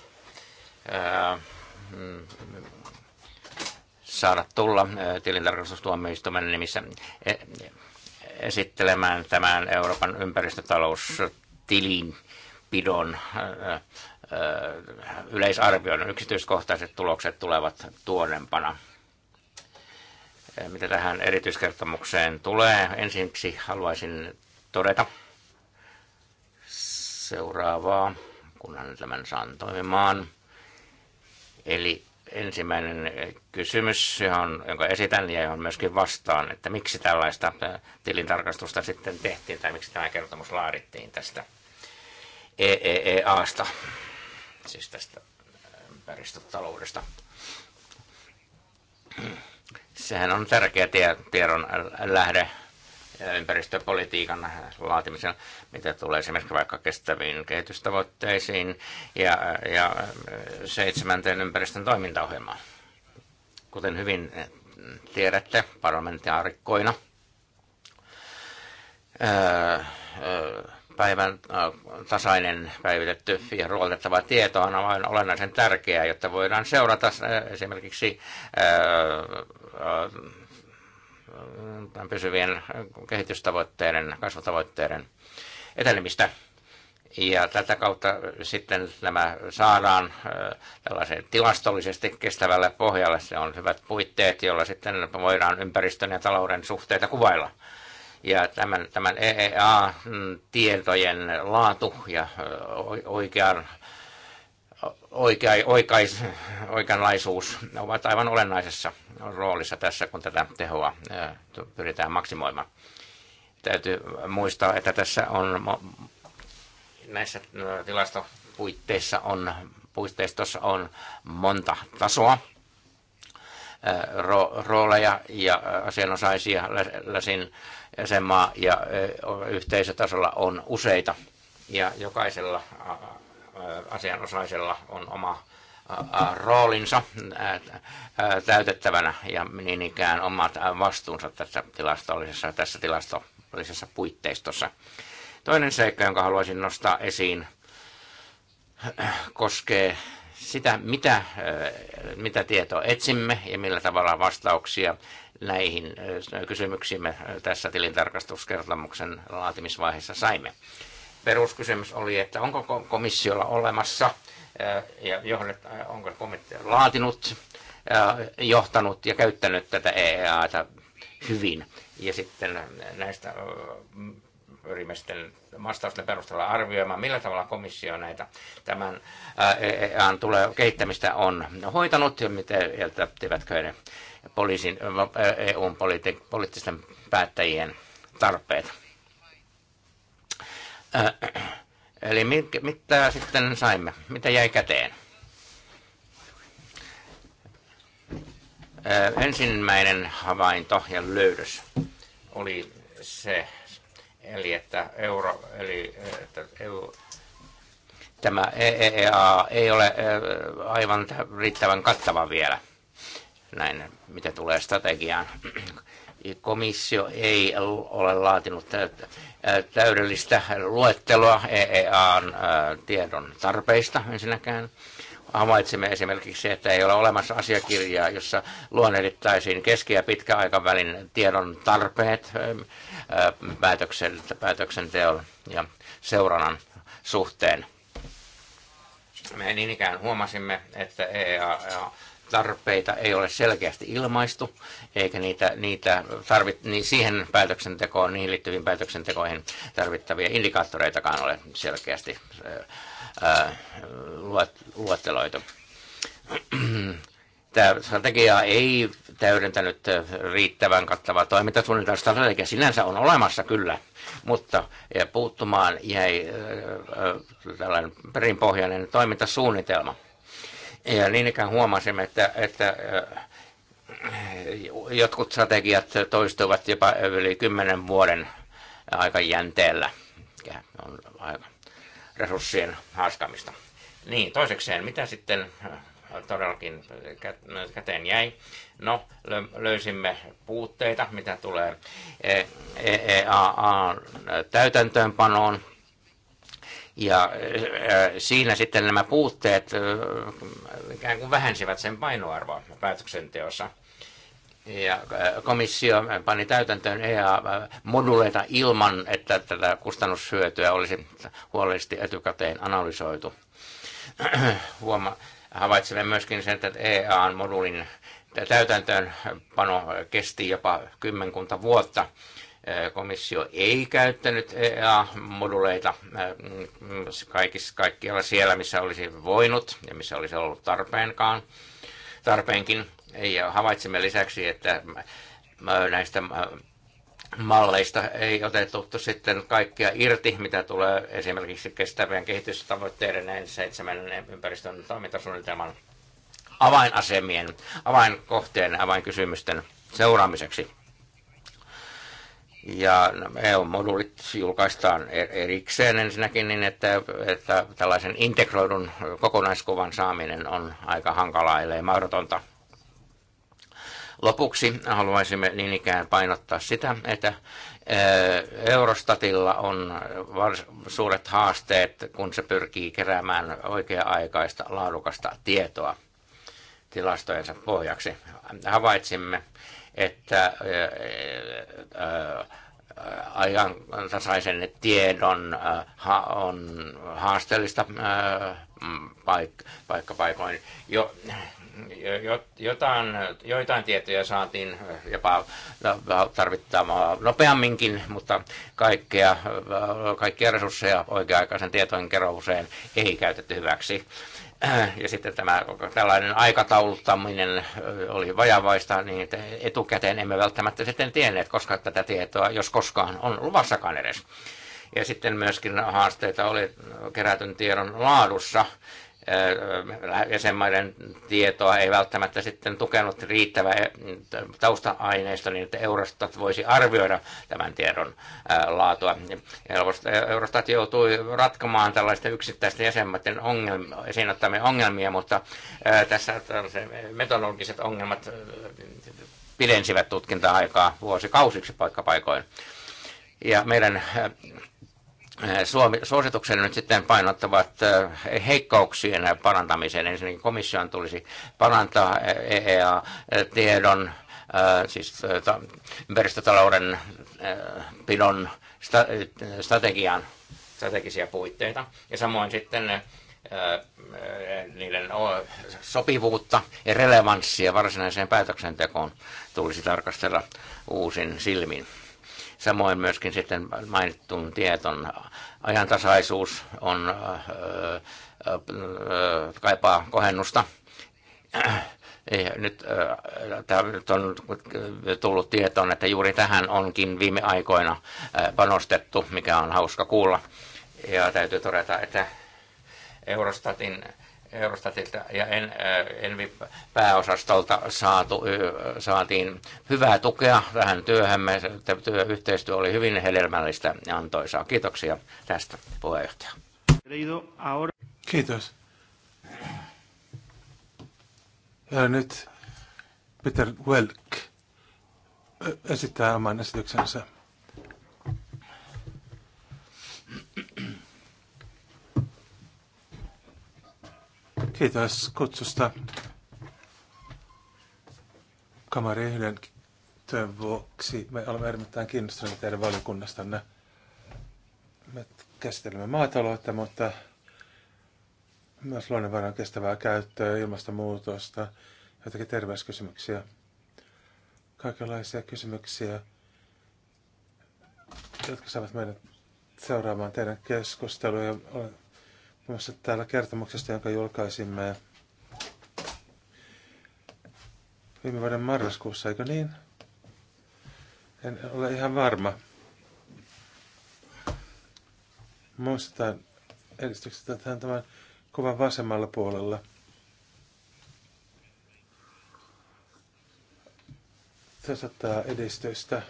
F: saada tulla tilintarkastustuomioistuimen nimissä e-, esittelemään tämän Euroopan ympäristötaloustilinpidon yleisarvion yksityiskohtaiset tulokset tulevat tuorempana mitä tähän erityiskertomukseen tulee. Ensiksi haluaisin todeta seuraavaa, kunhan tämän saan toimimaan. Eli ensimmäinen kysymys, johon, jonka esitän ja johon myöskin vastaan, että miksi tällaista äh, tilintarkastusta sitten tehtiin tai miksi tämä kertomus laadittiin tästä EEEAsta, siis tästä äh, ympäristötaloudesta. Sehän on tärkeä tie, tiedon lähde ympäristöpolitiikan laatimisen, mitä tulee esimerkiksi vaikka kestäviin kehitystavoitteisiin ja, ja seitsemänteen ympäristön toimintaohjelmaan. Kuten hyvin tiedätte parlamentaarikkoina, päivän tasainen päivitetty ja ruoltettava tieto on aivan olennaisen tärkeää, jotta voidaan seurata esimerkiksi Äh, äh, pysyvien kehitystavoitteiden, kasvutavoitteiden etenemistä. Ja tätä kautta sitten nämä saadaan äh, tällaisen tilastollisesti kestävälle pohjalle. Se on hyvät puitteet, joilla sitten voidaan ympäristön ja talouden suhteita kuvailla. Ja tämän, tämän EEA-tietojen mm, laatu ja oikean oikea, oikeais, oikeanlaisuus ovat aivan olennaisessa roolissa tässä, kun tätä tehoa pyritään maksimoimaan. Täytyy muistaa, että tässä on näissä tilastopuitteissa on, puisteistossa on monta tasoa, ro, rooleja ja asianosaisia läsin jäsenmaa ja yhteisötasolla on useita ja jokaisella asianosaisella on oma roolinsa täytettävänä ja niin ikään omat vastuunsa tässä tilastollisessa, tässä tilastollisessa puitteistossa. Toinen seikka, jonka haluaisin nostaa esiin, koskee sitä, mitä, mitä tietoa etsimme ja millä tavalla vastauksia näihin kysymyksiin me tässä tilintarkastuskertomuksen laatimisvaiheessa saimme peruskysymys oli, että onko komissiolla olemassa äh, ja johdet, äh, onko komissio laatinut, äh, johtanut ja käyttänyt tätä EEAta hyvin. Ja sitten näistä sitten vastausten perusteella arvioimaan, millä tavalla komissio näitä tämän EEAn tulee kehittämistä on hoitanut ja miten jättävätkö ne poliisin, EUn poliittisten päättäjien tarpeet. Äh, eli mit, mitä sitten saimme? Mitä jäi käteen? Äh, ensimmäinen havainto ja löydös oli se, eli että euro, eli äh, että EU, tämä EEA ei ole aivan riittävän kattava vielä, näin mitä tulee strategiaan. Komissio ei ole laatinut täydellistä luetteloa EEAn tiedon tarpeista ensinnäkään. Havaitsimme esimerkiksi, että ei ole olemassa asiakirjaa, jossa luonnehdittaisiin keski- ja pitkäaikavälin tiedon tarpeet päätöksenteon ja seurannan suhteen. Me niin ikään huomasimme, että EEA tarpeita ei ole selkeästi ilmaistu, eikä niitä, niitä tarvit, niin siihen päätöksentekoon, niihin liittyviin päätöksentekoihin tarvittavia indikaattoreitakaan ole selkeästi ää, äh, äh, luet, luetteloitu. Tämä strategia ei täydentänyt riittävän kattavaa toimintasuunnitelmaa. Strategia sinänsä on olemassa kyllä, mutta puuttumaan jäi äh, tällainen perinpohjainen toimintasuunnitelma – ja niin ikään huomasimme, että, että äh, jotkut strategiat toistuvat jopa yli kymmenen vuoden aikajänteellä, mikä on aika resurssien haaskamista. Niin, toisekseen, mitä sitten äh, todellakin käteen jäi? No, löysimme puutteita, mitä tulee äh, EAA e-, täytäntöönpanoon ja äh, äh, siinä sitten nämä puutteet äh, ikään kuin vähensivät sen painoarvoa päätöksenteossa. Ja komissio pani täytäntöön EA-moduleita ilman, että tätä kustannushyötyä olisi huolellisesti etukäteen analysoitu. Huoma, havaitsemme myöskin sen, että EA-modulin täytäntöönpano kesti jopa kymmenkunta vuotta komissio ei käyttänyt EA-moduleita kaikissa, kaikkialla siellä, missä olisi voinut ja missä olisi ollut tarpeenkaan, tarpeenkin. Ja havaitsimme lisäksi, että näistä malleista ei otettu sitten kaikkia irti, mitä tulee esimerkiksi kestävien kehitystavoitteiden näin seitsemän ympäristön toimintasuunnitelman avainasemien, avainkohteen, avainkysymysten seuraamiseksi ja EU-moduulit julkaistaan er-, erikseen ensinnäkin niin, että, että tällaisen integroidun kokonaiskuvan saaminen on aika hankalaa, ellei mahdotonta. Lopuksi haluaisimme niin ikään painottaa sitä, että Eurostatilla on suuret haasteet, kun se pyrkii keräämään oikea-aikaista laadukasta tietoa tilastojensa pohjaksi. Havaitsimme, että ajan tasaisen tiedon on haasteellista mm, paikka, paikka paikoin. Jo, jo, jotain, joitain tietoja saatiin jopa no, tarvittamaan nopeamminkin, mutta kaikkea, kaikkia resursseja oikea-aikaisen tietojen keruuseen ei käytetty hyväksi ja sitten tämä tällainen aikatauluttaminen oli vajavaista, niin etukäteen emme välttämättä sitten tienneet, koska tätä tietoa, jos koskaan, on luvassakaan edes. Ja sitten myöskin haasteita oli kerätyn tiedon laadussa Äh, jäsenmaiden tietoa ei välttämättä sitten tukenut riittävä eh, tausta-aineisto niin, että Eurostat voisi arvioida tämän tiedon äh, laatua. Eh, Eurostat joutui ratkomaan tällaisten yksittäisten jäsenmaiden esiin ottamia ongelmia, mutta äh, tässä metodologiset ongelmat pidensivät tutkinta-aikaa vuosikausiksi paikkapaikoin. Ja meidän Äh, Suomi, suosituksen nyt sitten painottavat äh, heikkouksien parantamiseen. Ensinnäkin komission tulisi parantaa EEA-tiedon, äh, siis ympäristötalouden pidon strategian, strategisia puitteita. Ja samoin sitten niiden sopivuutta ja relevanssia varsinaiseen päätöksentekoon tulisi tarkastella uusin silmin Samoin myöskin sitten mainittuun tieton ajantasaisuus on, äh, äh, äh, kaipaa kohennusta. Ei, nyt, äh, nyt on tullut tietoon, että juuri tähän onkin viime aikoina äh, panostettu, mikä on hauska kuulla. Ja täytyy todeta, että Eurostatin äh, Eurostatilta ja en, äh, Envi-pääosastolta saatu, saatiin hyvää tukea tähän työhömme. Työyhteistyö oli hyvin hedelmällistä ja antoisaa. Kiitoksia
C: tästä puheenjohtaja. Kiitos. Ja nyt Peter Welk esittää oman esityksensä. Kiitos kutsusta. Kamari yhden työn vuoksi me olemme erittäin kiinnostuneita teidän valiokunnastanne. Me käsittelemme maataloutta, mutta myös luonnonvaran kestävää käyttöä, ilmastonmuutosta, jotakin terveyskysymyksiä, kaikenlaisia kysymyksiä, jotka saavat meidät seuraamaan teidän keskusteluja. Olen myös täällä kertomuksesta, jonka julkaisimme viime vuoden marraskuussa, eikö niin? En ole ihan varma. Muistetaan edistyksestä tähän tämän kuvan vasemmalla puolella. Tässä ottaa edistystä.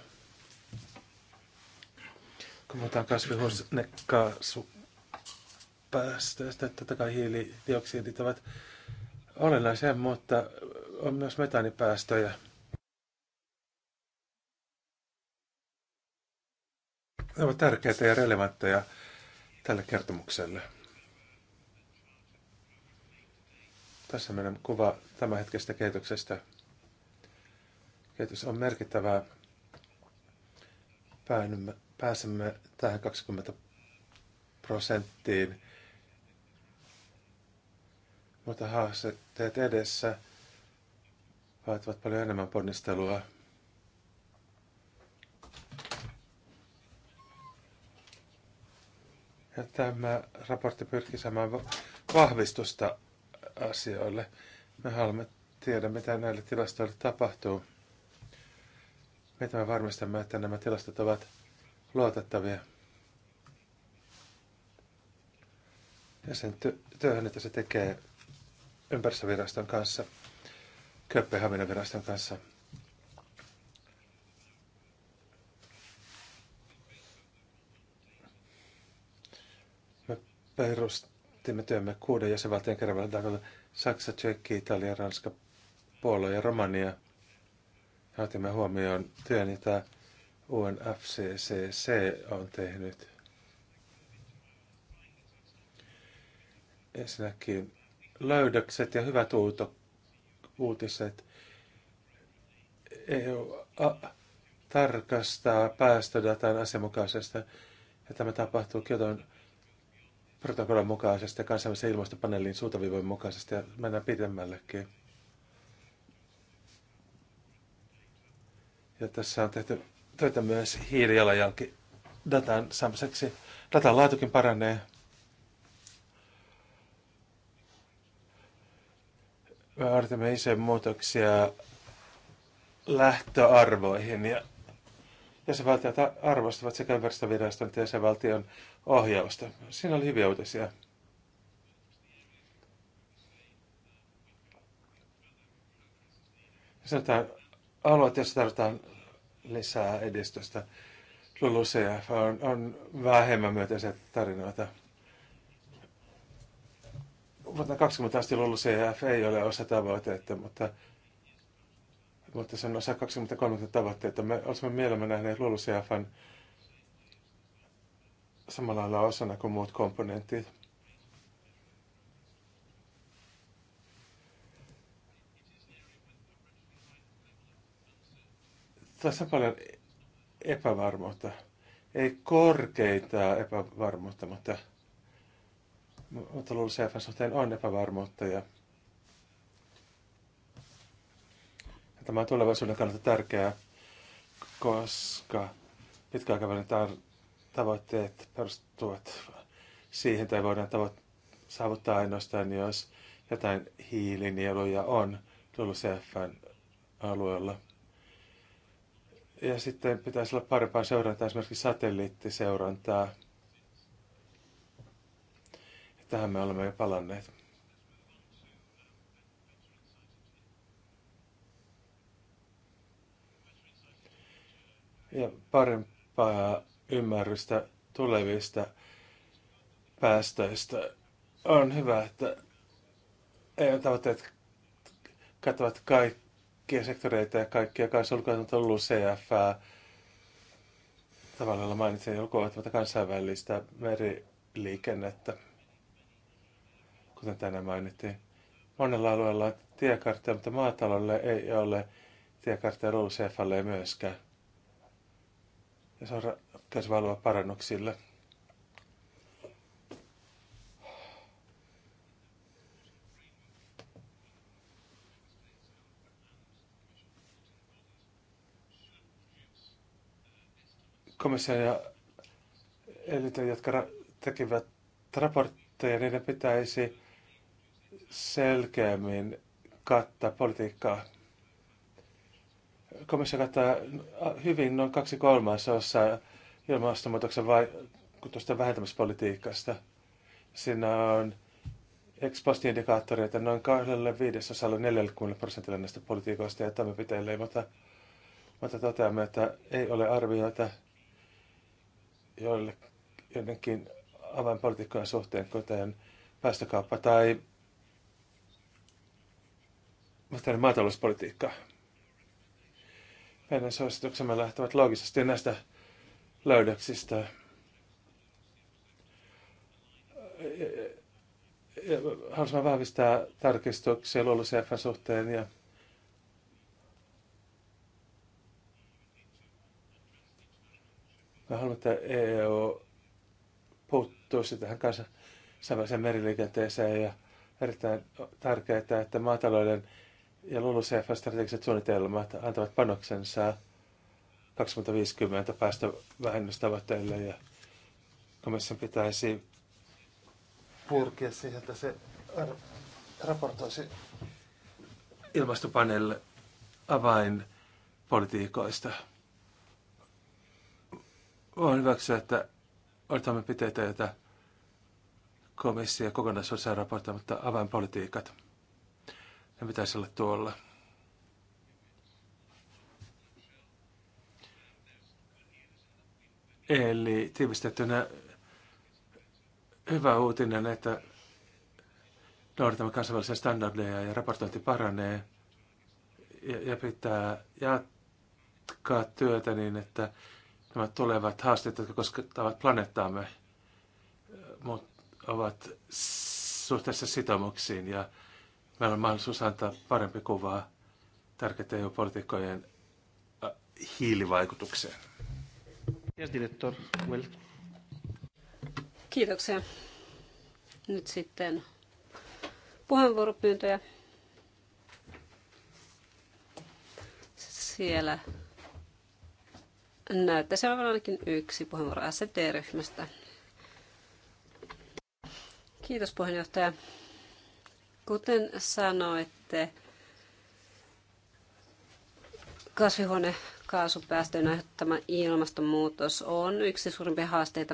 C: Kun otan kasvihuonekaasupäästöjä päästöistä. Totta kai hiilidioksidit ovat olennaisia, mutta on myös metaanipäästöjä. Ne ovat tärkeitä ja relevantteja tälle kertomukselle. Tässä meidän kuva tämänhetkisestä kehityksestä. Kehitys on merkittävää. pääsemme tähän 20 prosenttiin mutta haasteet edessä vaativat paljon enemmän ponnistelua. Ja tämä raportti pyrkii saamaan vahvistusta asioille. Me haluamme tiedä, mitä näille tilastoille tapahtuu. Miten me varmistamme, että nämä tilastot ovat luotettavia. Ja sen työhön, että se tekee ympäristöviraston kanssa, Kööpenhaminan viraston kanssa. Me perustimme työmme kuuden jäsenvaltion kerran takana Saksa, Tsekki, Italia, Ranska, Puola ja Romania. Ja otimme huomioon työn, jota UNFCCC on tehnyt. Ensinnäkin löydökset ja hyvät uuto, uutiset. EU a, tarkastaa päästödatan asianmukaisesta ja tämä tapahtuu Kioton protokollan mukaisesti ja kansainvälisen ilmastopaneelin suuntaviivojen mukaisesti ja mennään pidemmällekin. Ja tässä on tehty töitä myös hiilijalanjälki datan saamiseksi. Datan laatukin paranee. Me odotamme isoja muutoksia lähtöarvoihin ja jäsenvaltiot arvostavat sekä ympäristöviraston että jäsenvaltion ohjausta. Siinä oli hyviä uutisia. Sanotaan alueet, joissa tarvitaan lisää edistystä. LULUCF on, on vähemmän myönteisiä tarinoita vuotta 20 asti LULUCF ei ole osa tavoitteita, mutta, mutta se on osa 23 tavoitteita. Me olisimme mielemme nähneet LULUCFn samalla lailla osana kuin muut komponentit. Tässä on paljon epävarmuutta. Ei korkeita epävarmuutta, mutta mutta LULCFn suhteen on epävarmuutta ja tämä on tulevaisuuden kannalta tärkeää, koska pitkäaikavälin tavoitteet perustuvat siihen, tai voidaan tavoittaa saavuttaa ainoastaan, jos jotain hiilinieluja on LULUCFn alueella. Ja sitten pitäisi olla parempaa seurantaa, esimerkiksi satelliittiseurantaa. Tähän me olemme jo palanneet. Ja parempaa ymmärrystä tulevista päästöistä. On hyvä, että EU-tavoitteet katsovat kaikkia sektoreita ja kaikkia kanssa olkoon ollut CF, tavallaan mainitsen, olkoon kansainvälistä meriliikennettä kuten tänään mainittiin. Monella alueella on tiekartta, mutta maatalolle ei ole tiekarttia RUCFlle ei myöskään. Ja se on ratkaiseva alue parannuksille. komissio ja elit, jotka ra- tekivät raportteja, niiden pitäisi selkeämmin kattaa politiikkaa. Komissio kattaa hyvin noin kaksi kolmasosaa ilmastonmuutoksen vaikutusten vähentämispolitiikasta. Siinä on ex indikaattoreita noin kahdelle viidesosalle 40 prosentilla näistä politiikoista ja toimenpiteille, mutta, mutta toteamme, että ei ole arvioita joille, jonnekin avainpolitiikkojen suhteen, kuten päästökauppa tai vastainen maatalouspolitiikka. Meidän suosituksemme lähtevät loogisesti näistä löydöksistä. Haluaisimme vahvistaa tarkistuksia LULUCFn suhteen ja Mä haluan, että EU e puuttuisi tähän kansainväliseen meriliikenteeseen ja erittäin tärkeää, että maatalouden ja LULUCF-strategiset suunnitelmat antavat panoksensa 2050 päästövähennystavoitteille ja komission pitäisi pyrkiä siihen, että se raportoisi ilmastopaneelille avainpolitiikoista. Voin hyväksyä, että on toimenpiteitä, joita komissio kokonaisuudessaan raportoi, mutta avainpolitiikat – ne pitäisi olla tuolla. Eli tiivistettynä hyvä uutinen, että noudatamme kansainvälisiä standardeja ja raportointi paranee ja, ja pitää jatkaa työtä niin, että nämä tulevat haasteet, jotka koskettavat planeettaamme, ovat suhteessa sitoumuksiin ja meillä on mahdollisuus antaa parempi kuvaa tärkeitä EU-politiikkojen hiilivaikutukseen.
B: Kiitoksia. Nyt sitten puheenvuoropyyntöjä. Siellä näyttäisi olevan ainakin yksi puheenvuoro sd ryhmästä Kiitos puheenjohtaja. Kuten sanoitte, kasvihuonekaasupäästöjen aiheuttama ilmastonmuutos on yksi suurimpia haasteita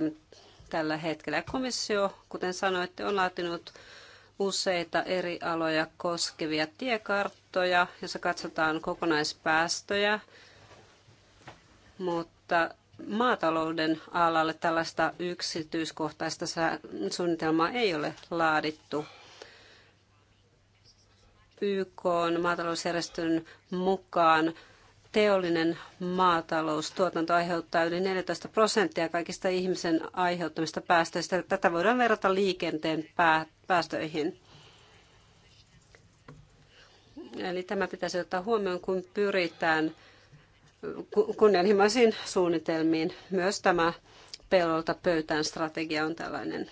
B: tällä hetkellä. Komissio, kuten sanoitte, on laatinut useita eri aloja koskevia tiekarttoja, jossa katsotaan kokonaispäästöjä, mutta maatalouden alalle tällaista yksityiskohtaista suunnitelmaa ei ole laadittu. YK maatalousjärjestön mukaan teollinen maataloustuotanto aiheuttaa yli 14 prosenttia kaikista ihmisen aiheuttamista päästöistä. Tätä voidaan verrata liikenteen päästöihin. Eli tämä pitäisi ottaa huomioon, kun pyritään kunnianhimoisiin suunnitelmiin. Myös tämä pellolta pöytään strategia on tällainen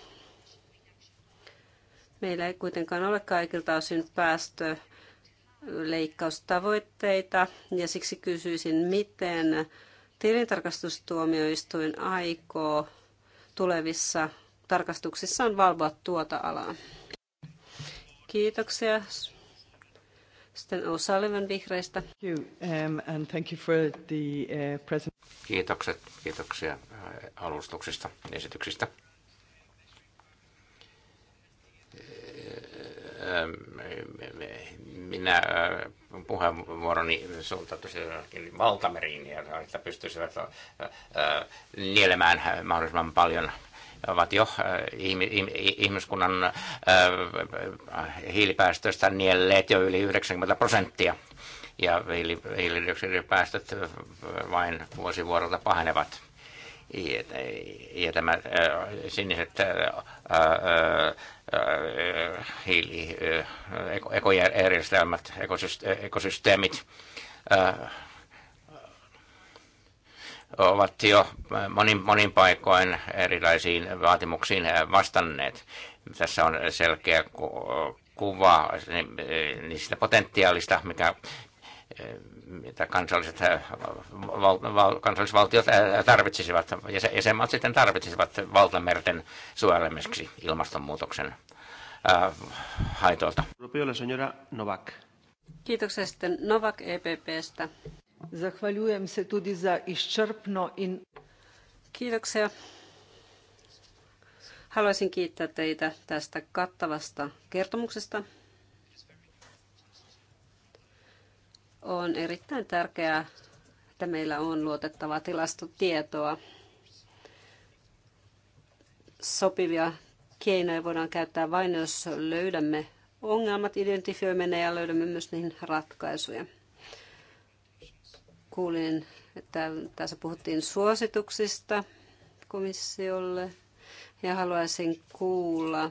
B: Meillä ei kuitenkaan ole kaikilta osin päästöleikkaustavoitteita leikkaustavoitteita ja siksi kysyisin, miten tilintarkastustuomioistuin aikoo tulevissa tarkastuksissaan valvoa tuota alaa. Kiitoksia. Sitten O'Sullivan vihreistä.
F: Kiitokset, kiitoksia uh, alustuksista, esityksistä. Ähm, minä äh, puheenvuoroni suuntautuisi valtameriin ja että pystyisivät äh, äh, nielemään mahdollisimman paljon ovat jo ihmiskunnan hiilipäästöistä nielleet jo yli 90 prosenttia ja hiilidioksidipäästöt vain vuosivuorolta pahenevat ja tämä siniset hiili, ekojärjestelmät, ekosysteemit ovat jo monin, monin paikoin erilaisiin vaatimuksiin vastanneet. Tässä on selkeä kuva niistä niin potentiaalista, mikä Eh, mitä kansalliset, eh, val, val, kansallisvaltiot eh, tarvitsisivat, jäsenmaat sitten tarvitsisivat valtamerten suojelemiseksi ilmastonmuutoksen haitoilta.
B: Novak. Kiitoksia sitten Novak EPPstä. Zahvaljujem se tudi za izčrpno in... Kiitoksia. Haluaisin kiittää teitä tästä kattavasta kertomuksesta. on erittäin tärkeää, että meillä on luotettavaa tilastotietoa. Sopivia keinoja voidaan käyttää vain, jos löydämme ongelmat, identifioimme ne ja löydämme myös niihin ratkaisuja. Kuulin, että tässä puhuttiin suosituksista komissiolle ja haluaisin kuulla,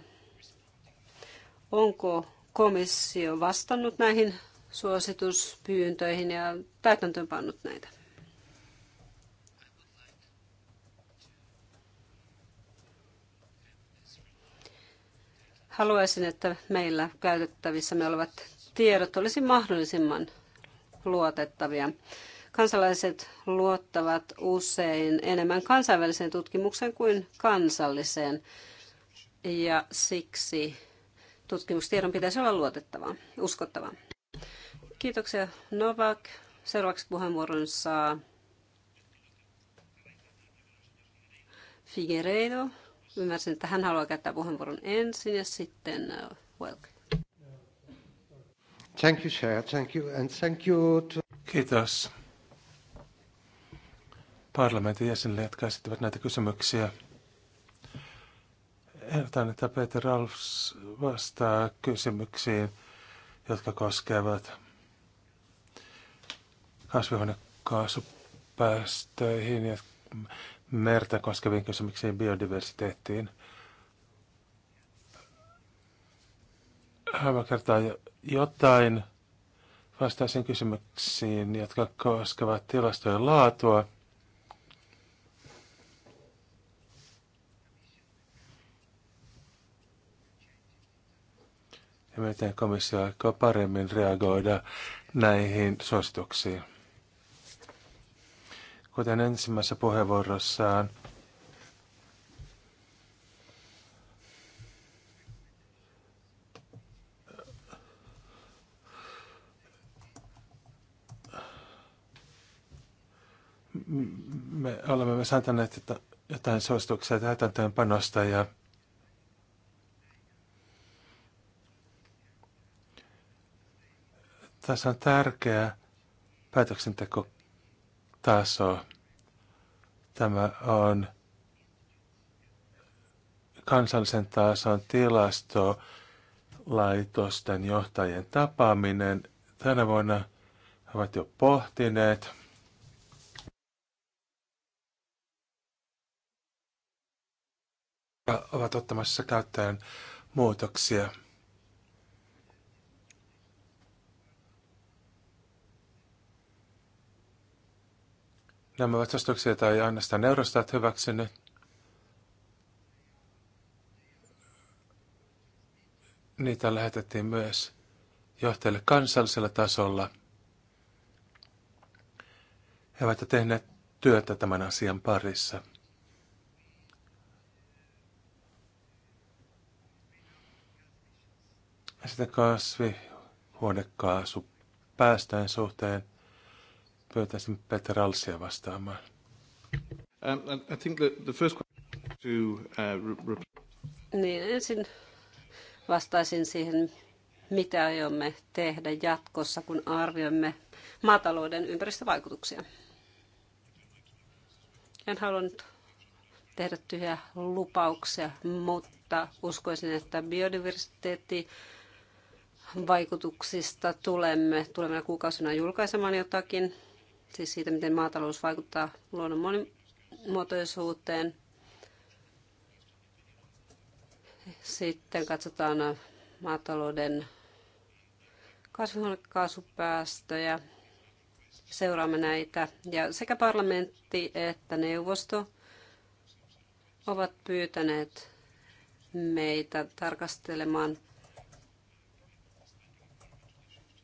B: onko komissio vastannut näihin suosituspyyntöihin ja täytäntöön pannut näitä. Haluaisin, että meillä käytettävissämme olevat tiedot olisi mahdollisimman luotettavia. Kansalaiset luottavat usein enemmän kansainväliseen tutkimukseen kuin kansalliseen, ja siksi tutkimustiedon pitäisi olla luotettavaa, uskottavaa. Kiitoksia Novak. Seuraavaksi puheenvuoron saa Figueiredo. Ymmärsin, että hän haluaa käyttää puheenvuoron ensin ja sitten Welk. Äh,
C: thank you, Chair. Thank you. And thank you to... Kiitos parlamentin jäsenille, jotka esittävät näitä kysymyksiä. Ehdotan, että Peter Ralfs vastaa kysymyksiin, jotka koskevat kasvihuonekaasupäästöihin ja merta koskeviin kysymyksiin biodiversiteettiin. Haluan kertoa jotain vastaisiin kysymyksiin, jotka koskevat tilastojen laatua. Ja miten komissio aikoo paremmin reagoida näihin suosituksiin kuten ensimmäisessä puheenvuorossaan, me olemme myös antaneet että jotain suosituksia täytäntöön panosta ja tässä on tärkeä päätöksenteko taso. Tämä on kansallisen tason tilastolaitosten johtajien tapaaminen. Tänä vuonna he ovat jo pohtineet. ovat ottamassa käyttäen muutoksia. Nämä ovat suosituksia, joita ei ainoastaan Eurostat hyväksynyt. Niitä lähetettiin myös johtajille kansallisella tasolla. He ovat tehneet työtä tämän asian parissa. Ja sitten kasvihuonekaasupäästöjen suhteen Pyytäisin Peter Alsia vastaamaan. Um, I think that the first to, uh,
B: niin, ensin vastaisin siihen, mitä aiomme tehdä jatkossa, kun arvioimme maatalouden ympäristövaikutuksia. En halunnut tehdä tyhjä lupauksia, mutta uskoisin, että biodiversiteetti vaikutuksista tulemme tulevina kuukausina julkaisemaan jotakin siis siitä, miten maatalous vaikuttaa luonnon monimuotoisuuteen. Sitten katsotaan maatalouden kasvihuonekaasupäästöjä. Seuraamme näitä. Ja sekä parlamentti että neuvosto ovat pyytäneet meitä tarkastelemaan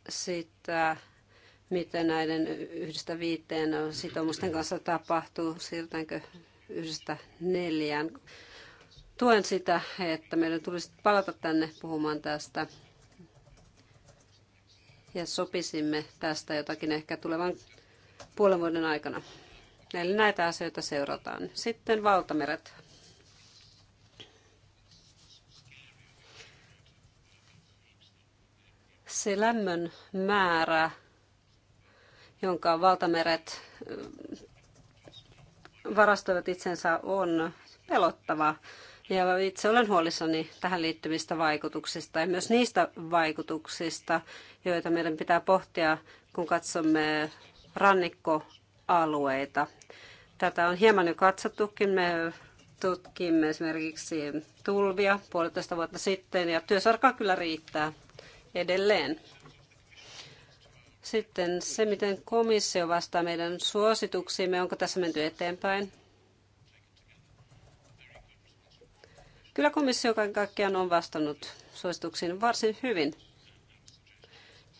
B: sitä, miten näiden yhdestä viiteen sitoumusten kanssa tapahtuu, siirrytäänkö yhdestä neljään. Tuen sitä, että meidän tulisi palata tänne puhumaan tästä ja sopisimme tästä jotakin ehkä tulevan puolen vuoden aikana. Eli näitä asioita seurataan. Sitten valtameret. Se lämmön määrä jonka valtameret varastoivat itsensä, on pelottava. Ja itse olen huolissani tähän liittyvistä vaikutuksista ja myös niistä vaikutuksista, joita meidän pitää pohtia, kun katsomme rannikkoalueita. Tätä on hieman jo katsottukin. Me tutkimme esimerkiksi tulvia puolitoista vuotta sitten ja työsarkaa kyllä riittää edelleen. Sitten se, miten komissio vastaa meidän suosituksiimme, onko tässä menty eteenpäin. Kyllä komissio kaiken kaikkiaan on vastannut suosituksiin varsin hyvin.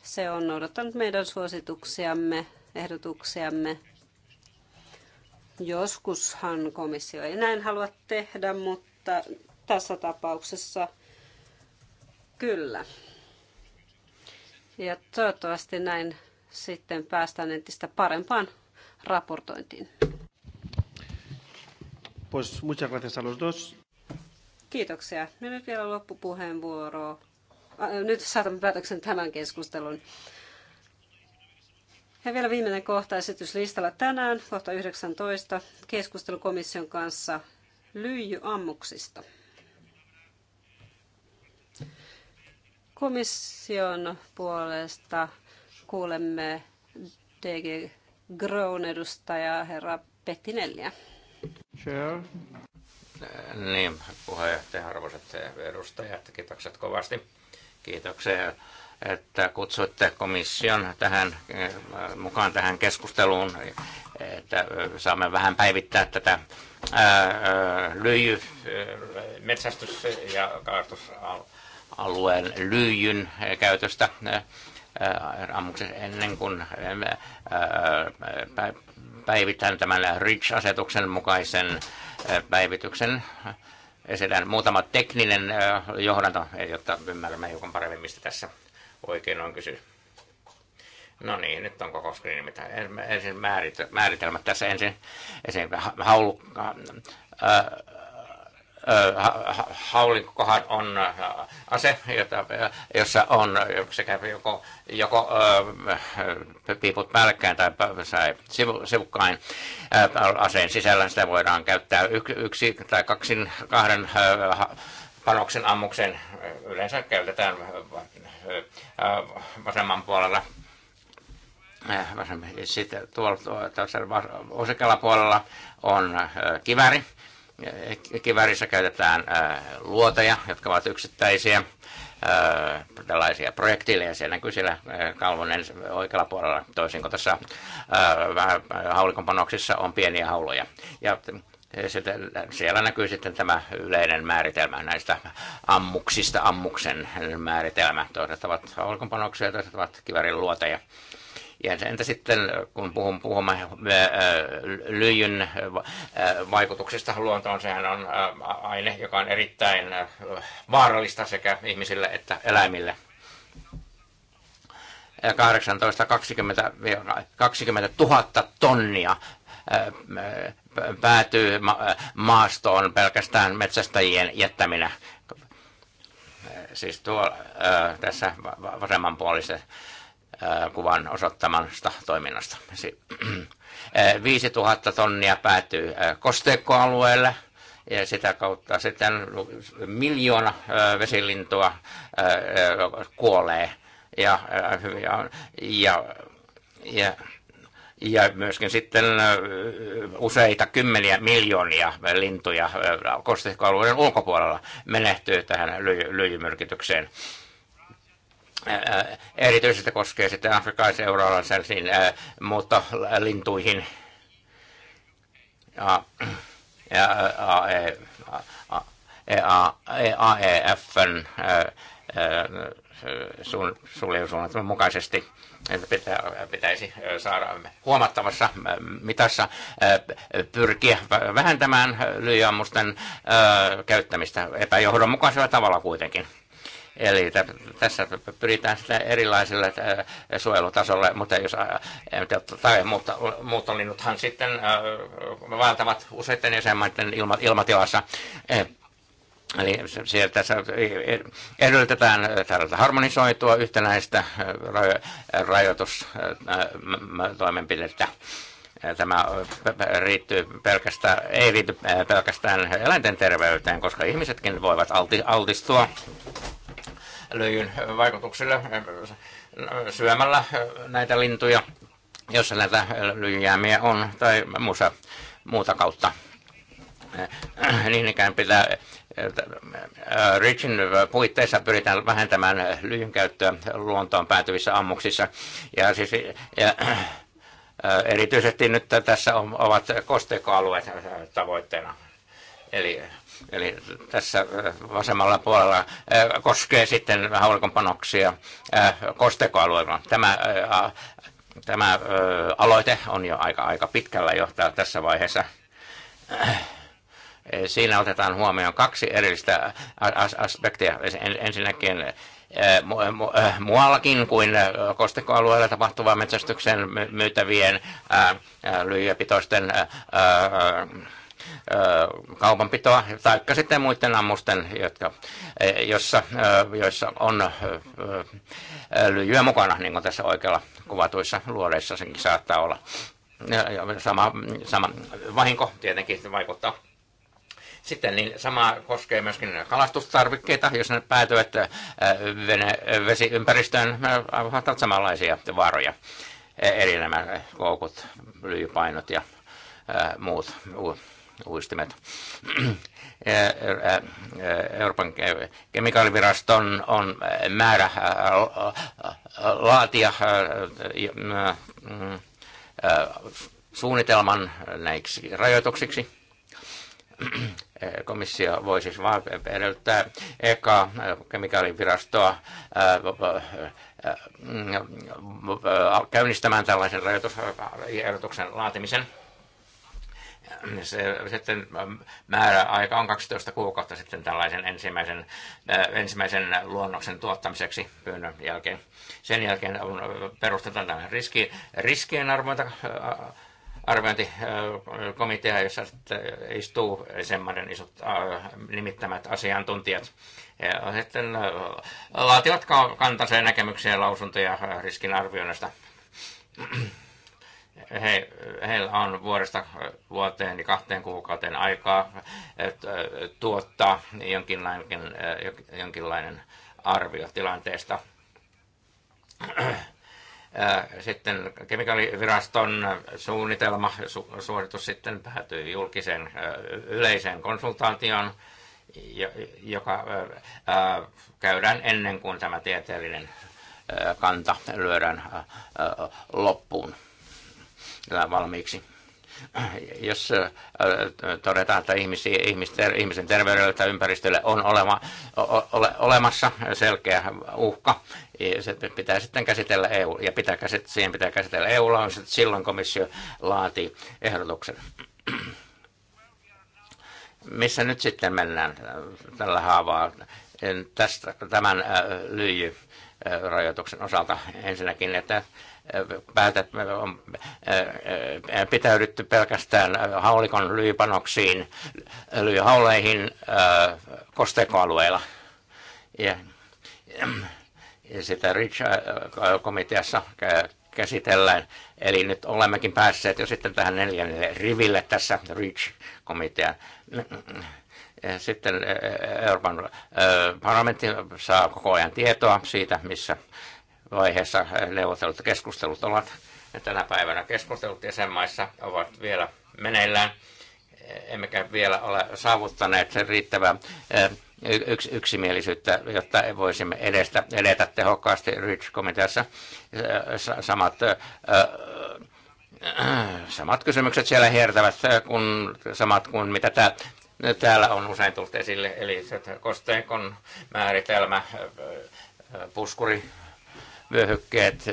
B: Se on noudattanut meidän suosituksiamme, ehdotuksiamme. Joskushan komissio ei näin halua tehdä, mutta tässä tapauksessa kyllä. Ja toivottavasti näin sitten päästään entistä parempaan raportointiin.
E: Pues muchas gracias a los dos.
B: Kiitoksia. nyt vielä loppupuheenvuoro. Äh, nyt saatamme päätöksen tämän keskustelun. Ja vielä viimeinen kohta esityslistalla tänään, kohta 19, keskustelu komission kanssa lyijyammuksista. Komission puolesta kuulemme DG Grown edustaja herra Pettinelliä.
F: Sure. Niin, puheenjohtaja, arvoisat edustajat, kiitokset kovasti. Kiitoksia, että kutsuitte komission tähän, mukaan tähän keskusteluun, että saamme vähän päivittää tätä lyijy, metsästys- ja kaartus alueen lyijyn eh, käytöstä eh, eh, ammuksessa ennen kuin päivitän tämän REACH-asetuksen mukaisen päivityksen. Esitän muutama tekninen johdanto, jotta ymmärrämme hiukan paremmin, mistä tässä oikein on kysymys. No niin, nyt on koko screen, mitä ensin määritelmät tässä ensin, ensin haulukka, haulikkohan on ase, jota, jossa on sekä joko, joko piiput päällekkäin tai sivu, sivukkain aseen sisällä. Sitä voidaan käyttää yksi tai kaksin, kahden panoksen ammuksen. Yleensä käytetään vasemman puolella sitten tuolla, tuolla, tuolla, puolella on kiväri. Kivärissä käytetään luoteja, jotka ovat yksittäisiä tällaisia projektiileja. Siellä näkyy siellä kalvon oikealla puolella, toisin kuin tässä vähän on pieniä hauloja Ja siellä näkyy sitten tämä yleinen määritelmä näistä ammuksista, ammuksen määritelmä. Toiset ovat haulikonpanoksia, toiset ovat kivärin luoteja. Ja entä sitten, kun puhun, puhumme äh, lyijyn äh, äh, vaikutuksesta luontoon, sehän on aine, joka on erittäin vaarallista sekä ihmisille että eläimille. 18 20, 20 000 tonnia päätyy maastoon pelkästään metsästäjien jättäminä. Siis tuo, tässä vasemmanpuolisessa Äh, kuvan osoittamasta toiminnasta. 5000 äh, tonnia päätyy äh, kosteikkoalueelle ja sitä kautta sitten miljoona vesilintua kuolee. Ja, ja, ja, ja ja myöskin sitten useita kymmeniä miljoonia lintuja kosteikkoalueiden ulkopuolella menehtyy tähän lyijymyrkytykseen erityisesti koskee sitten afrikkalaisen euroalaisiin mutta lintuihin ja, EAEFn e, e, suljelusuunnitelman mukaisesti pitäisi saada huomattavassa mitassa pyrkiä vähentämään lyijyammusten käyttämistä epäjohdonmukaisella tavalla kuitenkin. Eli tässä pyritään sitä erilaisille suojelutasolle, mutta jos tai muut, muuttolinnuthan sitten vaeltavat useiden jäsenmaiden ilma, ilmatilassa. E, eli sieltä e, edellytetään tällaista harmonisoitua yhtenäistä rajoitustoimenpidettä tämä riittyy pelkästään, ei riity pelkästään eläinten terveyteen, koska ihmisetkin voivat altistua lyijyn vaikutuksille syömällä näitä lintuja, jos näitä lyijyjäämiä on, tai muussa, muuta kautta. Niin ikään pitää Richin puitteissa pyritään vähentämään lyijyn käyttöä luontoon päätyvissä ammuksissa. Ja siis, ja, erityisesti nyt tässä ovat kosteikkoalueet tavoitteena. Eli Eli tässä vasemmalla puolella koskee sitten haulikonpanoksia kostekoalueella. Tämä, tämä aloite on jo aika, aika pitkällä jo tässä vaiheessa. Siinä otetaan huomioon kaksi erillistä aspektia. Ensinnäkin muuallakin kuin kostekoalueella tapahtuvaa metsästyksen myytävien lyijäpitoisten kaupanpitoa, tai sitten muiden ammusten, jotka, e, jossa, joissa on lyijyä mukana, niin kuin tässä oikealla kuvatuissa luodeissa senkin saattaa olla. Sama, sama vahinko tietenkin vaikuttaa sitten niin sama koskee myöskin kalastustarvikkeita, jos ne päätyvät vene, vesiympäristöön, aiheuttavat samanlaisia vaaroja. E, eri nämä koukut, lyijypainot ja muut uistimet. Euroopan kemikaaliviraston on määrä laatia suunnitelman näiksi rajoituksiksi. Komissio voi siis vaan edellyttää eka kemikaalivirastoa käynnistämään tällaisen rajoitusehdotuksen laatimisen – niin se, sitten aika on 12 kuukautta sitten tällaisen ensimmäisen, ensimmäisen luonnoksen tuottamiseksi pyynnön jälkeen. Sen jälkeen on, perustetaan tämä riski, riskien arvointa, arviointikomitea, jossa istuu semmoinen isot nimittämät asiantuntijat. Ja sitten laativat näkemyksiä ja näkemyksiä lausuntoja riskin arvioinnista he, heillä on vuodesta vuoteen ja niin kahteen kuukauteen aikaa tuottaa jonkinlainen, jonkinlainen arvio tilanteesta. Sitten kemikaaliviraston suunnitelma, su, suoritus sitten päätyy julkiseen yleiseen konsultaatioon, joka käydään ennen kuin tämä tieteellinen kanta lyödään loppuun valmiiksi. Jos todetaan, että ihmisi, ihmisten, ihmisen terveydelle tai ympäristölle on olema, ole, olemassa selkeä uhka, se pitää sitten käsitellä EU, ja pitää käsitellä, siihen pitää käsitellä eu on silloin komissio laatii ehdotuksen missä nyt sitten mennään tällä haavaa tästä, tämän rajoituksen osalta ensinnäkin, että päätet, on pitäydytty pelkästään haulikon lyypanoksiin, lyyhauleihin kosteikkoalueilla. Ja, ja sitä RICH-komiteassa käsitellään. Eli nyt olemmekin päässeet jo sitten tähän neljännelle riville tässä rich komitean Sitten Euroopan parlamentti saa koko ajan tietoa siitä, missä vaiheessa neuvottelut keskustelut ovat. tänä päivänä keskustelut jäsenmaissa ovat vielä meneillään, emmekä vielä ole saavuttaneet riittävää eh, yks, yksimielisyyttä, jotta voisimme edestä, edetä tehokkaasti REACH-komiteassa. Eh, samat, äh, samat kysymykset siellä hiertävät kun, samat kuin mitä tää, täällä on usein tullut esille, eli kosteikon määritelmä, puskuri, vyöhykkeet,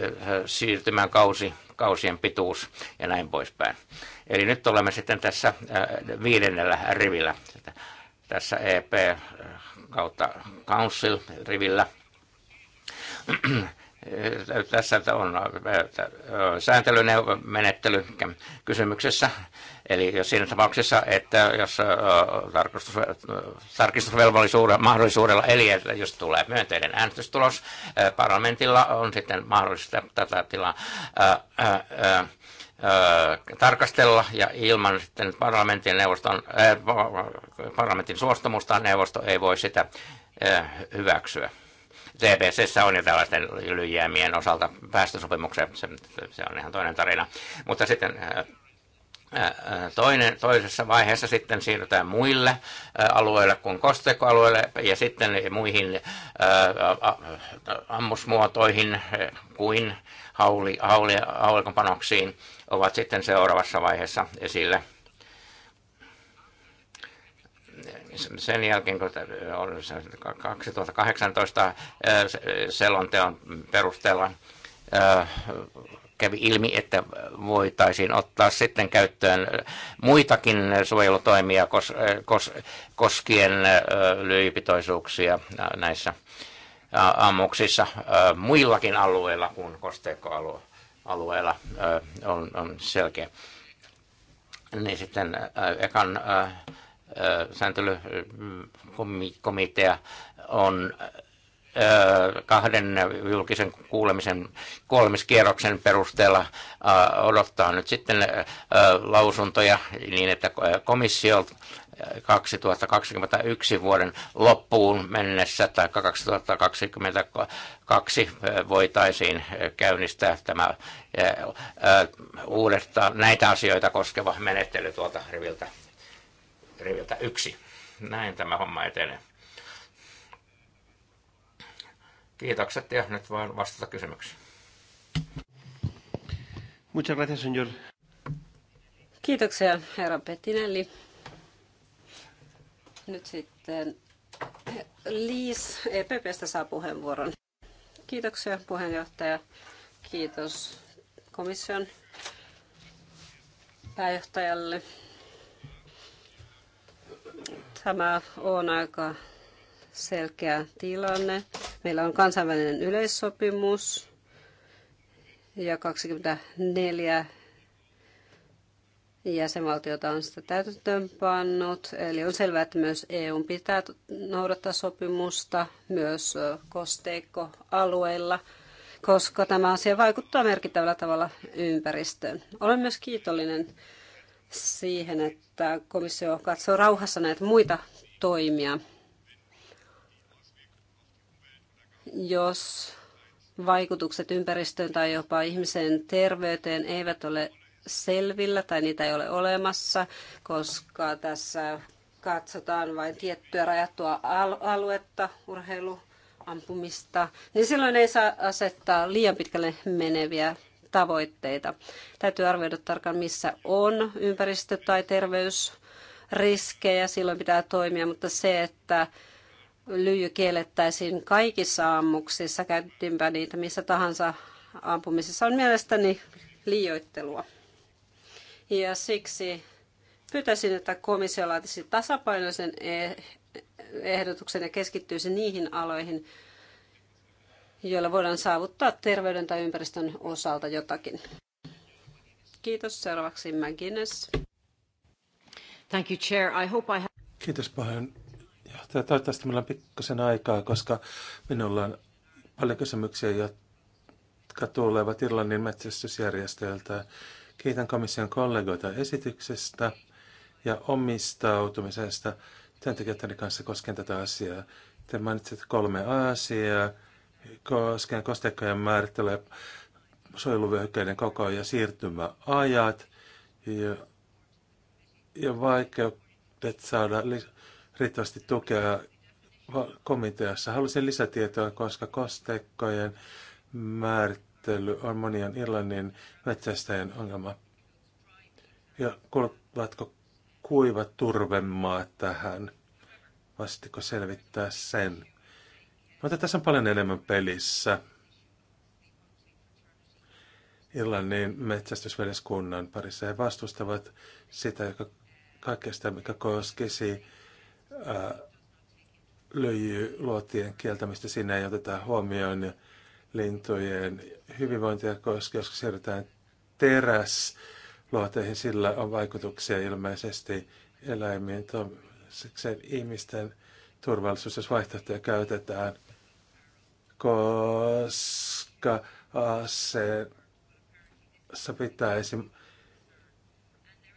F: siirtymän kausi, kausien pituus ja näin poispäin. Eli nyt olemme sitten tässä viidennellä rivillä, tässä EP kautta Council rivillä tässä on sääntelymenettely kysymyksessä. Eli jos siinä tapauksessa, että jos tarkistus, tarkistusvelvollisuudella mahdollisuudella, eli että jos tulee myönteinen äänestystulos, parlamentilla on sitten mahdollista tätä tilaa tarkastella ja ilman sitten parlamentin, neuvoston, parlamentin suostumusta neuvosto ei voi sitä hyväksyä. CBCssä on jo tällaisten ylijäämien osalta päästösopimuksia, se, se on ihan toinen tarina. Mutta sitten äh, äh, Toinen, toisessa vaiheessa sitten siirrytään muille äh, alueille kuin kosteikkoalueille ja sitten muihin ammusmuotoihin kuin hauli, ovat sitten seuraavassa vaiheessa esille. sen jälkeen, kun 2018 selonteon perusteella kävi ilmi, että voitaisiin ottaa sitten käyttöön muitakin suojelutoimia kos, kos, koskien lyijypitoisuuksia näissä ammuksissa muillakin alueilla kuin kosteikkoalueella on, on selkeä. Niin sitten ekan sääntelykomitea on kahden julkisen kuulemisen kolmiskierroksen perusteella odottaa nyt sitten lausuntoja niin, että komissio 2021 vuoden loppuun mennessä tai 2022 voitaisiin käynnistää tämä uudestaan näitä asioita koskeva menettely tuolta riviltä riviltä yksi. Näin tämä homma etenee. Kiitokset ja nyt vaan vastata kysymyksiin.
E: Muchas gracias, señor.
B: Kiitoksia, herra Petinelli. Nyt sitten Liis EPPstä saa puheenvuoron. Kiitoksia, puheenjohtaja. Kiitos komission pääjohtajalle Tämä on aika selkeä tilanne. Meillä on kansainvälinen yleissopimus ja 24 jäsenvaltiota on sitä täytäntöönpannut. Eli on selvää, että myös EU pitää noudattaa sopimusta myös kosteikkoalueilla, koska tämä asia vaikuttaa merkittävällä tavalla ympäristöön. Olen myös kiitollinen siihen, että komissio katsoo rauhassa näitä muita toimia. Jos vaikutukset ympäristöön tai jopa ihmisen terveyteen eivät ole selvillä tai niitä ei ole olemassa, koska tässä katsotaan vain tiettyä rajattua aluetta, urheilu, ampumista, niin silloin ei saa asettaa liian pitkälle meneviä tavoitteita. Täytyy arvioida tarkkaan, missä on ympäristö- tai terveysriskejä. Silloin pitää toimia, mutta se, että lyijy kiellettäisiin kaikissa ammuksissa, käytettiinpä niitä missä tahansa ampumisessa, on mielestäni liioittelua. Ja siksi pyytäisin, että komissio laatisi tasapainoisen e- ehdotuksen ja keskittyisi niihin aloihin, joilla voidaan saavuttaa terveyden tai ympäristön osalta jotakin. Kiitos. Seuraavaksi McGuinness. Thank you, Chair. I hope I have...
C: Kiitos paljon. Johtaja, toivottavasti meillä on pikkasen aikaa, koska minulla on paljon kysymyksiä, jotka tulevat Irlannin metsästysjärjestöiltä. Kiitän komission kollegoita esityksestä ja omistautumisesta työntekijöiden kanssa koskien tätä asiaa. Te mainitsitte kolme asiaa koskien kosteikkojen määrittelee suojeluvyöhykkeiden koko ja siirtymäajat ja, ja vaikeudet saada riittävästi tukea komiteassa. Halusin lisätietoa, koska kosteikkojen määrittely on monien Irlannin metsästäjien ongelma. Ja kuuluvatko kuivat turvemaat tähän? Vastiko selvittää sen? Mutta tässä on paljon enemmän pelissä. Irlannin metsästysveljeskunnan parissa he vastustavat sitä, joka kaikkea sitä, mikä koskisi lyijyluotien kieltämistä. Siinä ei oteta huomioon lintujen hyvinvointia, koska jos siirrytään teräsluoteihin, sillä on vaikutuksia ilmeisesti eläimiin, ihmisten turvallisuus, jos vaihtoehtoja käytetään – koska se se pitäisi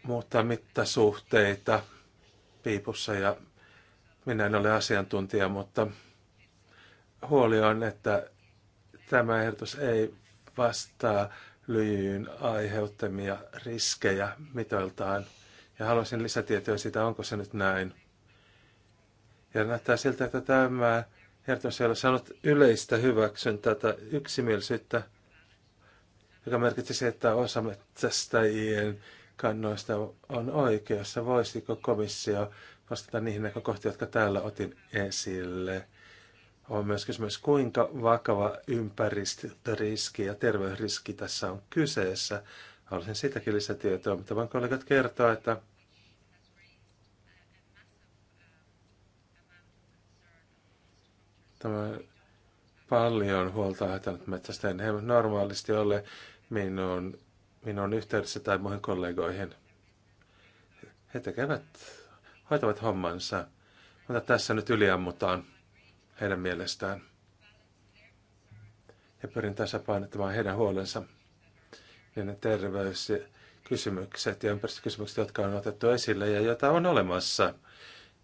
C: muuttaa mittasuhteita piipussa ja minä en ole asiantuntija, mutta huoli on, että tämä ehdotus ei vastaa lyijyn aiheuttamia riskejä mitoiltaan. Ja haluaisin lisätietoja siitä, onko se nyt näin. Ja näyttää siltä, että tämä Kertomus siellä sanot yleistä hyväksyntää tai yksimielisyyttä, joka merkitsisi, että osa metsästäjien kannoista on oikeassa. Voisiko komissio vastata niihin näkökohtiin, jotka täällä otin esille? On myös kysymys, kuinka vakava ympäristöriski ja terveysriski tässä on kyseessä. Haluaisin sitäkin lisätietoa, mutta voin kollegat kertoa, että Tämä paljon huolta haitannut En He normaalisti ole minun, minun yhteydessä tai muihin kollegoihin. He tekevät, hoitavat hommansa, mutta tässä nyt yliammutaan heidän mielestään. Ja pyrin tasapainottamaan heidän huolensa ja ne terveyskysymykset ja ympäristökysymykset, jotka on otettu esille ja joita on olemassa.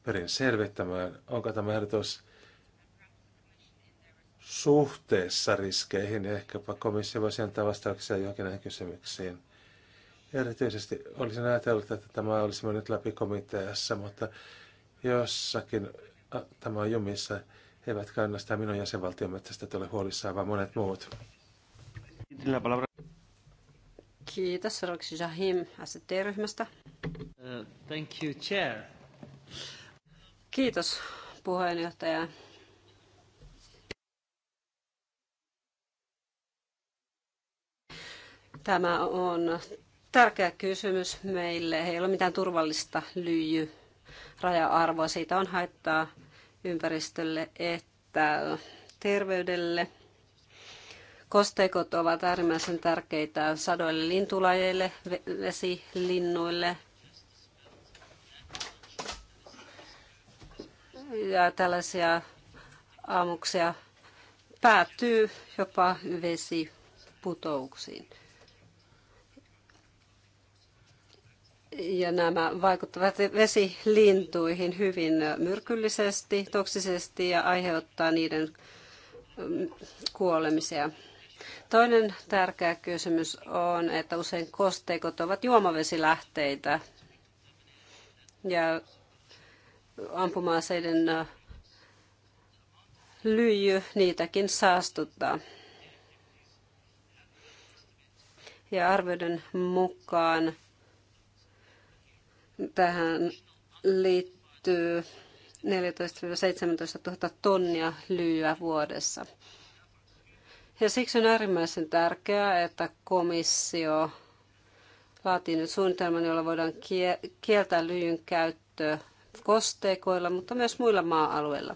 C: Pyrin selvittämään, onko tämä ehdotus suhteessa riskeihin. Ehkäpä komissio voisi antaa vastauksia johonkin näihin kysymyksiin. Erityisesti olisin ajatellut, että tämä olisi mennyt läpi komiteassa, mutta jossakin a, tämä on jumissa. He eivät kannasta minun jäsenvaltiomme tästä tule huolissaan, vaan monet muut.
B: Kiitos, Roksi Jahim ST-ryhmästä. Uh, thank you, chair. Kiitos puheenjohtaja. Tämä on tärkeä kysymys meille. Ei ole mitään turvallista lyijy raja-arvoa. Siitä on haittaa ympäristölle että terveydelle. Kosteikot ovat äärimmäisen tärkeitä sadoille lintulajeille, vesilinnuille. Ja tällaisia aamuksia päätyy jopa vesiputouksiin. ja nämä vaikuttavat vesilintuihin hyvin myrkyllisesti, toksisesti ja aiheuttaa niiden mm, kuolemisia. Toinen tärkeä kysymys on, että usein kosteikot ovat juomavesilähteitä ja ampumaaseiden äh, lyijy niitäkin saastuttaa. Ja arvioiden mukaan Tähän liittyy 14-17 000 tonnia lyyä vuodessa. Ja siksi on äärimmäisen tärkeää, että komissio laatii nyt suunnitelman, jolla voidaan kieltää lyijyn käyttö kosteikoilla, mutta myös muilla maa-alueilla.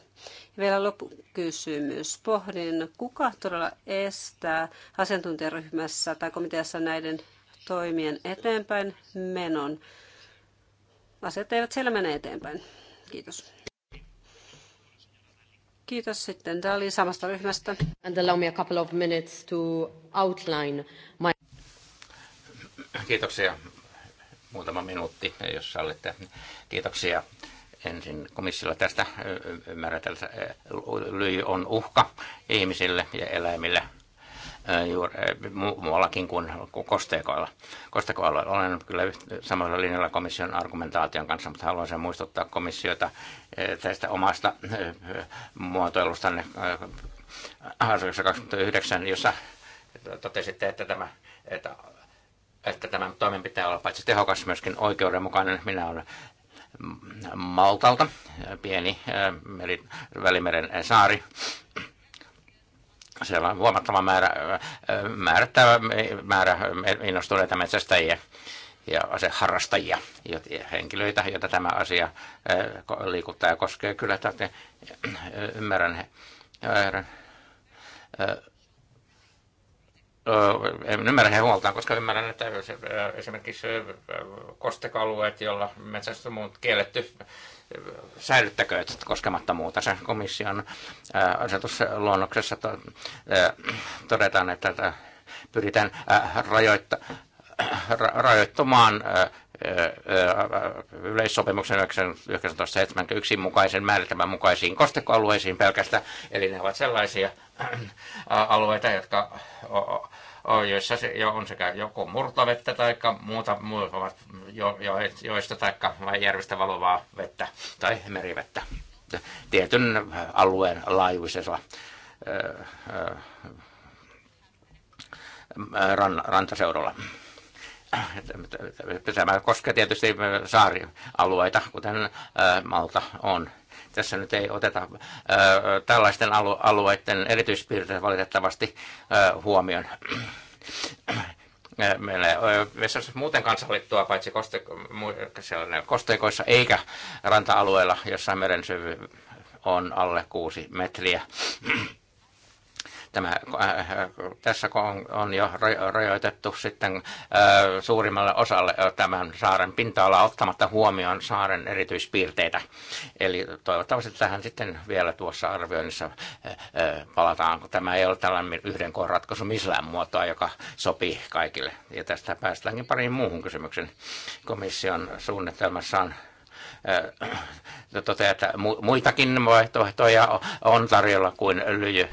B: Ja vielä loppukysymys. Pohdin, kuka todella estää asiantuntijaryhmässä tai komiteassa näiden toimien eteenpäin menon asiat eivät siellä mene eteenpäin. Kiitos. Kiitos sitten oli samasta ryhmästä. And allow me a couple of minutes to outline my...
F: Kiitoksia. Muutama minuutti, jos sallitte. Kiitoksia ensin komissiolla tästä ymmärretään, että on uhka ihmisille ja eläimille juuri muuallakin kuin kosteikoilla. Kosteikoilla olen kyllä samalla linjalla komission argumentaation kanssa, mutta haluaisin muistuttaa komissiota tästä omasta muotoilustanne asioissa 29, jossa totesitte, että tämä, että, että tämä toimen pitää olla paitsi tehokas myöskin oikeudenmukainen. Minä olen Maltalta, pieni eli Välimeren saari, siellä on huomattava määrä, määrättävä määrä innostuneita metsästäjiä ja aseharrastajia, henkilöitä, joita tämä asia liikuttaa ja koskee. Kyllä tätä ymmärrän. He, en ymmärrä he huoltaan, koska ymmärrän, että esimerkiksi kostekalueet, joilla metsästys on kielletty, koskematta muuta sen komission asetusluonnoksessa to, todetaan, että pyritään rajoitta, rajoittamaan yleissopimuksen 1971 mukaisen määritelmän mukaisiin kostekoalueisiin pelkästään. Eli ne ovat sellaisia alueita, jotka joissa se jo on sekä joko murtavettä tai muuta, muuta jo, jo, joista tai järvestä valovaa vettä tai merivettä tietyn alueen laajuisella ran, rantaseudulla. Tämä koskee tietysti saarialueita, kuten Malta on tässä nyt ei oteta tällaisten alueiden erityispiirteitä valitettavasti huomioon meillä ei ole muuten kansallittua, paitsi kosteikoissa eikä ranta alueilla jossa meren syvy on alle kuusi metriä. Tämä, äh, äh, tässä on jo rajoitettu sitten äh, suurimmalle osalle tämän saaren pinta-alaa ottamatta huomioon saaren erityispiirteitä. Eli toivottavasti tähän sitten vielä tuossa arvioinnissa palataan, kun tämä ei ole tällainen yhden koon ratkaisu missään muotoa, joka sopii kaikille. Ja tästä päästäänkin pariin muuhun kysymykseen. Komission suunnitelmassa on No, toteaa, että muitakin vaihtoehtoja on tarjolla kuin lyijy,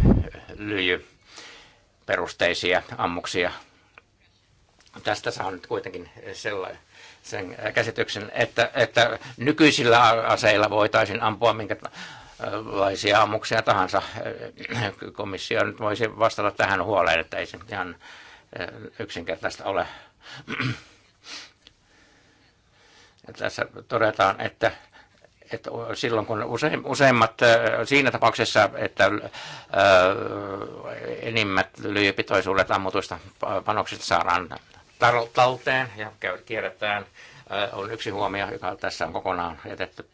F: lyijyperusteisia ammuksia. Tästä saan nyt kuitenkin sellainen sen käsityksen, että, että nykyisillä aseilla voitaisiin ampua minkälaisia ammuksia tahansa. Komissio nyt voisi vastata tähän huoleen, että ei se ihan yksinkertaista ole. Tässä todetaan, että että silloin kun useimmat siinä tapauksessa, että enimmät lyijypitoisuudet ammutuista panoksista saadaan talteen ja kierretään, on yksi huomio, joka tässä on kokonaan jätetty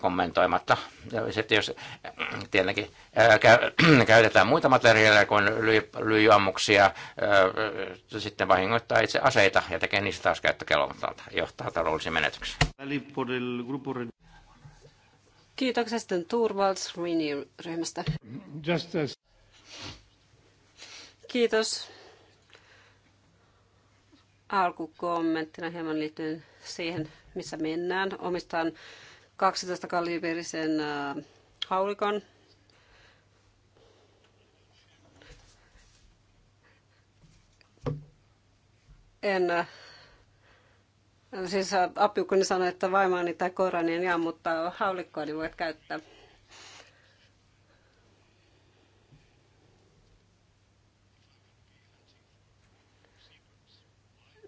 F: kommentoimatta. Sitten jos äh, tietenkin äh, käytetään muita materiaaleja kuin lyijyammuksia, äh, sitten vahingoittaa itse aseita ja tekee niistä taas käyttökelvottomalta, johtaa taloudellisiin menetyksiin.
B: Kiitoksia sitten Turvalds ryhmästä. Kiitos. Alkukommenttina hieman liittyen siihen, missä mennään. Omistan 12 kaliberisen äh, haulikon. En äh, Siis äh, appiukkoni sanoi, että vaimaani tai koirani ja mutta haulikkoa niin voit käyttää.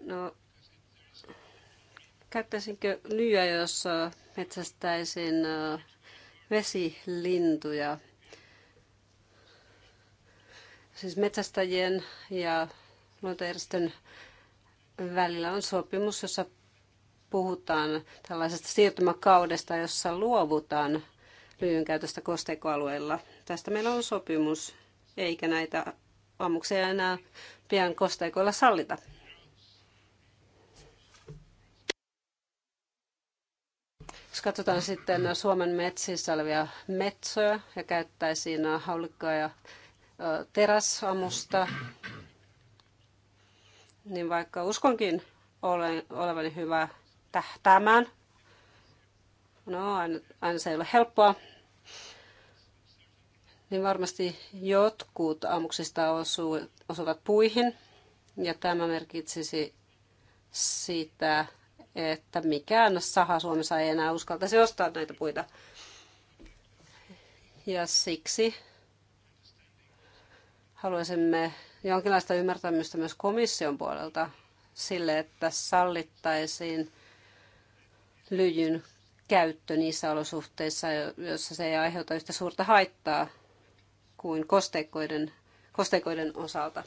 B: No, Käyttäisinkö lyöä, jos metsästäisin vesilintuja? Siis metsästäjien ja luontojärjestön välillä on sopimus, jossa puhutaan tällaisesta siirtymäkaudesta, jossa luovutaan lyijyn käytöstä kosteikkoalueella. Tästä meillä on sopimus, eikä näitä ammuksia enää pian kosteikoilla sallita. Jos katsotaan sitten Suomen metsissä olevia metsöjä ja käyttäisiin haulikkoa ja teräsamusta, niin vaikka uskonkin olen, olevani hyvä tähtäämään, no aina, aina se ei ole helppoa, niin varmasti jotkut ammuksista osuvat puihin, ja tämä merkitsisi sitä, että mikään saha Suomessa ei enää uskaltaisi ostaa näitä puita. Ja siksi haluaisimme jonkinlaista ymmärtämystä myös komission puolelta sille, että sallittaisiin lyijyn käyttö niissä olosuhteissa, joissa se ei aiheuta yhtä suurta haittaa kuin kosteikkoiden, kosteikoiden osalta.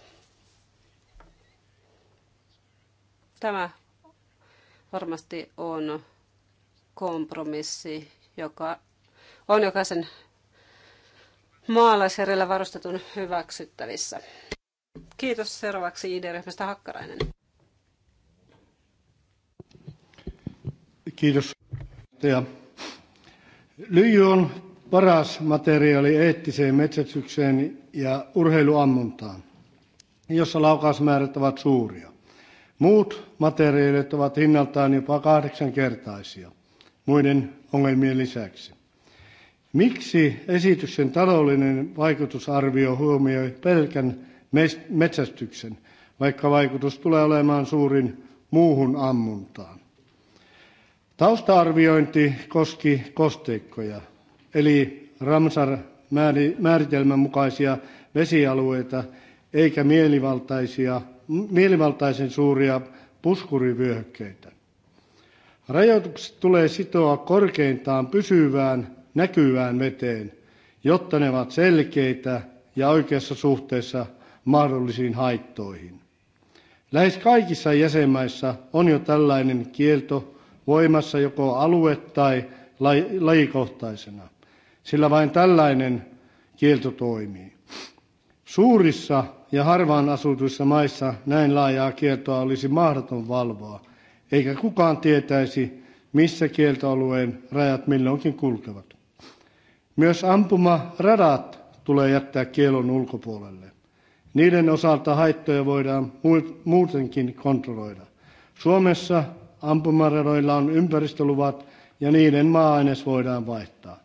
B: Tämä varmasti on kompromissi, joka on jokaisen maalaisjärjellä varustetun hyväksyttävissä. Kiitos seuraavaksi ID-ryhmästä Hakkarainen.
G: Kiitos. Lyijy on paras materiaali eettiseen metsästykseen ja urheiluammuntaan, jossa laukausmäärät ovat suuria muut materiaalit ovat hinnaltaan jopa kahdeksankertaisia muiden ongelmien lisäksi miksi esityksen taloudellinen vaikutusarvio huomioi pelkän metsästyksen vaikka vaikutus tulee olemaan suurin muuhun ammuntaan tausta arviointi koski kosteikkoja eli ramsar määritelmän mukaisia vesialueita eikä mielivaltaisia mielivaltaisen suuria puskurivyöhykkeitä. Rajoitukset tulee sitoa korkeintaan pysyvään näkyvään veteen, jotta ne ovat selkeitä ja oikeassa suhteessa mahdollisiin haittoihin. Lähes kaikissa jäsenmaissa on jo tällainen kielto voimassa joko alue- tai lajikohtaisena, sillä vain tällainen kielto toimii. Suurissa ja harvaan asutuissa maissa näin laajaa kieltoa olisi mahdoton valvoa eikä kukaan tietäisi missä kieltoalueen rajat milloinkin kulkevat myös ampumaradat tulee jättää kielon ulkopuolelle niiden osalta haittoja voidaan muutenkin kontrolloida suomessa ampumaradoilla on ympäristöluvat ja niiden maa aines voidaan vaihtaa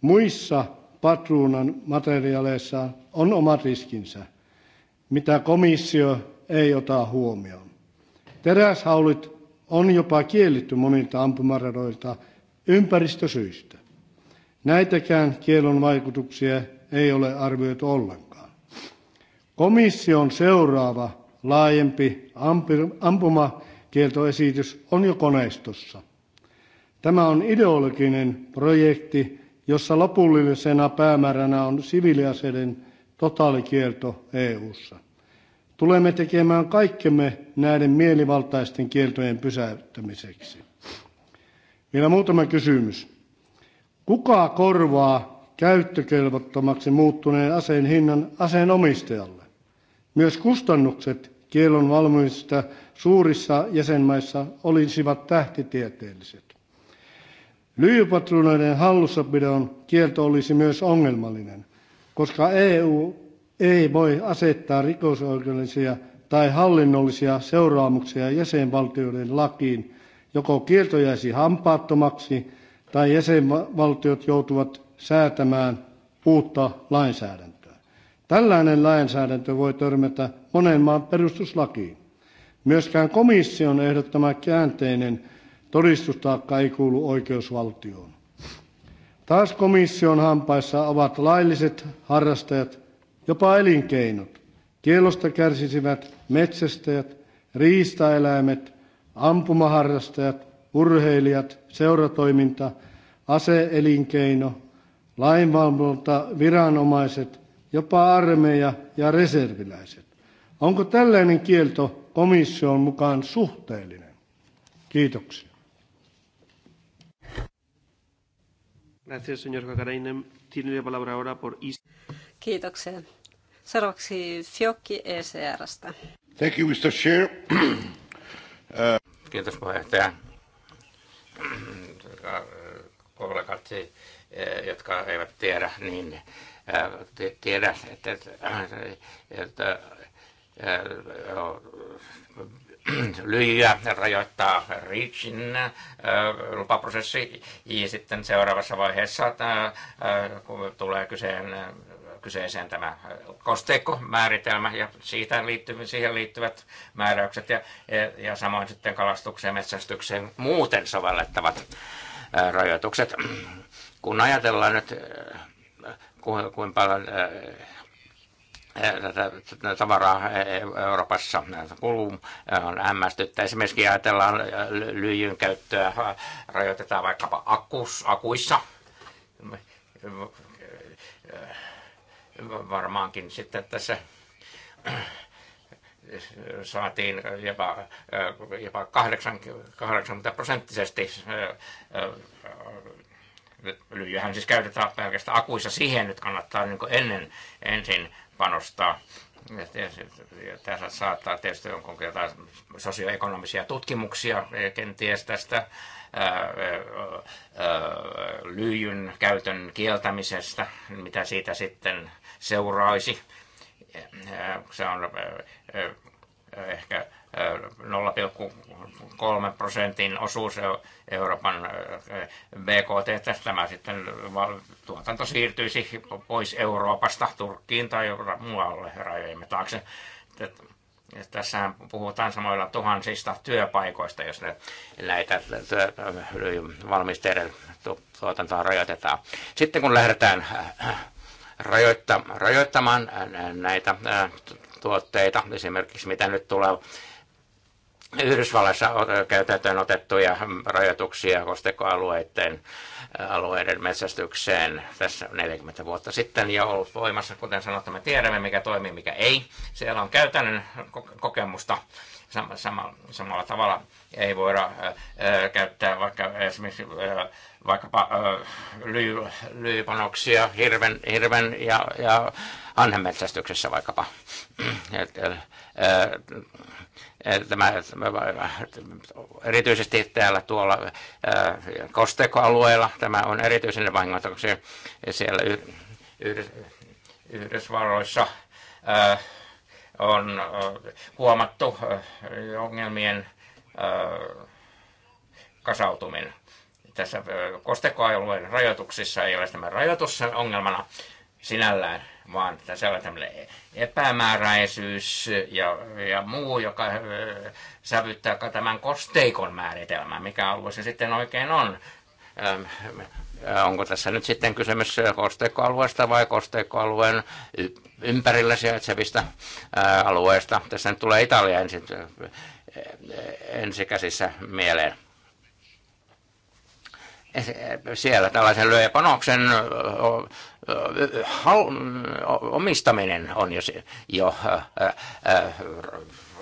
G: muissa patruunan materiaaleissa on omat riskinsä mitä komissio ei ota huomioon teräshaulit on jopa kielletty monilta ampumaradoilta ympäristösyistä näitäkään kiellon vaikutuksia ei ole arvioitu ollenkaan. komission seuraava laajempi ampumakieltoesitys on jo koneistossa. tämä on ideologinen projekti jossa lopullisena päämääränä on siviiliaseiden totaalikielto eussa tulemme tekemään kaikkemme näiden mielivaltaisten kieltojen pysäyttämiseksi vielä muutama kysymys kuka korvaa käyttökelvottomaksi muuttuneen aseen hinnan aseen omistajalle myös kustannukset kielon valvojista suurissa jäsenmaissa olisivat tähtitieteelliset lyijypatruunoiden hallussapidon kielto olisi myös ongelmallinen koska eu ei voi asettaa rikosoikeudellisia tai hallinnollisia seuraamuksia jäsenvaltioiden lakiin joko kielto jäisi hampaattomaksi tai jäsenvaltiot joutuvat säätämään uutta lainsäädäntöä. Tällainen lainsäädäntö voi törmätä monen maan perustuslakiin. Myöskään komission ehdottama käänteinen todistustaakka ei kuulu oikeusvaltioon taas komission hampaissa ovat lailliset harrastajat jopa elinkeinot kiellosta kärsisivät metsästäjät riistaeläimet ampumaharrastajat urheilijat seuratoiminta ase elinkeino lainvalvontaviranomaiset jopa armeija ja reserviläiset. Onko tällainen kielto komission mukaan suhteellinen? Kiitoksia.
E: Gracias, señor Tiene la palabra ahora por
B: Kiitoksia. Seuraavaksi Fiokki ECRstä.
G: Thank you, Mr. Chair. Uh,
F: Kiitos puheenjohtaja. Uh, kollegat, uh, jotka eivät tiedä, niin tiedä, että, että lyijyä rajoittaa REACHin äh, lupaprosessi ja sitten seuraavassa vaiheessa äh, äh, kun tulee kyseen, kyseeseen tämä kosteikkomääritelmä ja siitä liittyvät, siihen liittyvät määräykset ja, ja, ja samoin sitten kalastukseen, metsästykseen muuten sovellettavat rajoitukset. Kun ajatellaan nyt kuinka paljon tavaraa Euroopassa kuluu, on hämmästyttä. Esimerkiksi ajatellaan lyijyn käyttöä, rajoitetaan vaikkapa akkus, akuissa. Varmaankin sitten tässä saatiin jopa, jopa 80 prosenttisesti lyijyhän siis käytetään pelkästään akuissa. Siihen nyt kannattaa niin ennen ensin panostaa. Tässä saattaa tietysti jonkun jotain sosioekonomisia tutkimuksia kenties tästä lyijyn käytön kieltämisestä, mitä siitä sitten seuraisi. Se on ehkä 0,3 prosentin osuus Euroopan eh, BKT. Tämä sitten tuotanto siirtyisi pois Euroopasta Turkkiin tai muualle rajojemme taakse. Tässähän puhutaan samoilla tuhansista työpaikoista, jos ne, näitä eh, valmisteiden tuotantoa rajoitetaan. Sitten kun lähdetään eh, rajoittamaan näitä tuotteita, esimerkiksi mitä nyt tulee Yhdysvallassa käytetään otettuja rajoituksia kostekoalueiden alueiden metsästykseen tässä 40 vuotta sitten ja ollut voimassa. Kuten sanottu, me tiedämme, mikä toimii, mikä ei. Siellä on käytännön kokemusta sama, sama, samalla tavalla ei voida äh, käyttää vaikka esimerkiksi äh, vaikkapa ää, lyy, lyypanoksia hirven, hirven ja, ja hanhenmetsästyksessä vaikkapa. Et, Eh, tämä, erityisesti täällä tuolla eh, kosteikkoalueella tämä on erityisen vahingoittava, koska siellä Yhdysvalloissa eh, on huomattu ongelmien kasautuminen. Tässä kosteikkoalueen rajoituksissa ei ole tämä rajoitus ongelmana sinällään, vaan tässä on tämmöinen epämääräisyys ja, ja muu, joka äh, sävyttää tämän kosteikon määritelmän, mikä alue se sitten oikein on. Ähm, äh, onko tässä nyt sitten kysymys kosteikkoalueesta vai kosteikkoalueen ympärillä sijaitsevista äh, alueista? Tässä nyt tulee Italia ensin, ensi käsissä mieleen Eh, siellä tällaisen lyöjäpanoksen omistaminen on jo, jo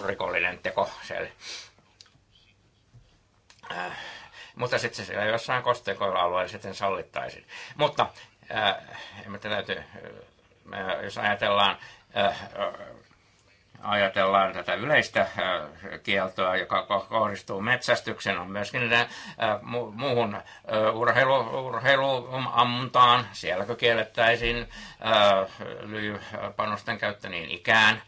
F: rikollinen teko siellä. Äh, mutta sitten se jossain kosteikoilla alueella sitten sallittaisiin. Mutta ää, äh, täytyy, jos ajatellaan ää, äh, ajatellaan tätä yleistä äh, kieltoa, joka kohdistuu metsästykseen, on myöskin äh, muuhun äh, urheilu, urheiluammuntaan. Sielläkö kiellettäisiin lyypanosten käyttö niin ikään,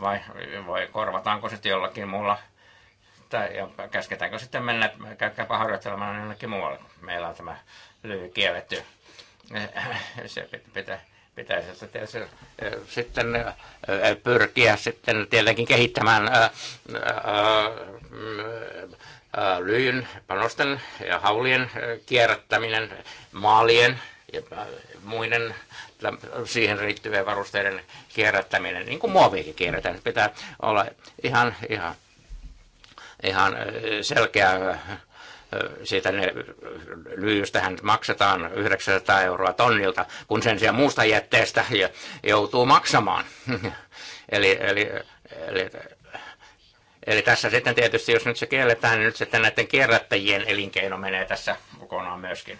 F: vai, vai korvataanko se jollakin muulla tai ja käsketäänkö sitten mennä käykääpä harjoittelemaan jollakin muualla, Meillä on tämä lyy kielletty. Se pitää pitäisi tietysti, sitten pyrkiä sitten tietenkin kehittämään äh, äh, äh, lyyn, panosten ja haulien kierrättäminen, maalien ja muiden siihen riittyvien varusteiden kierrättäminen, niin kuin muoviikin kierrätään. Pitää olla ihan, ihan, ihan selkeä siitä ne, lyijystähän maksetaan 900 euroa tonnilta, kun sen sijaan muusta jätteestä joutuu maksamaan. eli, eli, eli, eli tässä sitten tietysti, jos nyt se kielletään, niin nyt sitten näiden kierrättäjien elinkeino menee tässä kokonaan myöskin.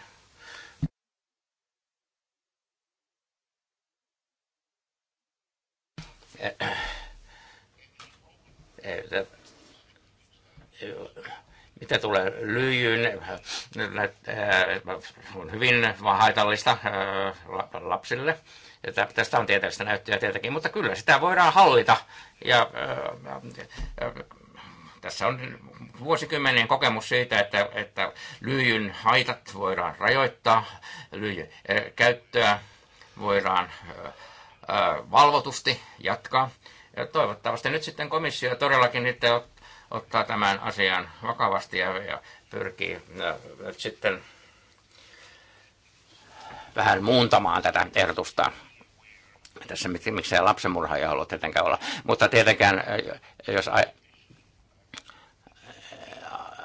F: Eh, eh, mitä tulee lyijyn, äh, on hyvin haitallista äh, lapsille. Tästä on tieteellistä näyttöä tietenkin, mutta kyllä sitä voidaan hallita. Ja, äh, tässä on vuosikymmenien kokemus siitä, että, että lyijyn haitat voidaan rajoittaa, lyijyn käyttöä voidaan valvotusti jatkaa. Ja toivottavasti nyt sitten komissio todellakin niitä ottaa tämän asian vakavasti ja, ja pyrkii ja, nyt sitten vähän muuntamaan tätä ehdotusta. Tässä miksei lapsenmurha ei halua tietenkään olla. Mutta tietenkään, jos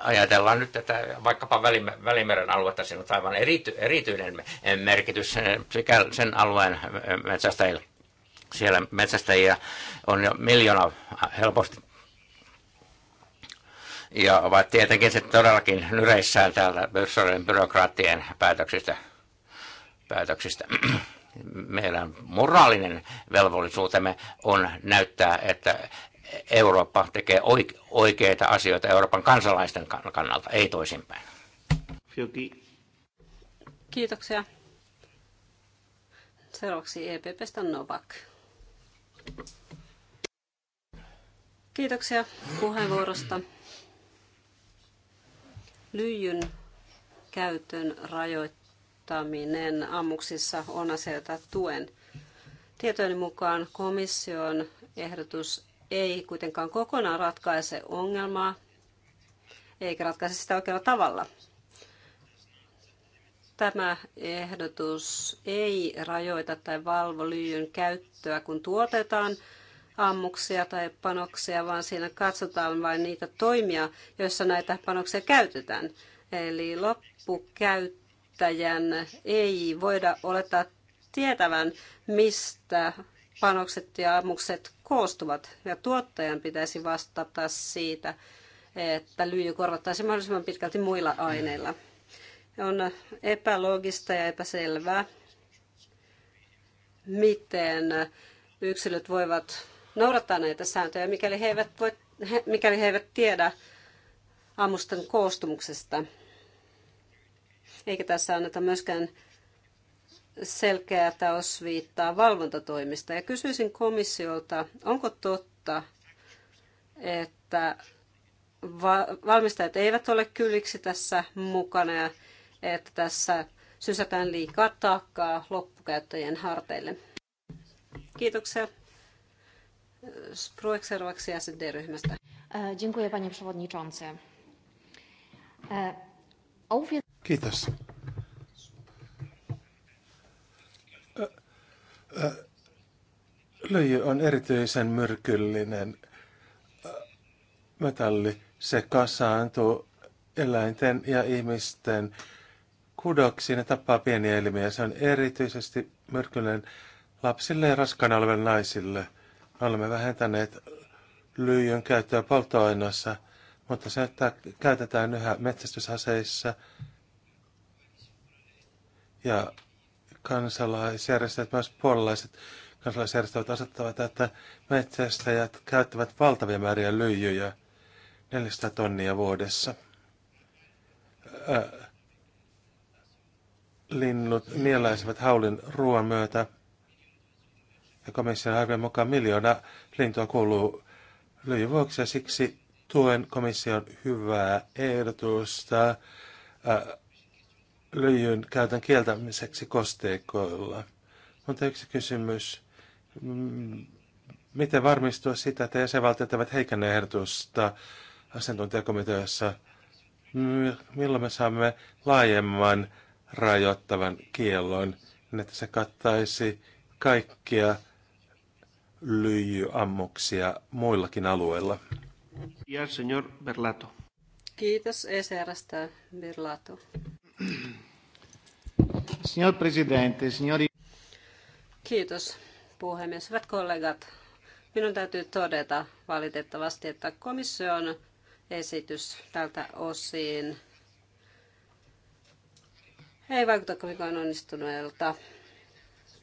F: ajatellaan nyt tätä vaikkapa Välimeren aluetta, siinä on aivan erity, erityinen merkitys sekä sen alueen metsästäjille. Siellä metsästäjiä on jo miljoona helposti ja ovat tietenkin sitten todellakin nyreissään täältä Brysselin byrokraattien päätöksistä. päätöksistä. Meidän moraalinen velvollisuutemme on näyttää, että Eurooppa tekee oikeita asioita Euroopan kansalaisten kannalta, ei toisinpäin.
B: Kiitoksia. Seuraavaksi EPPstä Novak. Kiitoksia puheenvuorosta. Lyijyn käytön rajoittaminen ammuksissa on asia, tuen. Tietojen mukaan komission ehdotus ei kuitenkaan kokonaan ratkaise ongelmaa, eikä ratkaise sitä oikealla tavalla. Tämä ehdotus ei rajoita tai valvo lyijyn käyttöä, kun tuotetaan – ammuksia tai panoksia, vaan siinä katsotaan vain niitä toimia, joissa näitä panoksia käytetään. Eli loppukäyttäjän ei voida olettaa tietävän, mistä panokset ja ammukset koostuvat. Ja tuottajan pitäisi vastata siitä, että lyijy korvattaisi mahdollisimman pitkälti muilla aineilla. On epäloogista ja epäselvää, miten yksilöt voivat noudattaa näitä sääntöjä, mikäli he eivät, voi, he, mikäli he eivät tiedä ammusten koostumuksesta. Eikä tässä anneta myöskään selkeää osviittaa valvontatoimista. Ja kysyisin komissiolta, onko totta, että valmistajat eivät ole kylliksi tässä mukana ja että tässä sysätään liikaa taakkaa loppukäyttäjien harteille. Kiitoksia. E, dziękuję, panie przewodniczący. E,
C: Kiitos. E, Lyijy on erityisen myrkyllinen metalli. Se kasaantuu eläinten ja ihmisten kudoksi. ja tappaa pieniä elimiä. Se on erityisesti myrkyllinen lapsille ja raskaana oleville naisille. Me olemme vähentäneet lyijyn käyttöä polttoaineissa, mutta se, että käytetään yhä metsästysaseissa ja kansalaisjärjestöt, myös puolalaiset kansalaisjärjestöt asettavat, että metsästäjät käyttävät valtavia määriä lyijyjä, 400 tonnia vuodessa. linnut nieläisivät haulin ruoan myötä ja komission arvion mukaan miljoona lintua kuuluu lyijyn vuoksi ja siksi tuen komission hyvää ehdotusta äh, lyijyn käytön kieltämiseksi kosteikoilla. Mutta yksi kysymys. Miten varmistua sitä, että jäsenvaltiot eivät heikennä ehdotusta asiantuntijakomiteassa? Milloin me saamme laajemman rajoittavan kiellon, niin että se kattaisi kaikkia lyijyammuksia muillakin alueilla.
E: Ja señor
C: Berlato.
B: Kiitos ECRstä, Berlato.
G: Signor Presidente, signori...
B: Kiitos puhemies. Hyvät kollegat, minun täytyy todeta valitettavasti, että komission esitys tältä osin ei vaikuta kovinkaan onnistuneelta.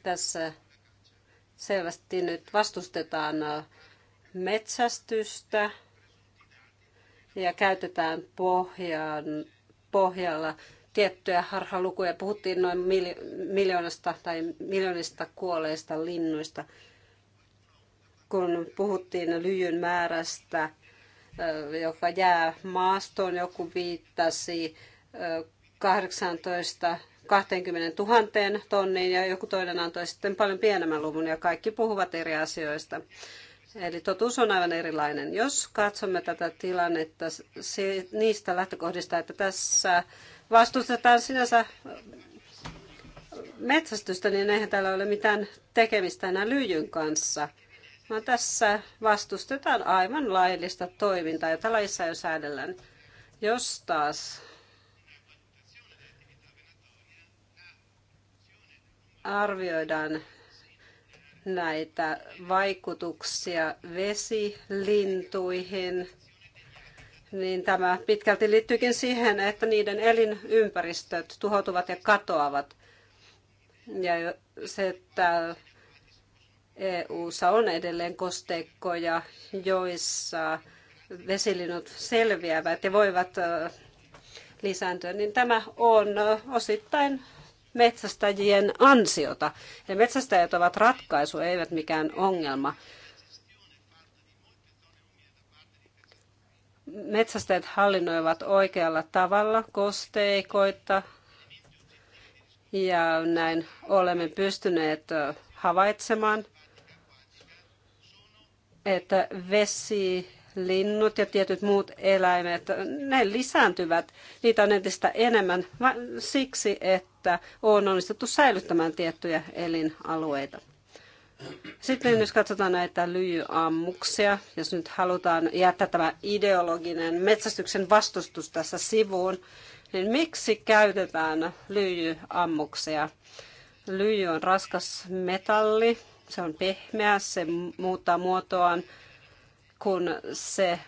B: Tässä selvästi nyt vastustetaan metsästystä ja käytetään pohjan, pohjalla tiettyjä harhalukuja. Puhuttiin noin miljoonasta tai miljoonista kuoleista linnuista, kun puhuttiin lyijyn määrästä, joka jää maastoon. Joku viittasi 18 20 000 tonniin ja joku toinen antoi sitten paljon pienemmän luvun ja kaikki puhuvat eri asioista. Eli totuus on aivan erilainen. Jos katsomme tätä tilannetta niistä lähtökohdista, että tässä vastustetaan sinänsä metsästystä, niin eihän täällä ole mitään tekemistä enää lyijyn kanssa. Vaan no, tässä vastustetaan aivan laillista toimintaa, jota laissa jo säädellään. Jos taas arvioidaan näitä vaikutuksia vesilintuihin, niin tämä pitkälti liittyykin siihen, että niiden elinympäristöt tuhoutuvat ja katoavat. Ja se, että EU:ssa on edelleen kosteikkoja, joissa vesilinnut selviävät ja voivat lisääntyä, niin tämä on osittain metsästäjien ansiota. Eli metsästäjät ovat ratkaisu, eivät mikään ongelma. Metsästäjät hallinnoivat oikealla tavalla kosteikoita ja näin olemme pystyneet havaitsemaan, että vesi linnut ja tietyt muut eläimet, ne lisääntyvät. Niitä on entistä enemmän siksi, että on onnistuttu säilyttämään tiettyjä elinalueita. Sitten jos katsotaan näitä lyijyammuksia, jos nyt halutaan jättää tämä ideologinen metsästyksen vastustus tässä sivuun, niin miksi käytetään lyijyammuksia? Lyijy on raskas metalli, se on pehmeä, se muuttaa muotoaan kun se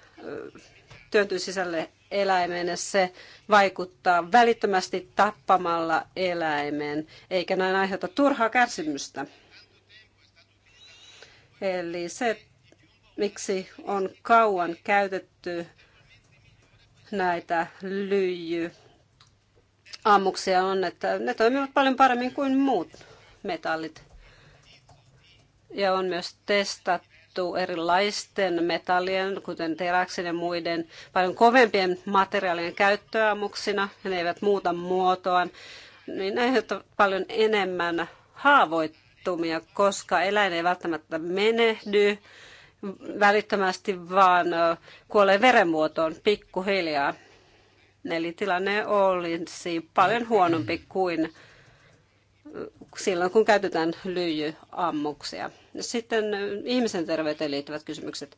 B: työntyy sisälle eläimeen ja se vaikuttaa välittömästi tappamalla eläimen, eikä näin aiheuta turhaa kärsimystä. Eli se, miksi on kauan käytetty näitä lyijy ammuksia on, että ne toimivat paljon paremmin kuin muut metallit. Ja on myös testattu koostuu erilaisten metallien, kuten teräksen ja muiden, paljon kovempien materiaalien käyttöä ja ne eivät muuta muotoaan, niin ne aiheuttavat paljon enemmän haavoittumia, koska eläin ei välttämättä menehdy välittömästi, vaan kuolee verenmuotoon pikkuhiljaa. Eli tilanne olisi paljon huonompi kuin silloin, kun käytetään lyijyammuksia. Sitten äh, ihmisen terveyteen liittyvät kysymykset.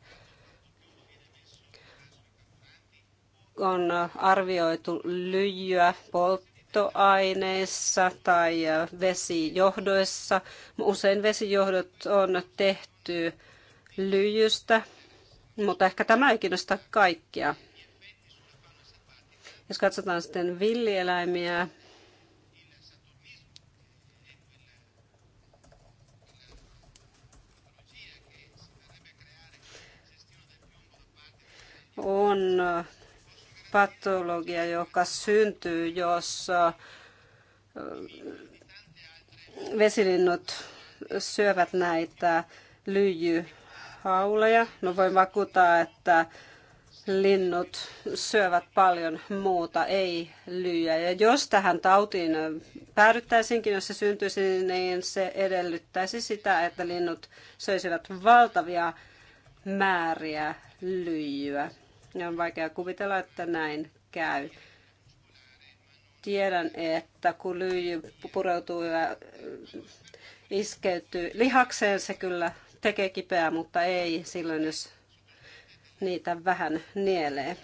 B: On äh, arvioitu lyijyä polttoaineissa tai äh, vesijohdoissa. Usein vesijohdot on tehty lyijystä, mutta ehkä tämä ei kiinnosta kaikkia. Jos katsotaan sitten villieläimiä, on äh, patologia, joka syntyy, jos äh, vesilinnut syövät näitä lyijyhauleja. No voin vakuuttaa, että linnut syövät paljon muuta, ei lyijä. Ja jos tähän tautiin päädyttäisinkin, jos se syntyisi, niin se edellyttäisi sitä, että linnut söisivät valtavia määriä lyijyä ja on vaikea kuvitella, että näin käy. Tiedän, että kun lyijy pureutuu ja äh, iskeytyy lihakseen, se kyllä tekee kipeää, mutta ei silloin, jos niitä vähän nielee.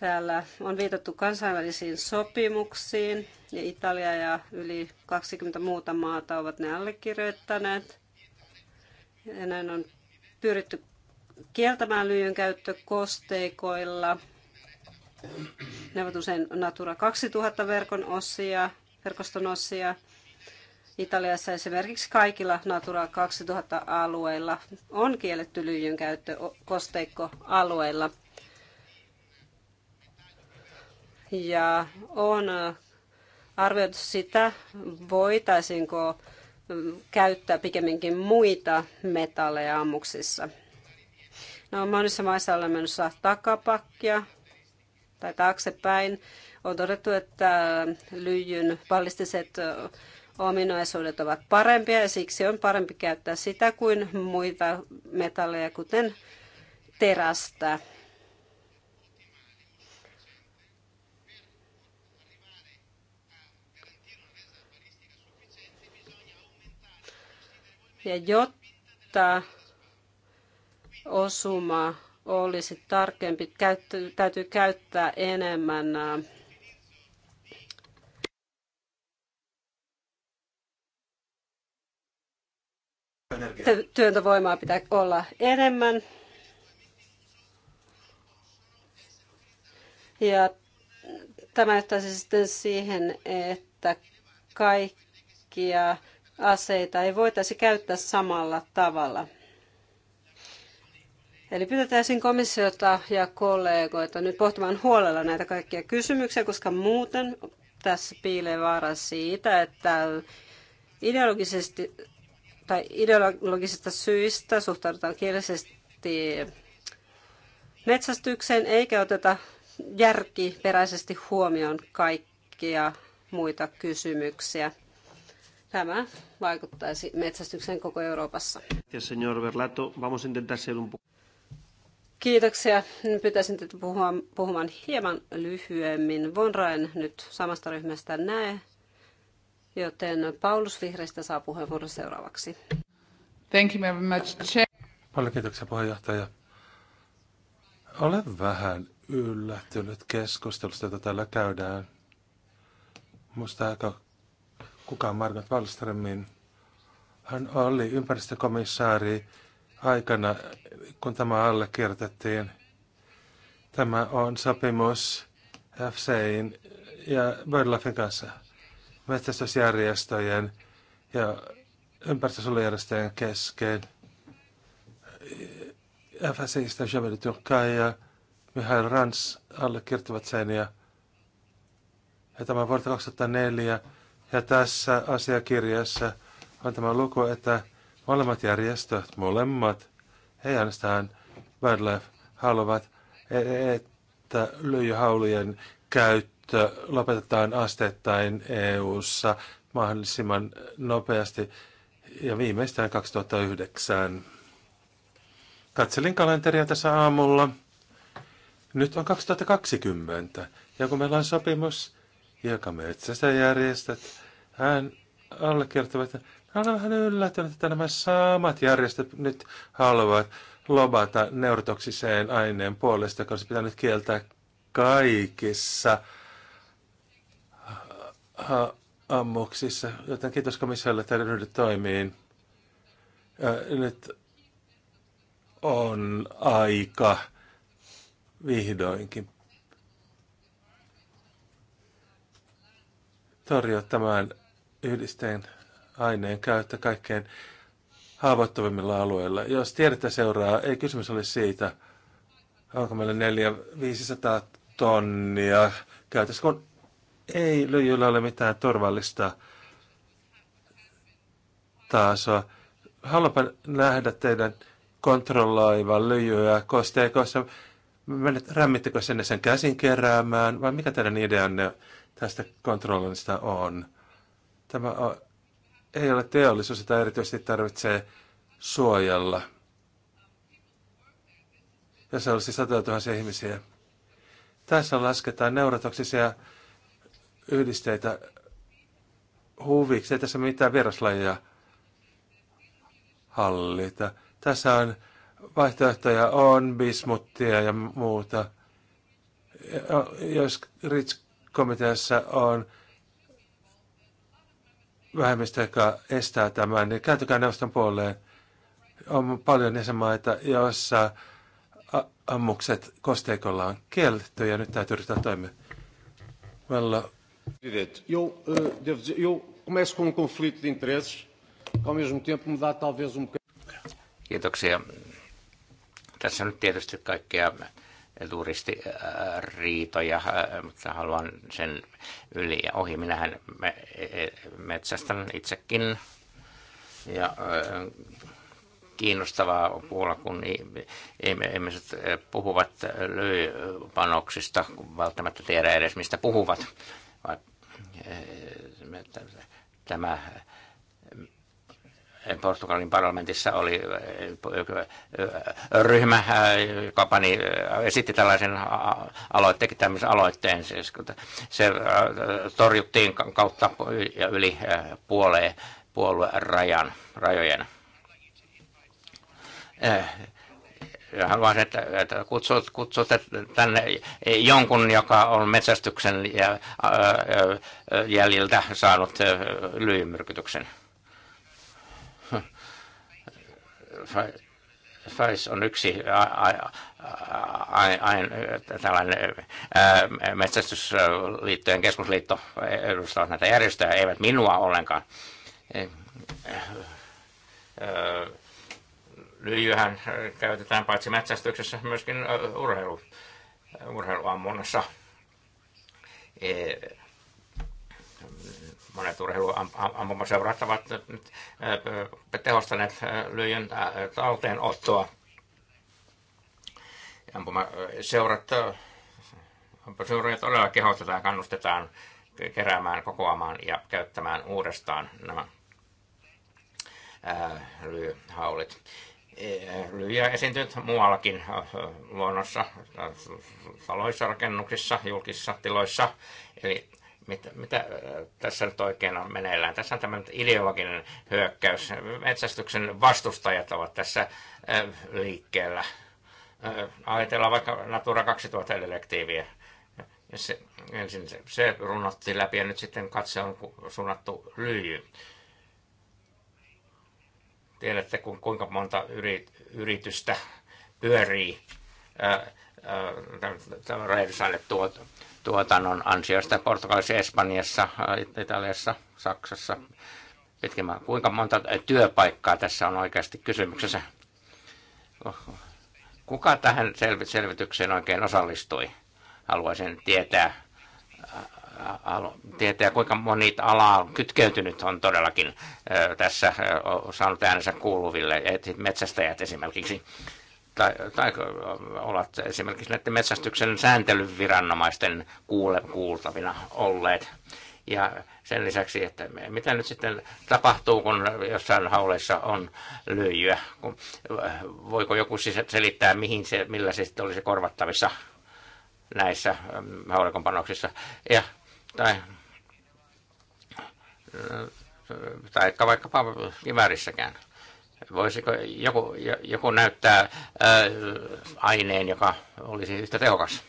B: Täällä on viitattu kansainvälisiin sopimuksiin ja Italia ja yli 20 muuta maata ovat ne allekirjoittaneet. Ja näin on pyritty kieltämään lyijyn käyttö kosteikoilla. Ne ovat usein Natura 2000 verkon osia, verkoston osia. Italiassa esimerkiksi kaikilla Natura 2000 alueilla on kielletty lyijyn käyttö kosteikkoalueilla. Ja on arvioitu sitä, voitaisiinko käyttää pikemminkin muita metalleja ammuksissa. No, monissa maissa ollaan menossa takapakkia tai taaksepäin. On todettu, että lyijyn ballistiset ominaisuudet ovat parempia ja siksi on parempi käyttää sitä kuin muita metalleja, kuten terästä. Ja jotta osuma olisi tarkempi. Käyttö, täytyy käyttää enemmän työntövoimaa pitää olla enemmän. Ja tämä johtaisi sitten siihen, että kaikkia aseita ei voitaisi käyttää samalla tavalla. Eli pyytäisin komissiota ja kollegoita nyt pohtimaan huolella näitä kaikkia kysymyksiä, koska muuten tässä piilee vaara siitä, että ideologisesti tai ideologisista syistä suhtaudutaan kielisesti metsästykseen eikä oteta järkiperäisesti huomioon kaikkia muita kysymyksiä. Tämä vaikuttaisi metsästykseen koko Euroopassa.
E: Gracias, señor Berlato. Vamos a intentar ser un
B: poco... Kiitoksia. Pyytäisin nyt puhumaan, puhumaan hieman lyhyemmin. Von Raen nyt samasta ryhmästä näe, joten Paulus Vihreistä saa puheenvuoron seuraavaksi. Thank you very much.
C: Paljon kiitoksia puheenjohtaja. Olen vähän yllättynyt keskustelusta, jota täällä käydään. Musta aika kukaan Margot Wallströmin. Hän oli ympäristökomissaari aikana, kun tämä allekirjoitettiin. Tämä on sopimus FCIin ja BirdLifein kanssa, metsästysjärjestöjen ja ympäristösuojelujärjestöjen kesken. FSIistä Javel Turkay ja Mihail Rans allekirjoittivat sen ja, ja tämä vuodelta 2004 ja tässä asiakirjassa on tämä luku, että Molemmat järjestöt, molemmat, he äänestään Wildlife, haluavat, e, e, että lyijyhaulujen käyttö lopetetaan asteittain EU-ssa mahdollisimman nopeasti ja viimeistään 2009. Katselin kalenteria tässä aamulla. Nyt on 2020, ja kun meillä on sopimus, joka järjestät, hän allekirjoittavat, hän on yllättynyt, että nämä samat järjestöt nyt haluavat lobata neurotoksiseen aineen puolesta, koska se pitää nyt kieltää kaikissa äh, äh, ammuksissa. Joten kiitos komissiolle, että ryhdyt toimiin. Äh, nyt on aika vihdoinkin torjua tämän yhdisteen aineen käyttö kaikkein haavoittuvimmilla alueilla. Jos tiedettä seuraa, ei kysymys ole siitä, onko meillä 400 500 tonnia käytössä, kun ei lyijyllä ole mitään turvallista tasoa. Haluanpa nähdä teidän kontrolloivan lyijyä kosteikossa. Menet, rämmittekö sinne sen käsin keräämään vai mikä teidän ideanne tästä kontrollista on? Tämä on ei ole teollisuus, jota erityisesti tarvitsee suojella. Ja se olisi satoja tuhansia ihmisiä. Tässä lasketaan neurotoksisia yhdisteitä huviksi. Ei tässä mitään vieraslajia hallita. Tässä on vaihtoehtoja, on bismuttia ja muuta. Jos Rich-komiteassa on vähemmistö, joka estää tämän, niin kääntykää neuvoston puoleen. On paljon jäsenmaita, joissa ammukset kosteikolla on kielletty ja nyt täytyy yrittää toimia. Well,
G: Eu, uh, eu começo com um conflito de interesses, ao mesmo tempo me dá talvez um bocadinho.
F: Kiitoksia. Tässä nyt tietysti kaikkea turistiriitoja, äh, mutta haluan sen yli ja ohi. Minähän e, metsästän itsekin ja äh, kiinnostavaa kuulla, kun ihmiset äh, puhuvat löypanoksista, kun välttämättä tiedä edes mistä puhuvat. E, tämä Portugalin parlamentissa oli ryhmä, joka pani, esitti tällaisen aloitteen, tämmöisen aloitteen, siis, se torjuttiin kautta ja yli puoleen puolueen rajojen. Ja haluaisin, että, että kutsut, tänne jonkun, joka on metsästyksen ja, jäljiltä saanut lyijymyrkytyksen. FAIS on yksi ain, tällainen metsästysliittojen keskusliitto edustavat näitä järjestöjä, eivät minua ollenkaan. Lyijyhän käytetään paitsi metsästyksessä myöskin urheilu, urheiluammunnassa. Monet urheiluampumaseurat ovat nyt tehostaneet lyijyn talteenottoa. Ampumaseurat ampumaseurat todella kehotetaan, kannustetaan keräämään, kokoamaan ja käyttämään uudestaan nämä lyyhaulit. E, Lyijä esiintyy muuallakin luonnossa, taloissa, rakennuksissa, julkisissa tiloissa. Eli mitä, mitä äh, tässä nyt oikein on meneillään. Tässä on tämmöinen ideologinen hyökkäys. Metsästyksen vastustajat ovat tässä äh, liikkeellä. Äh, ajatellaan vaikka Natura 2000-elektiiviä. Se, ensin se, se runnottiin läpi ja nyt sitten katse on suunnattu lyijyyn. Tiedätte, kuinka monta yrit, yritystä pyörii räjähdysaine tuot, tuotannon ansiosta Portugalissa, Espanjassa, Italiassa, Saksassa pitkin Kuinka monta työpaikkaa tässä on oikeasti kysymyksessä? Kuka tähän selvitykseen oikein osallistui? Haluaisin tietää, äh, tietää kuinka moni ala kytkeytynyt on todellakin äh, tässä äh, saanut äänensä kuuluville, metsästäjät esimerkiksi tai, tai olla esimerkiksi näiden metsästyksen sääntelyviranomaisten kuule, kuultavina olleet. Ja sen lisäksi, että mitä nyt sitten tapahtuu, kun jossain hauleissa on lyijyä, kun, voiko joku siis selittää, mihin se, millä se sitten olisi korvattavissa näissä ähm, haulikonpanoksissa. Ja, tai, äh, tai vaikkapa kiväärissäkään. Voisiko joku, joku näyttää ää, aineen, joka olisi yhtä tehokas?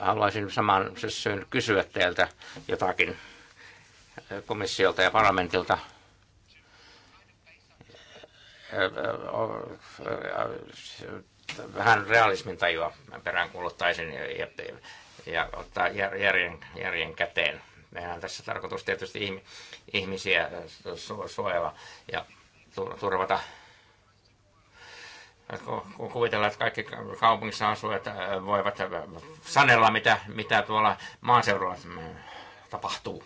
F: Haluaisin saman syyn kysyä teiltä jotakin komissiolta ja parlamentilta vähän realismin tajua peräänkuuluttaisin ja, ja ottaa järjen, järjen käteen. Meillä on tässä tarkoitus tietysti ihmisiä äh, suojella ja turvata kuvitella, että kaikki kaupungissa asuvat äh, voivat äh, sanella, mitä, mitä tuolla maaseudulla tapahtuu.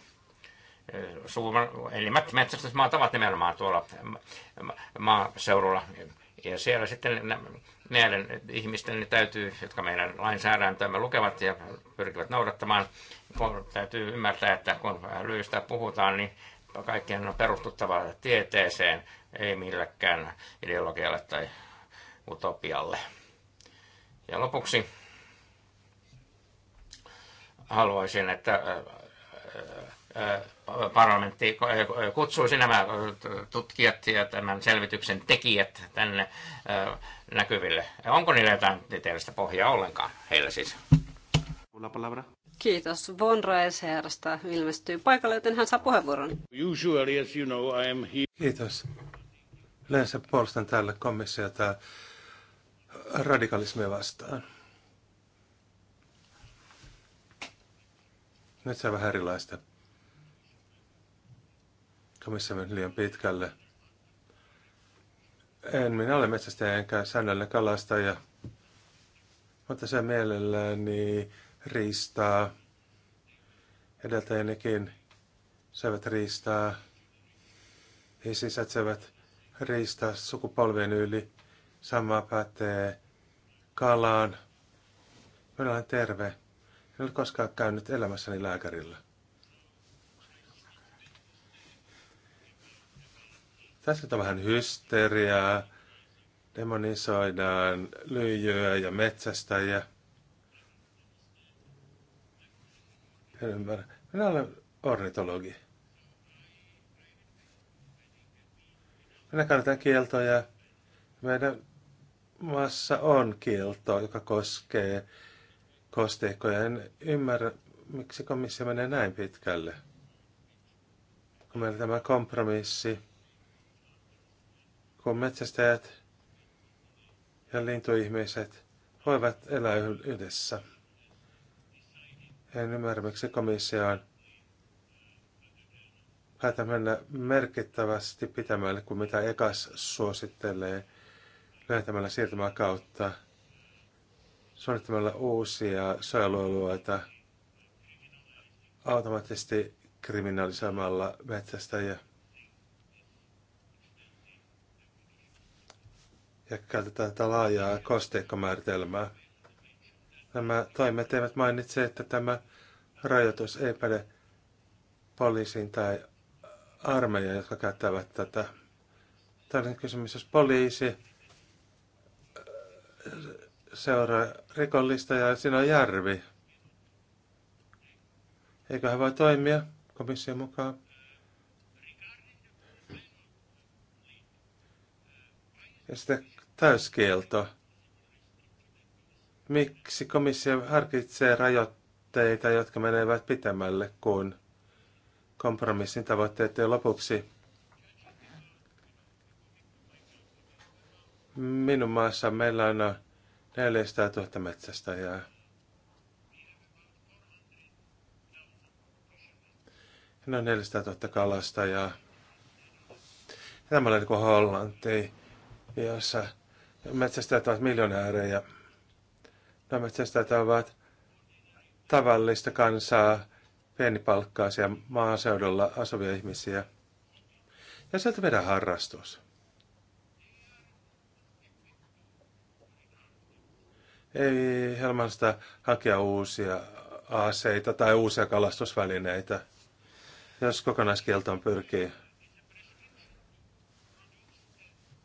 F: Suuman, eli metsästysmaat ovat nimenomaan tuolla maaseudulla. Ja siellä sitten näiden ihmisten täytyy, jotka meidän lainsäädäntöämme lukevat ja pyrkivät noudattamaan, kun täytyy ymmärtää, että kun lyistä puhutaan, niin kaikkien on perustuttava tieteeseen, ei millekään ideologialle tai utopialle. Ja lopuksi haluaisin, että äh, äh, parlamentti kutsuisi nämä tutkijat ja tämän selvityksen tekijät tänne äh, näkyville. Onko niillä jotain tieteellistä pohjaa ollenkaan? Heillä siis.
B: Kiitos. Von Reisherrasta ilmestyy paikalle, joten hän saa puheenvuoron. Usually, as you know, I am here.
C: Kiitos. Yleensä puolustan täällä komissiota radikalismia vastaan. Nyt se on vähän erilaista. Komissio meni liian pitkälle. En minä ole metsästäjä enkä säännöllinen kalastaja, mutta se mielelläni riistaa. Edeltäjänikin saivat riistaa. sisät saivat riistaa sukupolvien yli. Sama pätee kalaan. Minä olen terve. En ole koskaan käynyt elämässäni lääkärillä. Tässä on vähän hysteriaa demonisoidaan lyijyä ja metsästäjiä. En ymmärrä. Minä olen ornitologi. Minä kannatan kieltoja. Meidän maassa on kielto, joka koskee kosteikkoja. En ymmärrä, miksi komissio menee näin pitkälle. Kun meillä tämä kompromissi, kun metsästäjät ja lintuihmiset voivat elää yhdessä. En ymmärrä, miksi komissio on päätä mennä merkittävästi pitämälle kuin mitä EKAS suosittelee lyhentämällä siirtymään kautta, suunnittamalla uusia suojelualueita, automaattisesti kriminalisoimalla metsästäjiä. ja käytetään tätä laajaa kosteikkomääritelmää. Nämä toimet eivät mainitse, että tämä rajoitus ei päde poliisiin tai armeijaan, jotka käyttävät tätä. Tällainen kysymys, jos poliisi seuraa rikollista ja siinä on järvi, eikö hän voi toimia komission mukaan? Ja sitten täyskielto. Miksi komissio harkitsee rajoitteita, jotka menevät pitemmälle kuin kompromissin tavoitteet ja lopuksi minun maassa meillä on 400 000 metsästäjää. noin 400 000 kalastajaa. Tämä oli niin kuin Hollanti, jossa metsästäjät ovat miljonäärejä metsästäjät ovat tavallista kansaa, pienipalkkaisia maaseudulla asuvia ihmisiä. Ja sieltä meidän harrastus. Ei helman sitä hakea uusia aseita tai uusia kalastusvälineitä, jos kokonaiskieltoon pyrkii.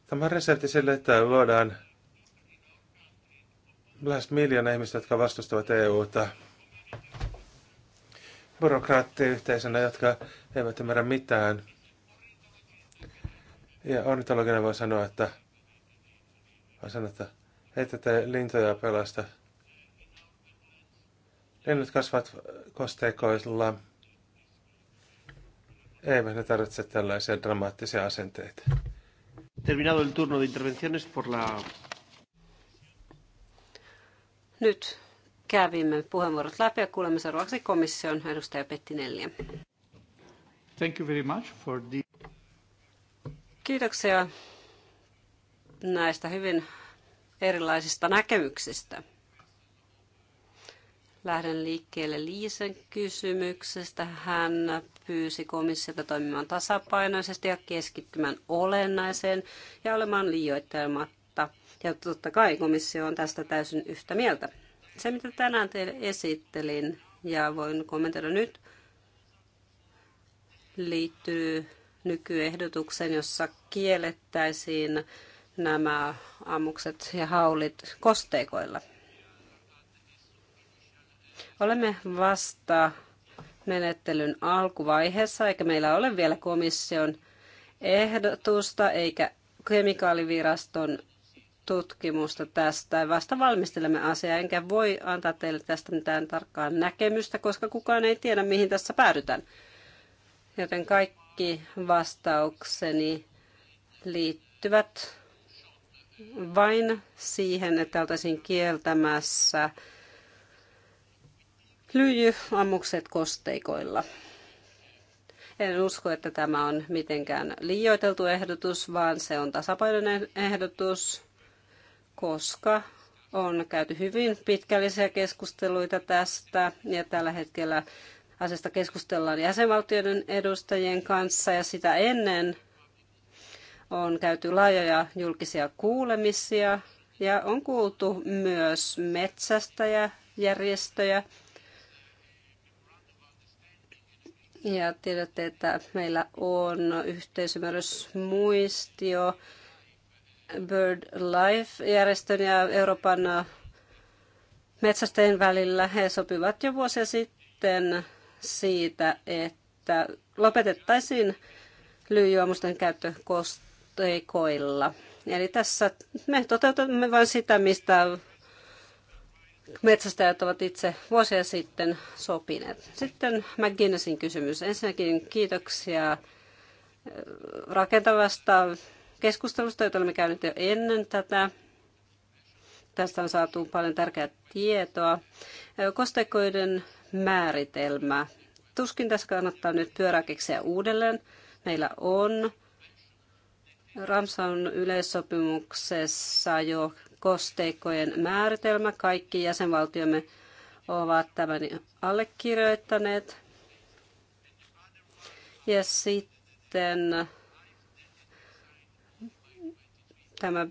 C: Tämä resepti sille, että luodaan lähes miljoona ihmistä, jotka vastustavat EUta. Byrokraattiyhteisönä, jotka eivät ymmärrä mitään. Ja ornitologina voi sanoa, että, voi sanoa, että ette te lintoja pelasta. Linnut kasvat kosteikoilla. Eivät ne tarvitse tällaisia dramaattisia asenteita. Terminado el turno de intervenciones por la
B: nyt kävimme puheenvuorot läpi ja kuulemme seuraavaksi komission edustaja Petti Neljä.
G: Thank you very much for the...
B: Kiitoksia näistä hyvin erilaisista näkemyksistä. Lähden liikkeelle Liisen kysymyksestä. Hän pyysi komissiota toimimaan tasapainoisesti ja keskittymään olennaiseen ja olemaan liioittelematta ja totta kai komissio on tästä täysin yhtä mieltä. Se, mitä tänään teille esittelin ja voin kommentoida nyt, liittyy nykyehdotukseen, jossa kiellettäisiin nämä ammukset ja haulit kosteikoilla. Olemme vasta menettelyn alkuvaiheessa, eikä meillä ole vielä komission ehdotusta eikä kemikaaliviraston tutkimusta tästä. Vasta valmistelemme asiaa, enkä voi antaa teille tästä mitään tarkkaa näkemystä, koska kukaan ei tiedä, mihin tässä päädytään. Joten kaikki vastaukseni liittyvät vain siihen, että oltaisiin kieltämässä lyijyammukset kosteikoilla. En usko, että tämä on mitenkään liioiteltu ehdotus, vaan se on tasapainoinen ehdotus koska on käyty hyvin pitkällisiä keskusteluita tästä ja tällä hetkellä asiasta keskustellaan jäsenvaltioiden edustajien kanssa ja sitä ennen on käyty laajoja julkisia kuulemisia ja on kuultu myös metsästäjäjärjestöjä. Ja tiedätte, että meillä on yhteisymmärrysmuistio muistio Bird Life-järjestön ja Euroopan äh, metsästäjien välillä. He sopivat jo vuosia sitten siitä, että lopetettaisiin lyijuomusten käyttö kosteikoilla. Eli tässä me toteutamme vain sitä, mistä metsästäjät ovat itse vuosia sitten sopineet. Sitten McGinnessin kysymys. Ensinnäkin kiitoksia äh, rakentavasta keskustelusta, jota olemme käyneet jo ennen tätä. Tästä on saatu paljon tärkeää tietoa. Kosteikoiden määritelmä. Tuskin tässä kannattaa nyt pyöräkeksiä uudelleen. Meillä on Ramsaun yleissopimuksessa jo kosteikkojen määritelmä. Kaikki jäsenvaltiomme ovat tämän allekirjoittaneet. Ja sitten Tämä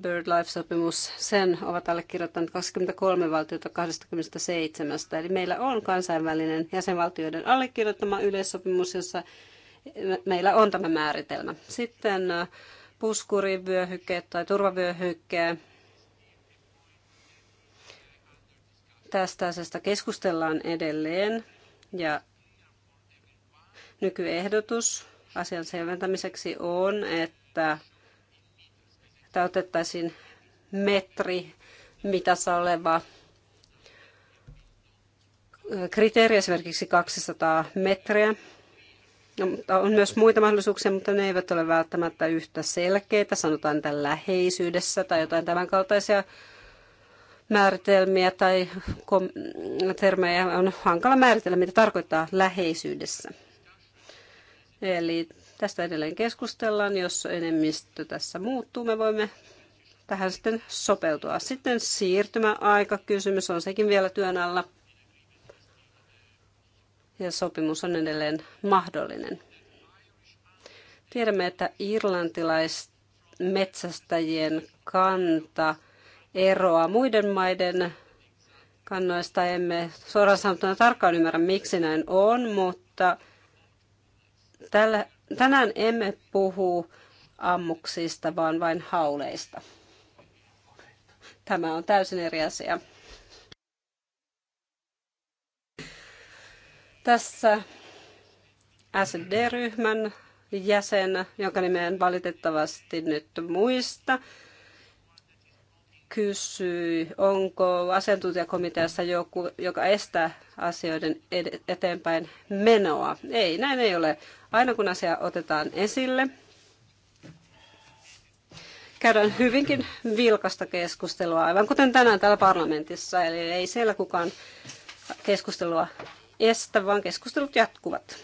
B: bird life sopimus sen ovat allekirjoittaneet 23 valtiota 27. Eli meillä on kansainvälinen jäsenvaltioiden allekirjoittama yleissopimus, jossa meillä on tämä määritelmä. Sitten äh, puskurivyöhyke tai turvavyöhyke. Tästä asiasta keskustellaan edelleen ja nykyehdotus asian selventämiseksi on, että tai otettaisiin metri mitassa oleva kriteeri, esimerkiksi 200 metriä. No, on myös muita mahdollisuuksia, mutta ne eivät ole välttämättä yhtä selkeitä. Sanotaan tämän läheisyydessä tai jotain tämän kaltaisia määritelmiä tai termejä. On hankala määritellä, mitä tarkoittaa läheisyydessä. Eli Tästä edelleen keskustellaan. Jos enemmistö tässä muuttuu, me voimme tähän sitten sopeutua. Sitten kysymys on sekin vielä työn alla. Ja sopimus on edelleen mahdollinen. Tiedämme, että irlantilaismetsästäjien kanta eroaa muiden maiden kannoista. Emme suoraan sanottuna tarkkaan ymmärrä, miksi näin on, mutta tällä tänään emme puhu ammuksista, vaan vain hauleista. Tämä on täysin eri asia. Tässä SD-ryhmän jäsen, jonka nimeen valitettavasti nyt muista, kysyi, onko asiantuntijakomiteassa joku, joka estää asioiden eteenpäin menoa. Ei, näin ei ole. Aina kun asia otetaan esille, käydään hyvinkin vilkasta keskustelua, aivan kuten tänään täällä parlamentissa. Eli ei siellä kukaan keskustelua estä, vaan keskustelut jatkuvat.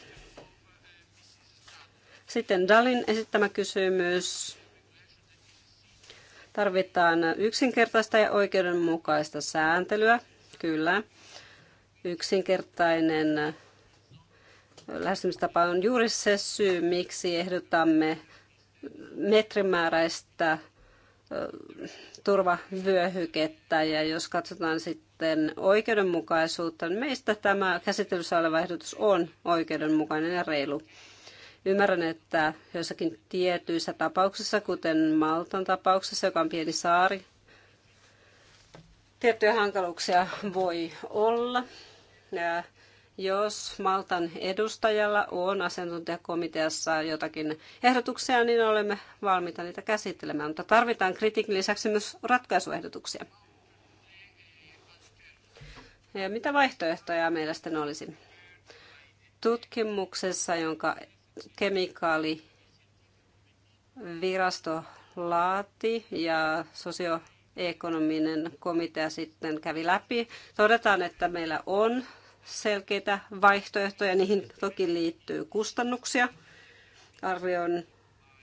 B: Sitten Dalin esittämä kysymys Tarvitaan yksinkertaista ja oikeudenmukaista sääntelyä, kyllä. Yksinkertainen lähestymistapa on juuri se syy, miksi ehdotamme metrimääräistä turvavyöhykettä. Ja jos katsotaan sitten oikeudenmukaisuutta, niin meistä tämä käsittelyssä oleva ehdotus on oikeudenmukainen ja reilu. Ymmärrän, että jossakin tietyissä tapauksissa, kuten Maltan tapauksessa, joka on pieni saari, tiettyjä hankaluuksia voi olla. Ja jos Maltan edustajalla on asiantuntijakomiteassa jotakin ehdotuksia, niin olemme valmiita niitä käsittelemään, mutta tarvitaan kritiikin lisäksi myös ratkaisuehdotuksia. Ja mitä vaihtoehtoja meillä sitten olisi? Tutkimuksessa, jonka kemikaalivirasto laati ja sosioekonominen komitea sitten kävi läpi. Todetaan, että meillä on selkeitä vaihtoehtoja, niihin toki liittyy kustannuksia. Arvion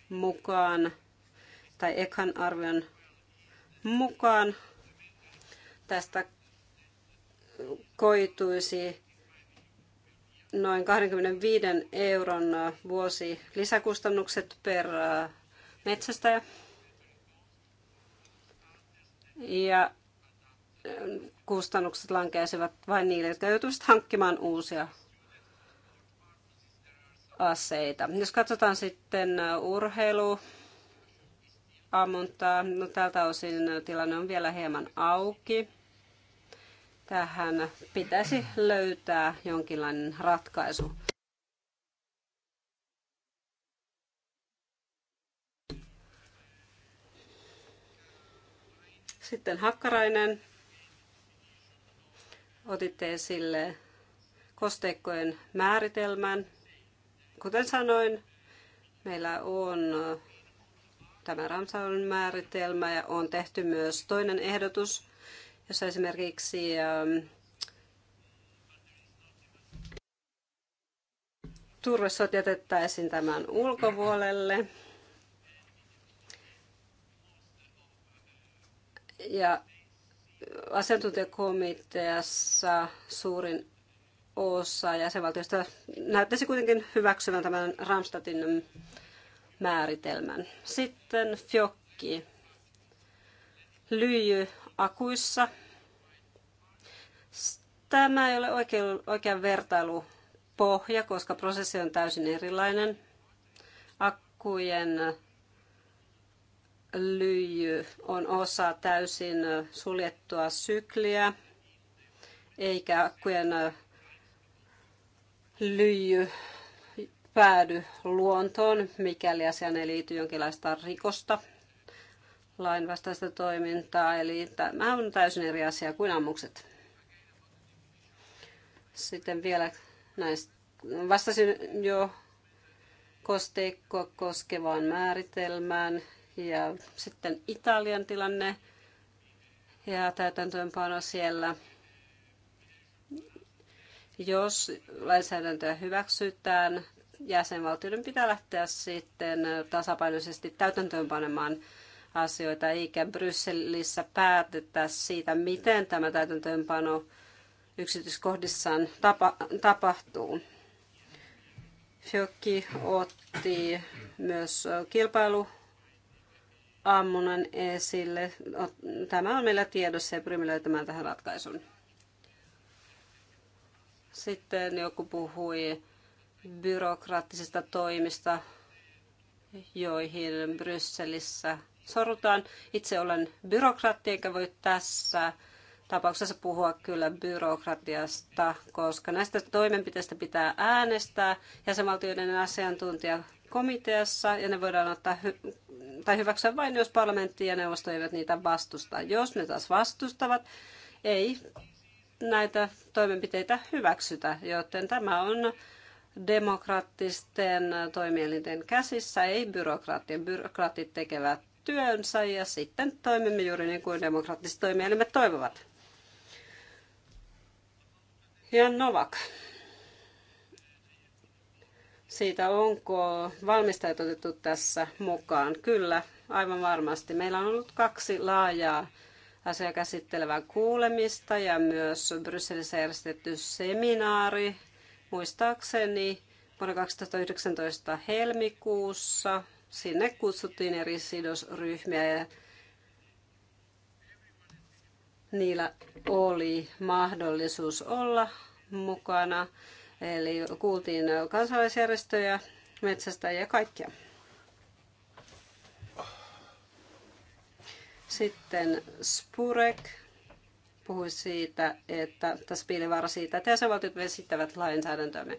B: mukaan tai ekan arvion mukaan tästä koituisi noin 25 euron äh, vuosi lisäkustannukset per äh, metsästäjä. Ja äh, kustannukset lankeisivat vain niille, jotka joutuisivat hankkimaan uusia aseita. Jos katsotaan sitten urheilu, ammuntaa, no tältä osin tilanne on vielä hieman auki tähän pitäisi löytää jonkinlainen ratkaisu. Sitten Hakkarainen. Otitte esille kosteikkojen määritelmän. Kuten sanoin, meillä on tämä Ramsaun määritelmä ja on tehty myös toinen ehdotus, jossa esimerkiksi ähm, turvesot jätettäisiin tämän ulkopuolelle. Ja asiantuntijakomiteassa suurin osa jäsenvaltioista näyttäisi kuitenkin hyväksyvän tämän Ramstadin määritelmän. Sitten Fjokki. Lyijy akuissa Tämä ei ole oikein, vertailu pohja, koska prosessi on täysin erilainen. Akkujen lyijy on osa täysin suljettua sykliä, eikä akkujen lyijy päädy luontoon, mikäli asiaan ei liity jonkinlaista rikosta, lainvastaista toimintaa. Eli tämä on täysin eri asia kuin ammukset. Sitten vielä näistä, vastasin jo kosteikkoa koskevaan määritelmään ja sitten Italian tilanne ja täytäntöönpano siellä. Jos lainsäädäntöä hyväksytään, jäsenvaltioiden pitää lähteä sitten tasapainoisesti täytäntöönpanemaan asioita, eikä Brysselissä päätetä siitä, miten tämä täytäntöönpano yksityiskohdissaan tapa, tapahtuu. Fjokki otti myös kilpailu aamunan esille. Tämä on meillä tiedossa ja pyrimme löytämään tähän ratkaisun. Sitten joku puhui byrokraattisista toimista, joihin Brysselissä sorutaan. Itse olen byrokraatti, eikä voi tässä tapauksessa puhua kyllä byrokratiasta, koska näistä toimenpiteistä pitää äänestää jäsenvaltioiden asiantuntijakomiteassa ja ne voidaan ottaa hy- tai hyväksyä vain, jos parlamentti ja neuvosto eivät niitä vastusta. Jos ne taas vastustavat, ei näitä toimenpiteitä hyväksytä, joten tämä on demokraattisten toimielinten käsissä, ei byrokraattien. Byrokraatit tekevät työnsä ja sitten toimimme juuri niin kuin demokraattiset toimielimet toivovat ja Novak. Siitä onko valmistajat otettu tässä mukaan? Kyllä, aivan varmasti. Meillä on ollut kaksi laajaa asiaa käsittelevää kuulemista ja myös Brysselissä järjestetty seminaari. Muistaakseni vuonna 2019 helmikuussa sinne kutsuttiin eri sidosryhmiä ja niillä oli mahdollisuus olla mukana. Eli kuultiin kansalaisjärjestöjä, metsästäjiä ja kaikkia. Sitten Spurek puhui siitä, että tässä piilivaara siitä, että jäsenvaltiot vesittävät lainsäädäntömme.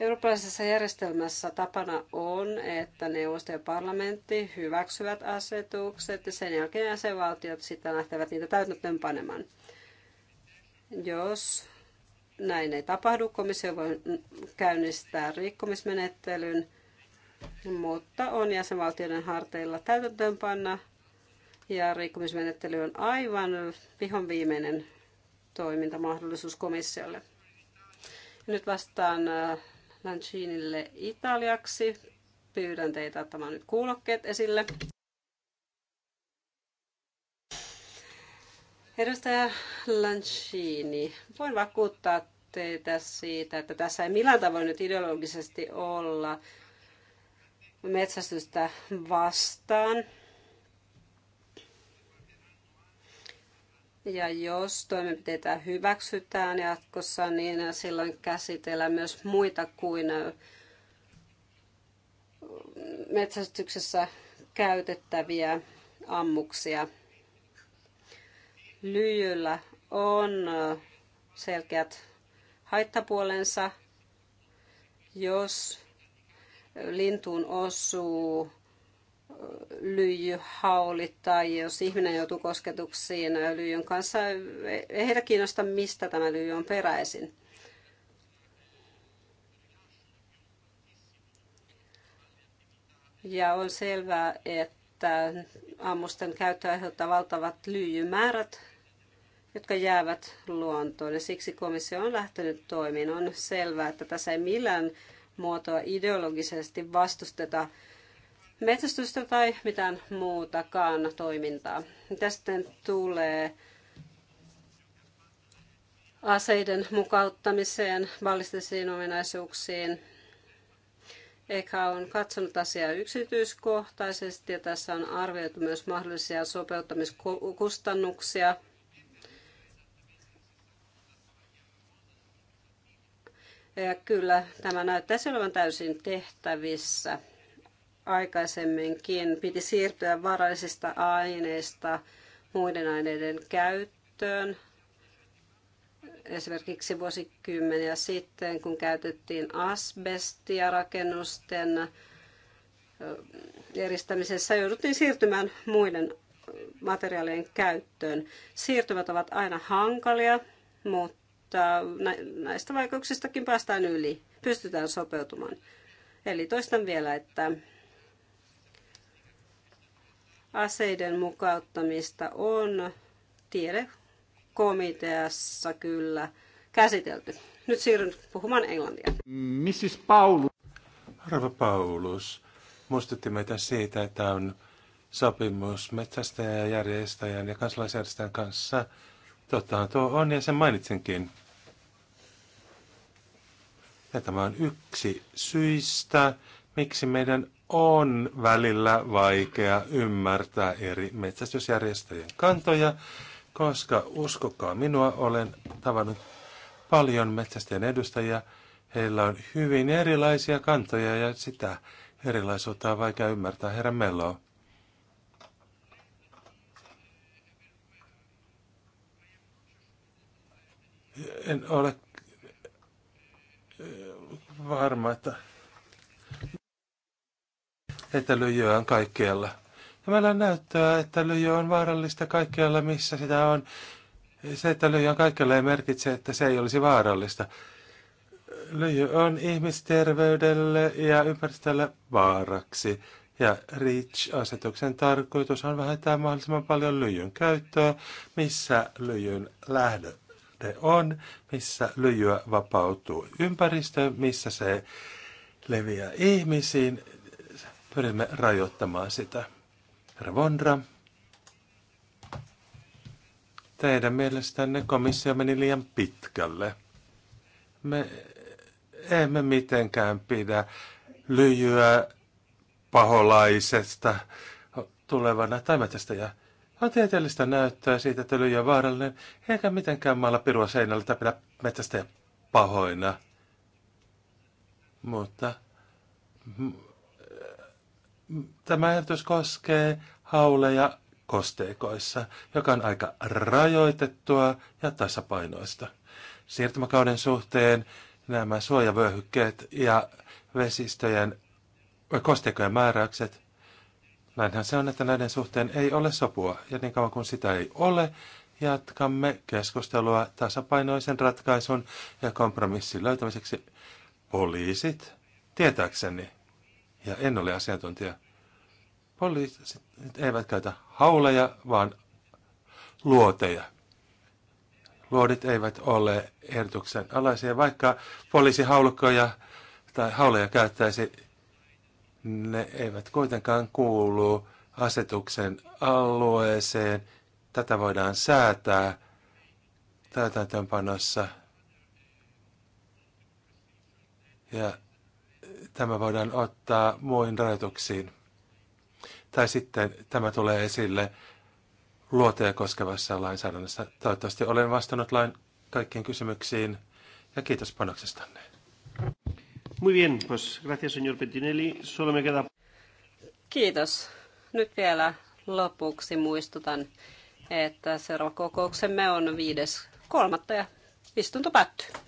B: Eurooppalaisessa järjestelmässä tapana on, että neuvosto ja parlamentti hyväksyvät asetukset ja sen jälkeen jäsenvaltiot sitten lähtevät niitä täytäntöönpanemaan. Jos näin ei tapahdu, komissio voi käynnistää rikkomismenettelyn, mutta on jäsenvaltioiden harteilla täytäntöönpanna ja rikkomismenettely on aivan vihon viimeinen toimintamahdollisuus komissiolle. Nyt vastaan äh, Lancinille italiaksi. Pyydän teitä ottamaan nyt kuulokkeet esille. Edustaja Lancini, voin vakuuttaa teitä siitä, että tässä ei millään tavoin nyt ideologisesti olla metsästystä vastaan. Ja jos toimenpiteitä hyväksytään jatkossa, niin silloin käsitellään myös muita kuin metsästyksessä käytettäviä ammuksia. Lyijyllä on selkeät haittapuolensa. Jos lintuun osuu lyijyhaulit tai jos ihminen joutuu kosketuksiin lyijyn kanssa, ei heitä kiinnosta, mistä tämä lyijy on peräisin. Ja on selvää, että ammusten käyttö aiheuttaa valtavat lyijymäärät, jotka jäävät luontoon. Ja siksi komissio on lähtenyt toimiin. On selvää, että tässä ei millään muotoa ideologisesti vastusteta metsästystä tai mitään muutakaan toimintaa. Mitä sitten tulee aseiden mukauttamiseen, ballistisiin ominaisuuksiin, Eka on katsonut asiaa yksityiskohtaisesti ja tässä on arvioitu myös mahdollisia sopeuttamiskustannuksia. Ja kyllä tämä näyttäisi olevan täysin tehtävissä aikaisemminkin piti siirtyä varallisista aineista muiden aineiden käyttöön. Esimerkiksi vuosikymmeniä sitten, kun käytettiin asbestia rakennusten eristämisessä, jouduttiin siirtymään muiden materiaalien käyttöön. Siirtymät ovat aina hankalia, mutta näistä vaikeuksistakin päästään yli, pystytään sopeutumaan. Eli toistan vielä, että aseiden mukauttamista on tiedekomiteassa kyllä käsitelty. Nyt siirryn puhumaan englantia.
C: Mrs. Paulus. Rava Paulus muistutti meitä siitä, että on sopimus metsästäjäjärjestäjän ja kansalaisjärjestäjän kanssa. Totta tuo on ja sen mainitsinkin. Ja tämä on yksi syistä, miksi meidän on välillä vaikea ymmärtää eri metsästysjärjestöjen kantoja, koska uskokaa minua, olen tavannut paljon metsästäjien edustajia. Heillä on hyvin erilaisia kantoja ja sitä erilaisuutta on vaikea ymmärtää herra Meloa. En ole varma, että että lyijy on kaikkialla. Ja meillä on näyttöä, että lyijy on vaarallista kaikkialla, missä sitä on. Se, että lyijy on kaikkialla, ei merkitse, että se ei olisi vaarallista. Lyijy on ihmisterveydelle ja ympäristölle vaaraksi. Ja REACH-asetuksen tarkoitus on vähentää mahdollisimman paljon lyijyn käyttöä, missä lyijyn lähde on, missä lyijyä vapautuu ympäristöön, missä se leviää ihmisiin pyrimme rajoittamaan sitä. Herra Vondra, teidän mielestänne komissio meni liian pitkälle. Me emme mitenkään pidä lyijyä paholaisesta tulevana ja On tieteellistä näyttöä siitä, että lyijy on vaarallinen, eikä mitenkään maalla pirua seinällä tai pidä metsästäjä pahoina. Mutta Tämä ehdotus koskee hauleja kosteikoissa, joka on aika rajoitettua ja tasapainoista. Siirtymäkauden suhteen nämä suojavyöhykkeet ja vesistöjen äh, kosteikojen määräykset, näinhän se on, että näiden suhteen ei ole sopua. Ja niin kauan kuin sitä ei ole, jatkamme keskustelua tasapainoisen ratkaisun ja kompromissin löytämiseksi. Poliisit, tietääkseni, ja en ole asiantuntija. Poliisit eivät käytä hauleja, vaan luoteja. Luodit eivät ole ehdotuksen alaisia, vaikka poliisi haulukkoja tai hauleja käyttäisi, ne eivät kuitenkaan kuulu asetuksen alueeseen. Tätä voidaan säätää täytäntöönpanossa. Ja tämä voidaan ottaa muihin rajoituksiin. Tai sitten tämä tulee esille luoteja koskevassa lainsäädännössä. Toivottavasti olen vastannut lain kaikkiin kysymyksiin ja kiitos panoksestanne. Muy bien, pues gracias señor Petinelli. Solo me queda...
B: Kiitos. Nyt vielä lopuksi muistutan, että seuraava kokouksemme on 5.3. ja istunto päättyy.